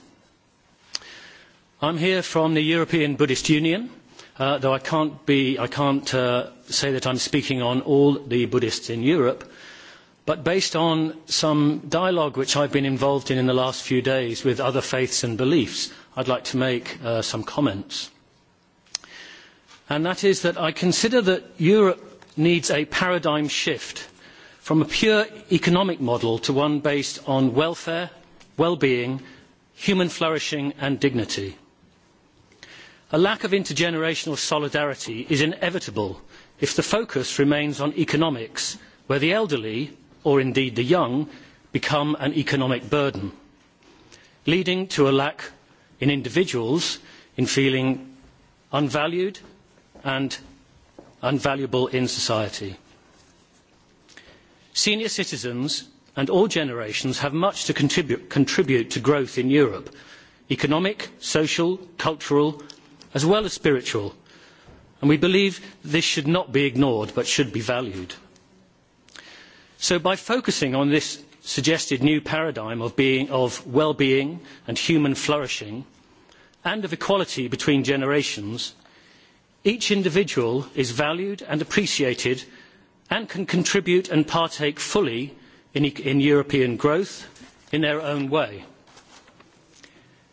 I'm here from the European Buddhist Union, though I can't, be, I can't uh say that I'm speaking on all the Buddhists in Europe, but based on some dialogue which I have been involved in in the last few days with other faiths and beliefs, I would like to make some comments. And that is that I consider that Europe needs a paradigm shift from a pure economic model to one based on welfare, well-being, human flourishing and dignity. A lack of intergenerational solidarity is inevitable if the focus remains on economics, where the elderly or indeed the young become an economic burden, leading to a lack in individuals in feeling unvalued and unvaluable in society. Senior citizens and all generations have much to contribute to growth in Europe economic, social, cultural, as well as spiritual. And we believe this should not be ignored but should be valued. So by focusing on this suggested new paradigm of well-being and human flourishing, and of equality between generations, each individual is valued and appreciated and can contribute and partake fully in European growth in their own way.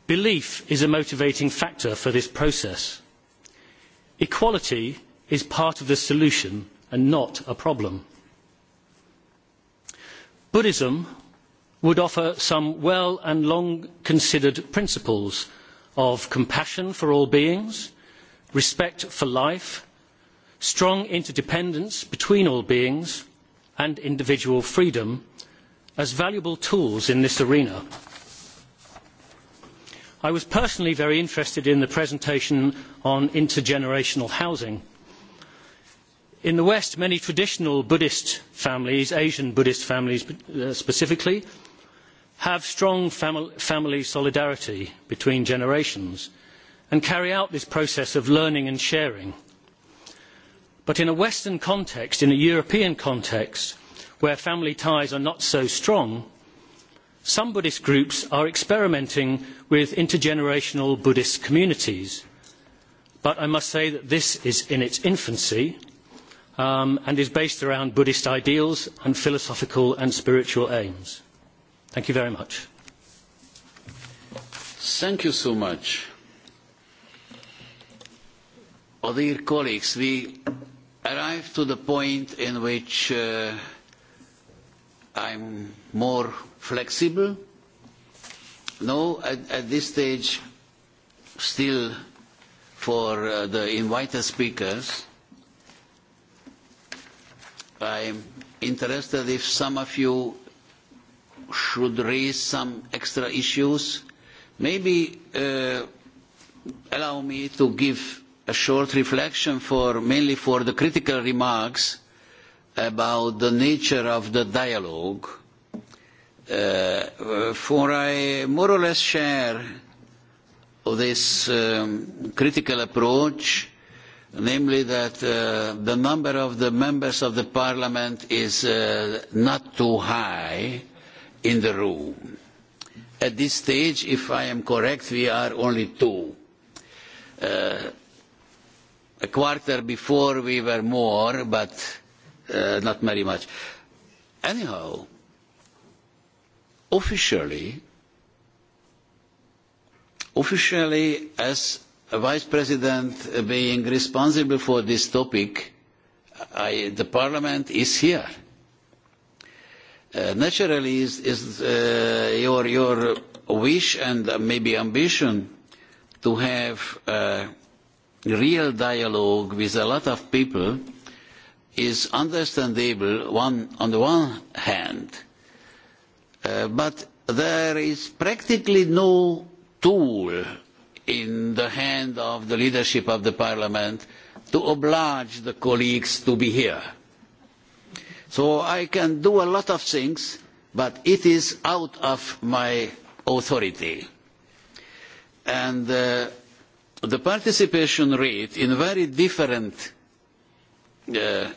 Belief is a motivating factor for this process. Equality is part of the solution and not a problem Buddhism would offer some well and long considered principles of compassion for all beings, respect for life, strong interdependence between all beings, and individual freedom as valuable tools in this arena. I was personally very interested in the presentation on intergenerational housing in the west many traditional buddhist families asian buddhist families specifically have strong family solidarity between generations and carry out this process of learning and sharing but in a western context in a european context where family ties are not so strong some buddhist groups are experimenting with intergenerational buddhist communities but i must say that this is in its infancy and is based around Buddhist ideals and philosophical and spiritual aims. Thank you very much. Thank you so much. dear colleagues, we arrived to the point in which uh, I'm more flexible. No, at, at this stage, still for uh, the invited speakers, I'm interested if some of you should raise some extra issues. Maybe uh, allow me to give a short reflection for mainly for the critical remarks about the nature of the dialogue. Uh, for I more or less share this um, critical approach namely that the number of the members of the parliament is not too high in the room. At this stage, if I am correct, we are only two. a quarter before we were more, but not very much. Anyhow, officially, officially as Vice President being responsible for this topic, I, the Parliament is here. naturally, is, is your, your wish and maybe ambition to have a real dialogue with a lot of people is understandable one, on the one hand, but there is practically no tool in the hand of the leadership of the parliament to oblige the colleagues to be here. So I can do a lot of things, but it is out of my authority. And the participation rate in very different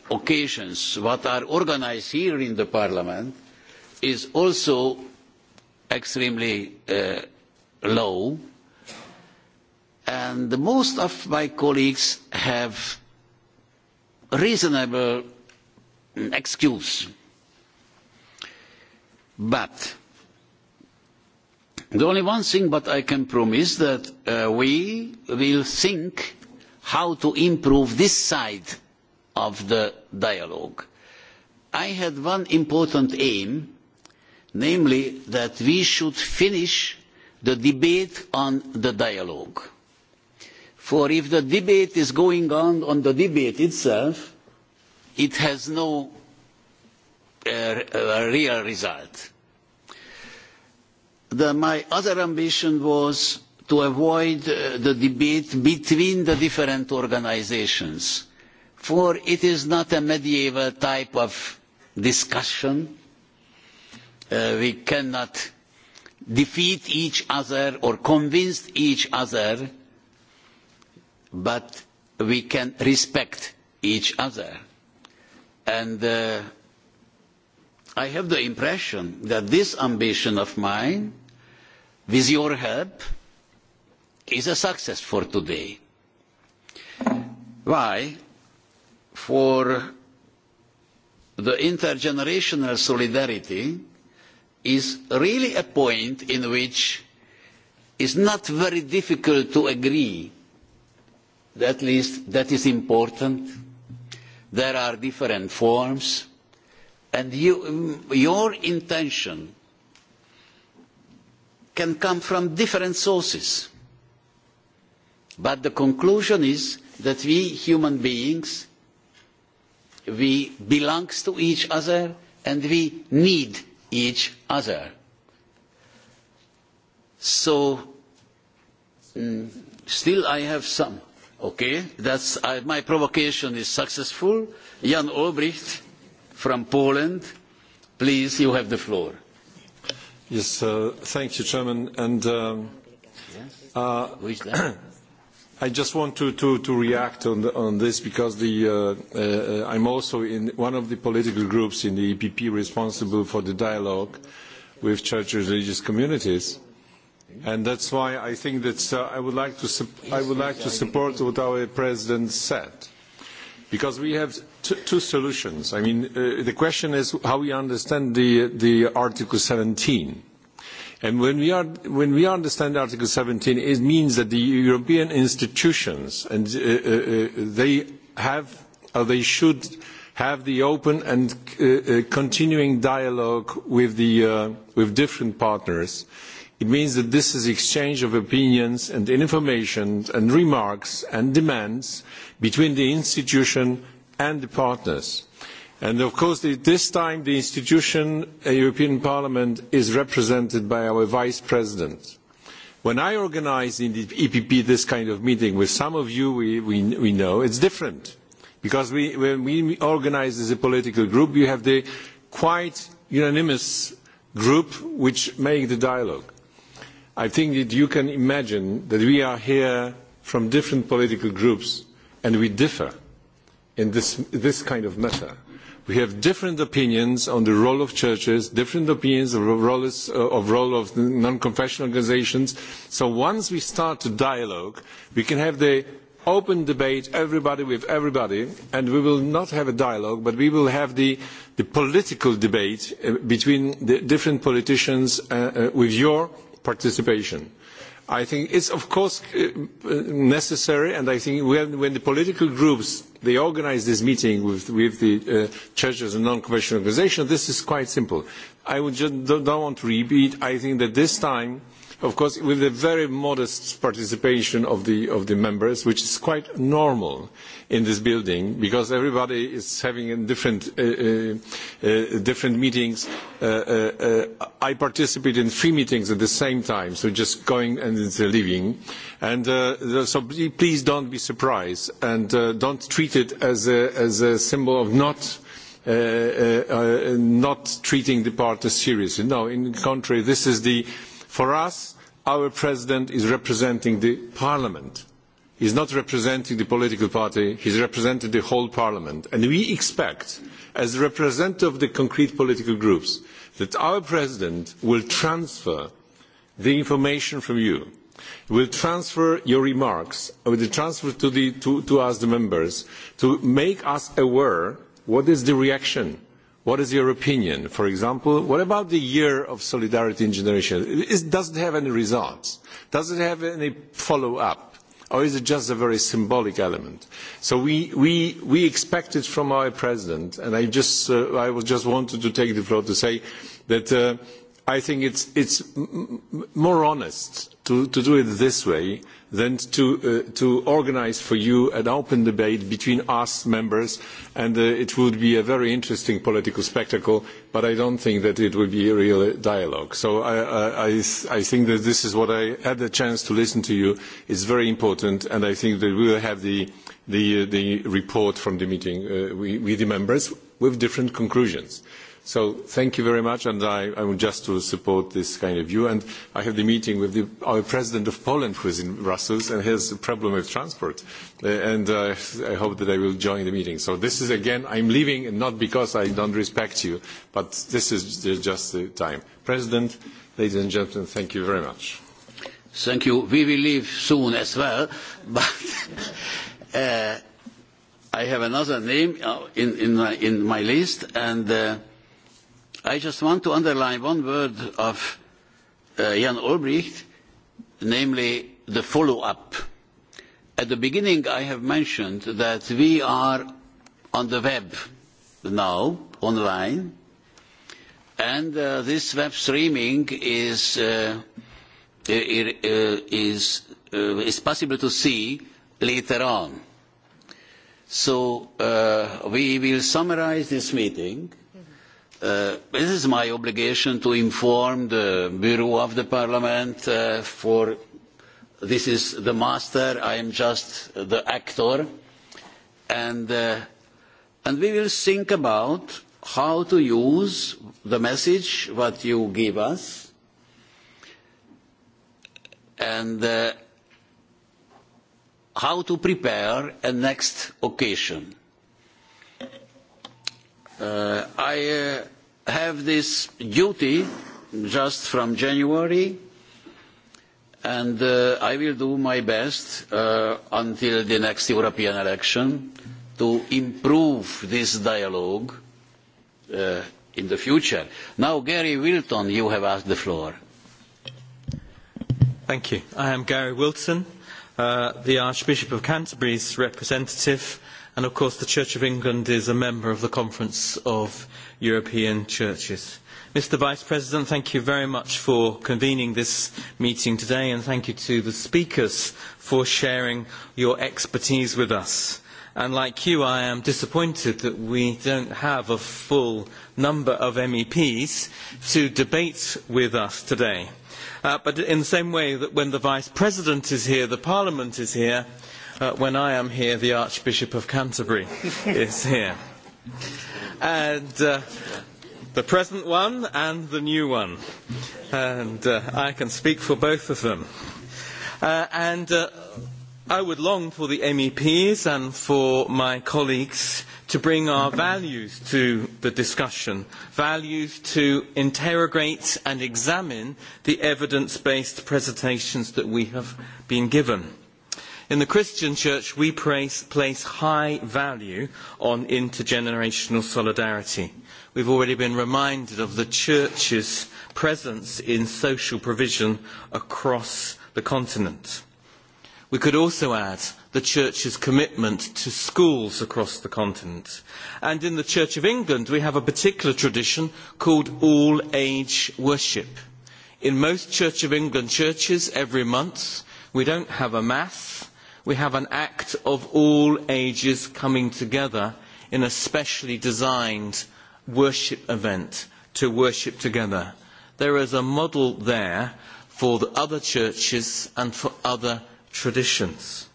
occasions, what are organised here in the parliament, is also extremely low and most of my colleagues have a reasonable excuse. But the only one thing that I can promise that we will think how to improve this side of the dialogue. I had one important aim, namely that we should finish the debate on the dialogue For if the debate is going on on the debate itself, it has no uh, real result. The, my other ambition was to avoid uh, the debate between the different organizations, for it is not a medieval type of discussion. Uh, we cannot defeat each other or convince each other but we can respect each other. And I have the impression that this ambition of mine, with your help, is a success for today. Why? For the intergenerational solidarity is really a point in which it is not very difficult to agree at least that is important. There are different forms. And you, your intention can come from different sources. But the conclusion is that we human beings, we belong to each other and we need each other. So, still I have some Okay, that's uh, my provocation is successful. Jan Olbricht from Poland, please, you have the floor. Yes, uh, thank you, Chairman. And um, uh, I just want to react on this because I'm also in one of the political groups in the EPP responsible for the dialogue with church religious communities. And that's why I think that I would like to I would like to support what our president said, because we have two solutions. I mean, the question is how we understand the the Article 17. And when we, are, when we understand Article 17, it means that the European institutions and they have or they should have the open and continuing dialogue with the with different partners It means that this is exchange of opinions and information and remarks and demands between the institution and the partners. And of course, this time the institution, the European Parliament, is represented by our Vice President. When I organise in the EPP this kind of meeting with some of you, we, we, we know it's different. Because we, when we organise as a political group, you have the quite unanimous group which make the dialogue I think that you can imagine that we are here from different political groups and we differ in this, this kind of matter. We have different opinions on the role of churches, different opinions of the role of, role of non-confessional organizations. So once we start a dialogue, we can have the open debate, everybody with everybody, and we will not have a dialogue, but we will have the, political debate between the different politicians with your participation. I think it's of course necessary, and I think when, the political groups they organise this meeting with, the churches and non-commercial organisations, this is quite simple. I would just, don't want to repeat. I think that this time of course, with a very modest participation of the members, which is quite normal in this building, because everybody is having different meetings. I participate in three meetings at the same time, so just going and leaving. And so please don't be surprised, and don't treat it as a symbol of not treating the parties seriously. No, in the contrary, this is the For us, our president is representing the parliament. He is not representing the political party, he is representing the whole parliament. And we expect, as representative of the concrete political groups, that our president will transfer the information from you, will transfer your remarks, will transfer to, the, to, to us, the members, to make us aware what is the reaction What is your opinion? For example, what about the year of solidarity in generation? It have any results. Does it have any follow-up? Or is it just a very symbolic element? So we, we, we expect it from our president, and I just, uh, I was just wanted to take the floor to say that uh, I think it's, it's m more honest to, to do it this way than to, uh, to organize for you an open debate between us members, and uh, it would be a very interesting political spectacle, but I don't think that it would be a real dialogue. So I, I, I, I think that this is what I had the chance to listen to you. It's very important, and I think that we will have the, the, the report from the meeting uh, with the members with different conclusions So thank you very much, and I, I just to support this kind of view. And I have the meeting with the, our president of Poland, who is in Brussels, and has a problem with transport. and uh, I hope that I will join the meeting. So this is again, I'm leaving, and not because I don't respect you, but this is just the time. President, ladies and gentlemen, thank you very much. Thank you. We will leave soon as well, but. uh, I have another name in, in, my, in my list, and uh, I just want to underline one word of Jan Olbricht, namely the follow-up. At the beginning, I have mentioned that we are on the web now, online, and this web streaming is is possible to see later on. So we will summarize this meeting it is my obligation to inform the Bureau of the Parliament for this is the master, I am just the actor, and, we will think about how to use the message that you give us, and how to prepare a next occasion I have this duty just from January, and I will do my best until the next European election to improve this dialogue in the future. Now, Gary Wilton, you have asked the floor. Thank you. I am Gary Wilton, the Archbishop of Canterbury's representative And of course, the Church of England is a member of the Conference of European Churches. Mr Vice President, thank you very much for convening this meeting today and thank you to the speakers for sharing your expertise with us. And like you, I am disappointed that we don't have a full number of MEPs to debate with us today. but in the same way that when the Vice President is here, the Parliament is here, when I am here, the Archbishop of Canterbury is here. And the present one and the new one. And I can speak for both of them. and I would long for the MEPs and for my colleagues to bring our values to the discussion, values to interrogate and examine the evidence-based presentations that we have been given In the Christian church, we place high value on intergenerational solidarity. We have already been reminded of the church's presence in social provision across the continent. We could also add the Church's commitment to schools across the continent. And in the Church of England, we have a particular tradition called all age worship. In most Church of England churches, every month, we do not have a Mass, we have an act of all ages coming together in a specially designed worship event to worship together. There is a model there for the other churches and for other traditions.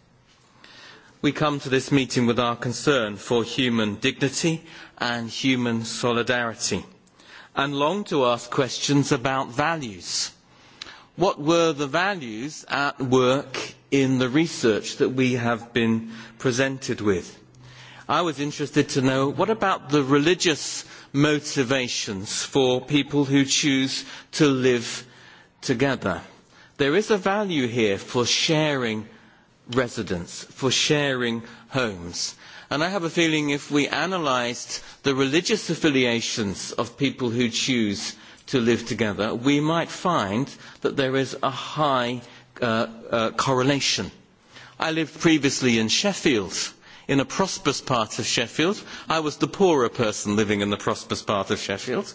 We come to this meeting with our concern for human dignity and human solidarity and long to ask questions about values. What were the values at work in the research that we have been presented with. I was interested to know what about the religious motivations for people who choose to live together? There is a value here for sharing residence, for sharing homes. And I have a feeling if we analysed the religious affiliations of people who choose to live together, we might find that there is a high correlation. I lived previously in Sheffield, in a prosperous part of Sheffield. I was the poorer person living in the prosperous part of Sheffield.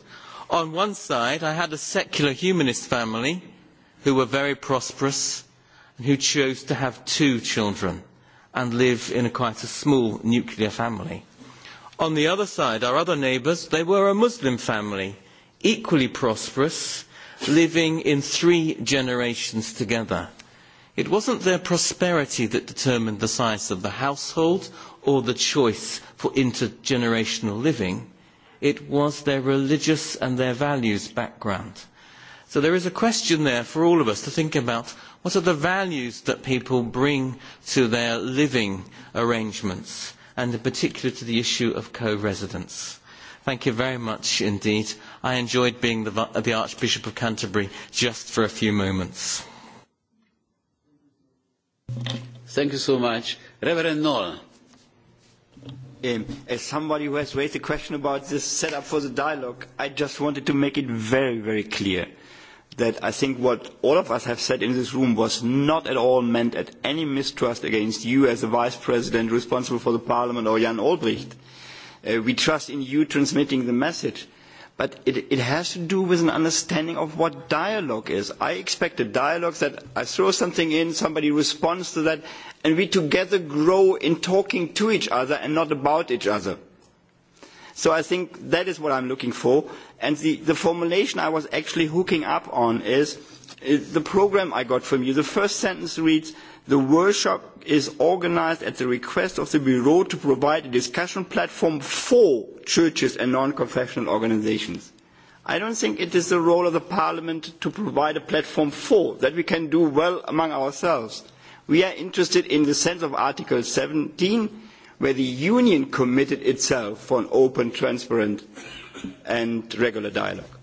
On one side, I had a secular humanist family who were very prosperous and who chose to have two children and live in quite a small nuclear family. On the other side, our other neighbours, they were a Muslim family, equally prosperous, living in three generations together. It wasn't their prosperity that determined the size of the household or the choice for intergenerational living. It was their religious and their values background. So there is a question there for all of us to think about what are the values that people bring to their living arrangements, and in particular to the issue of co-residence. Thank you very much indeed. I enjoyed being the, the Archbishop of Canterbury just for a few moments. Thank you so much. Reverend Noll. as somebody who has raised a question about this setup for the dialogue, I just wanted to make it very, very clear that I think what all of us have said in this room was not at all meant at any mistrust against you as the Vice President responsible for the Parliament or Jan Olbricht. we trust in you transmitting the message but it, it has to do with an understanding of what dialogue is. I expect a dialogue that I throw something in, somebody responds to that, and we together grow in talking to each other and not about each other. So I think that is what I'm looking for. And the, the formulation I was actually hooking up on is, is the program I got from you. The first sentence reads, The workshop is organised at the request of the Bureau to provide a discussion platform for churches and non-confessional organisations. I don't think it is the role of the Parliament to provide a platform for that we can do well among ourselves. We are interested in the sense of Article seventeen, where the Union committed itself for an open, transparent and regular dialogue.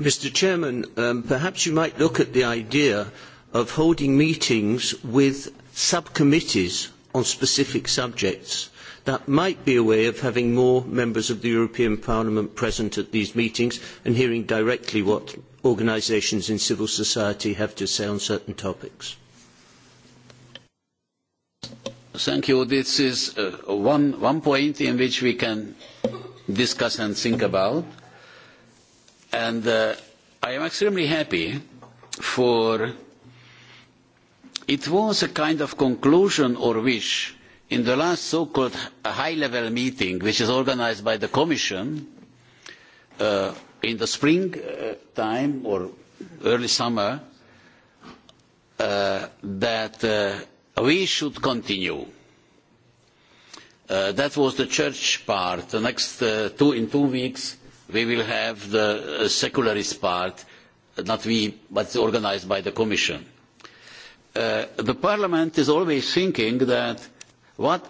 Mr. Chairman, um, perhaps you might look at the idea of holding meetings with subcommittees on specific subjects. That might be a way of having more members of the European Parliament present at these meetings and hearing directly what organisations in civil society have to say on certain topics. Thank you. This is one, point in which we can discuss and think about. And I am extremely happy for it was a kind of conclusion or wish in the last so-called high-level meeting, which is organised by the Commission in the spring time or early summer, that we should continue. that was the church part. The next two, in two weeks, we will have the secularist part, not we, but organised by the Commission. the Parliament is always thinking that what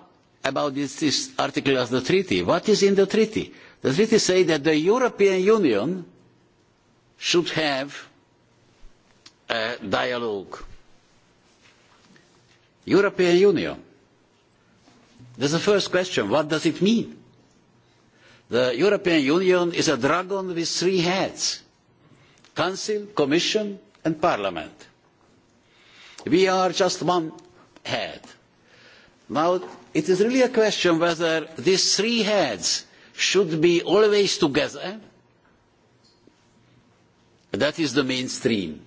about this, this article of the treaty? What is in the treaty? The treaty says that the European Union should have a dialogue. European Union. That's the first question. What does it mean? The European Union is a dragon with three heads Council, Commission, and Parliament. We are just one head. Now, it is really a question whether these three heads should be always together. That is the mainstream.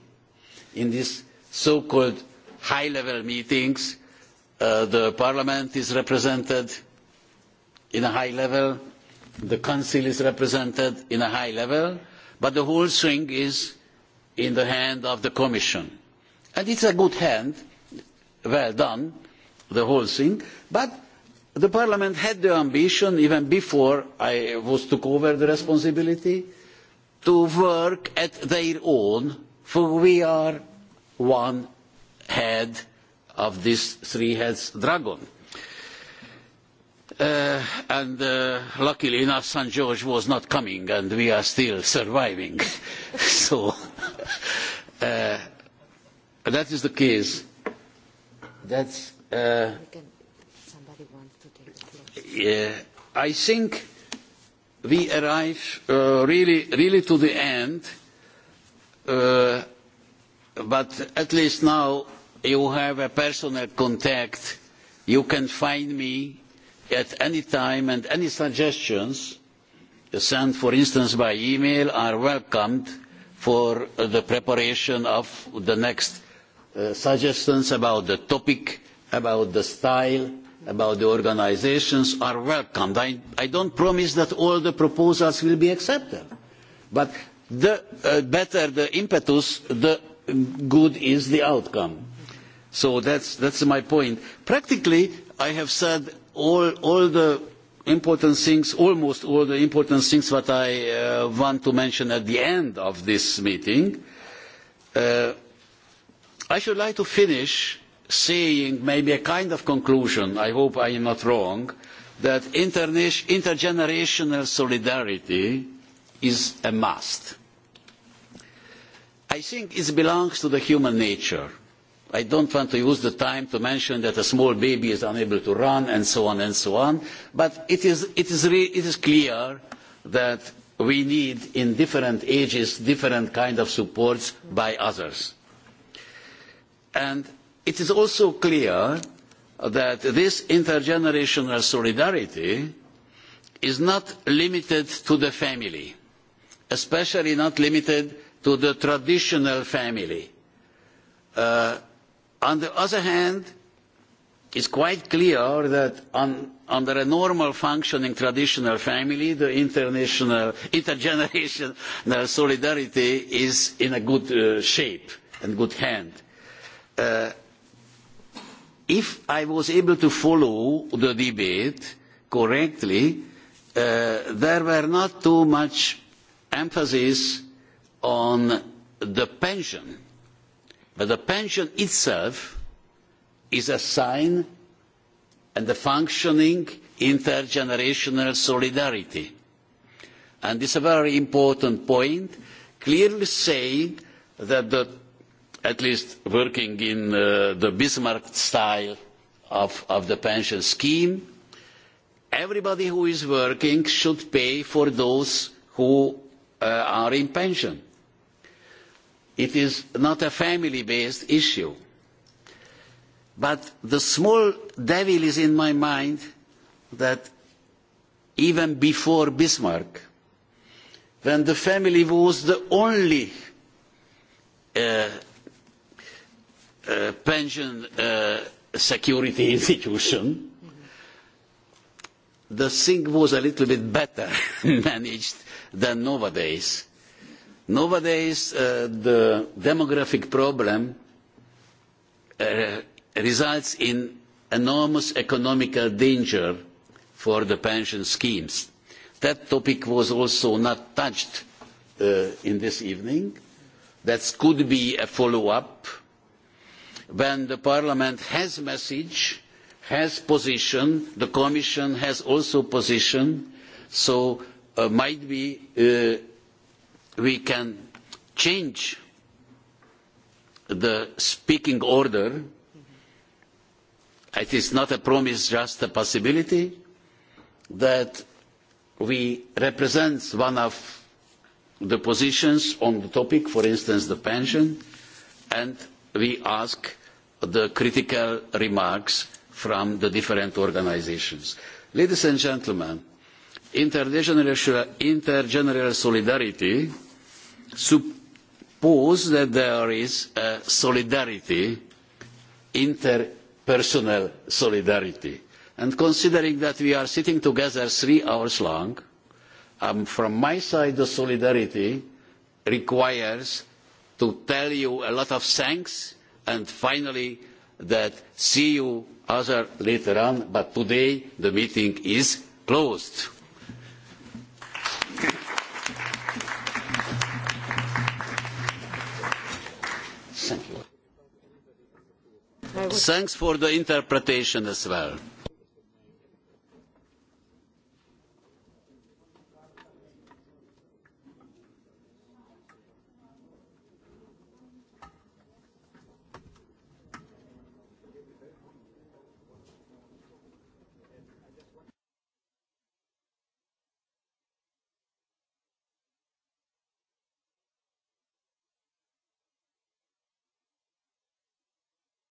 In these so called high level meetings, the Parliament is represented in a high level the Council is represented in a high level, but the whole swing is in the hand of the Commission. And it's a good hand, well done, the whole thing, but the Parliament had the ambition, even before I was took over the responsibility, to work at their own, for we are one head of this three heads dragon and luckily enough, San George was not coming, and we are still surviving. so that is the case. That's. Uh, yeah, I think we arrive uh, really, really to the end. Uh, but at least now you have a personal contact. You can find me at any time and any suggestions sent, for instance, by email are welcomed for the preparation of the next suggestions about the topic, about the style, about the organisations are welcomed. I, I don't promise that all the proposals will be accepted, but the better the impetus, the good is the outcome. So that's, that's my point. Practically, I have said all, the important things, almost all the important things that I want to mention at the end of this meeting. I should like to finish saying maybe a kind of conclusion, I hope I am not wrong, that intergenerational solidarity is a must. I think it belongs to the human nature I don't want to use the time to mention that a small baby is unable to run and so on and so on, but it is, clear that we need in different ages different kinds of supports by others. And it is also clear that this intergenerational solidarity is not limited to the family, especially not limited to the traditional family On the other hand, it's quite clear that under a normal functioning traditional family, the international, intergenerational solidarity is in a good shape and good hand. if I was able to follow the debate correctly, there were not too much emphasis on the pension But the pension itself is a sign and a functioning intergenerational solidarity. And this is a very important point, clearly saying that the, at least working in the Bismarck style of, of the pension scheme, everybody who is working should pay for those who are in pension It is not a family-based issue. But the small devil is in my mind that even before Bismarck, when the family was the only pension security institution, the thing was a little bit better managed than nowadays Nowadays, the demographic problem results in enormous economical danger for the pension schemes. That topic was also not touched in this evening. That could be a follow-up when the Parliament has a message, has position, the Commission has also position, so might be we can change the speaking order. It is not a promise, just a possibility that we represent one of the positions on the topic, for instance, the pension, and we ask the critical remarks from the different organisations. Ladies and gentlemen, intergenerational solidarity suppose that there is a solidarity, interpersonal solidarity. And considering that we are sitting together three hours long, from my side, the solidarity requires to tell you a lot of thanks and finally that see you other later on, but today the meeting is closed. Thanks for the interpretation as well.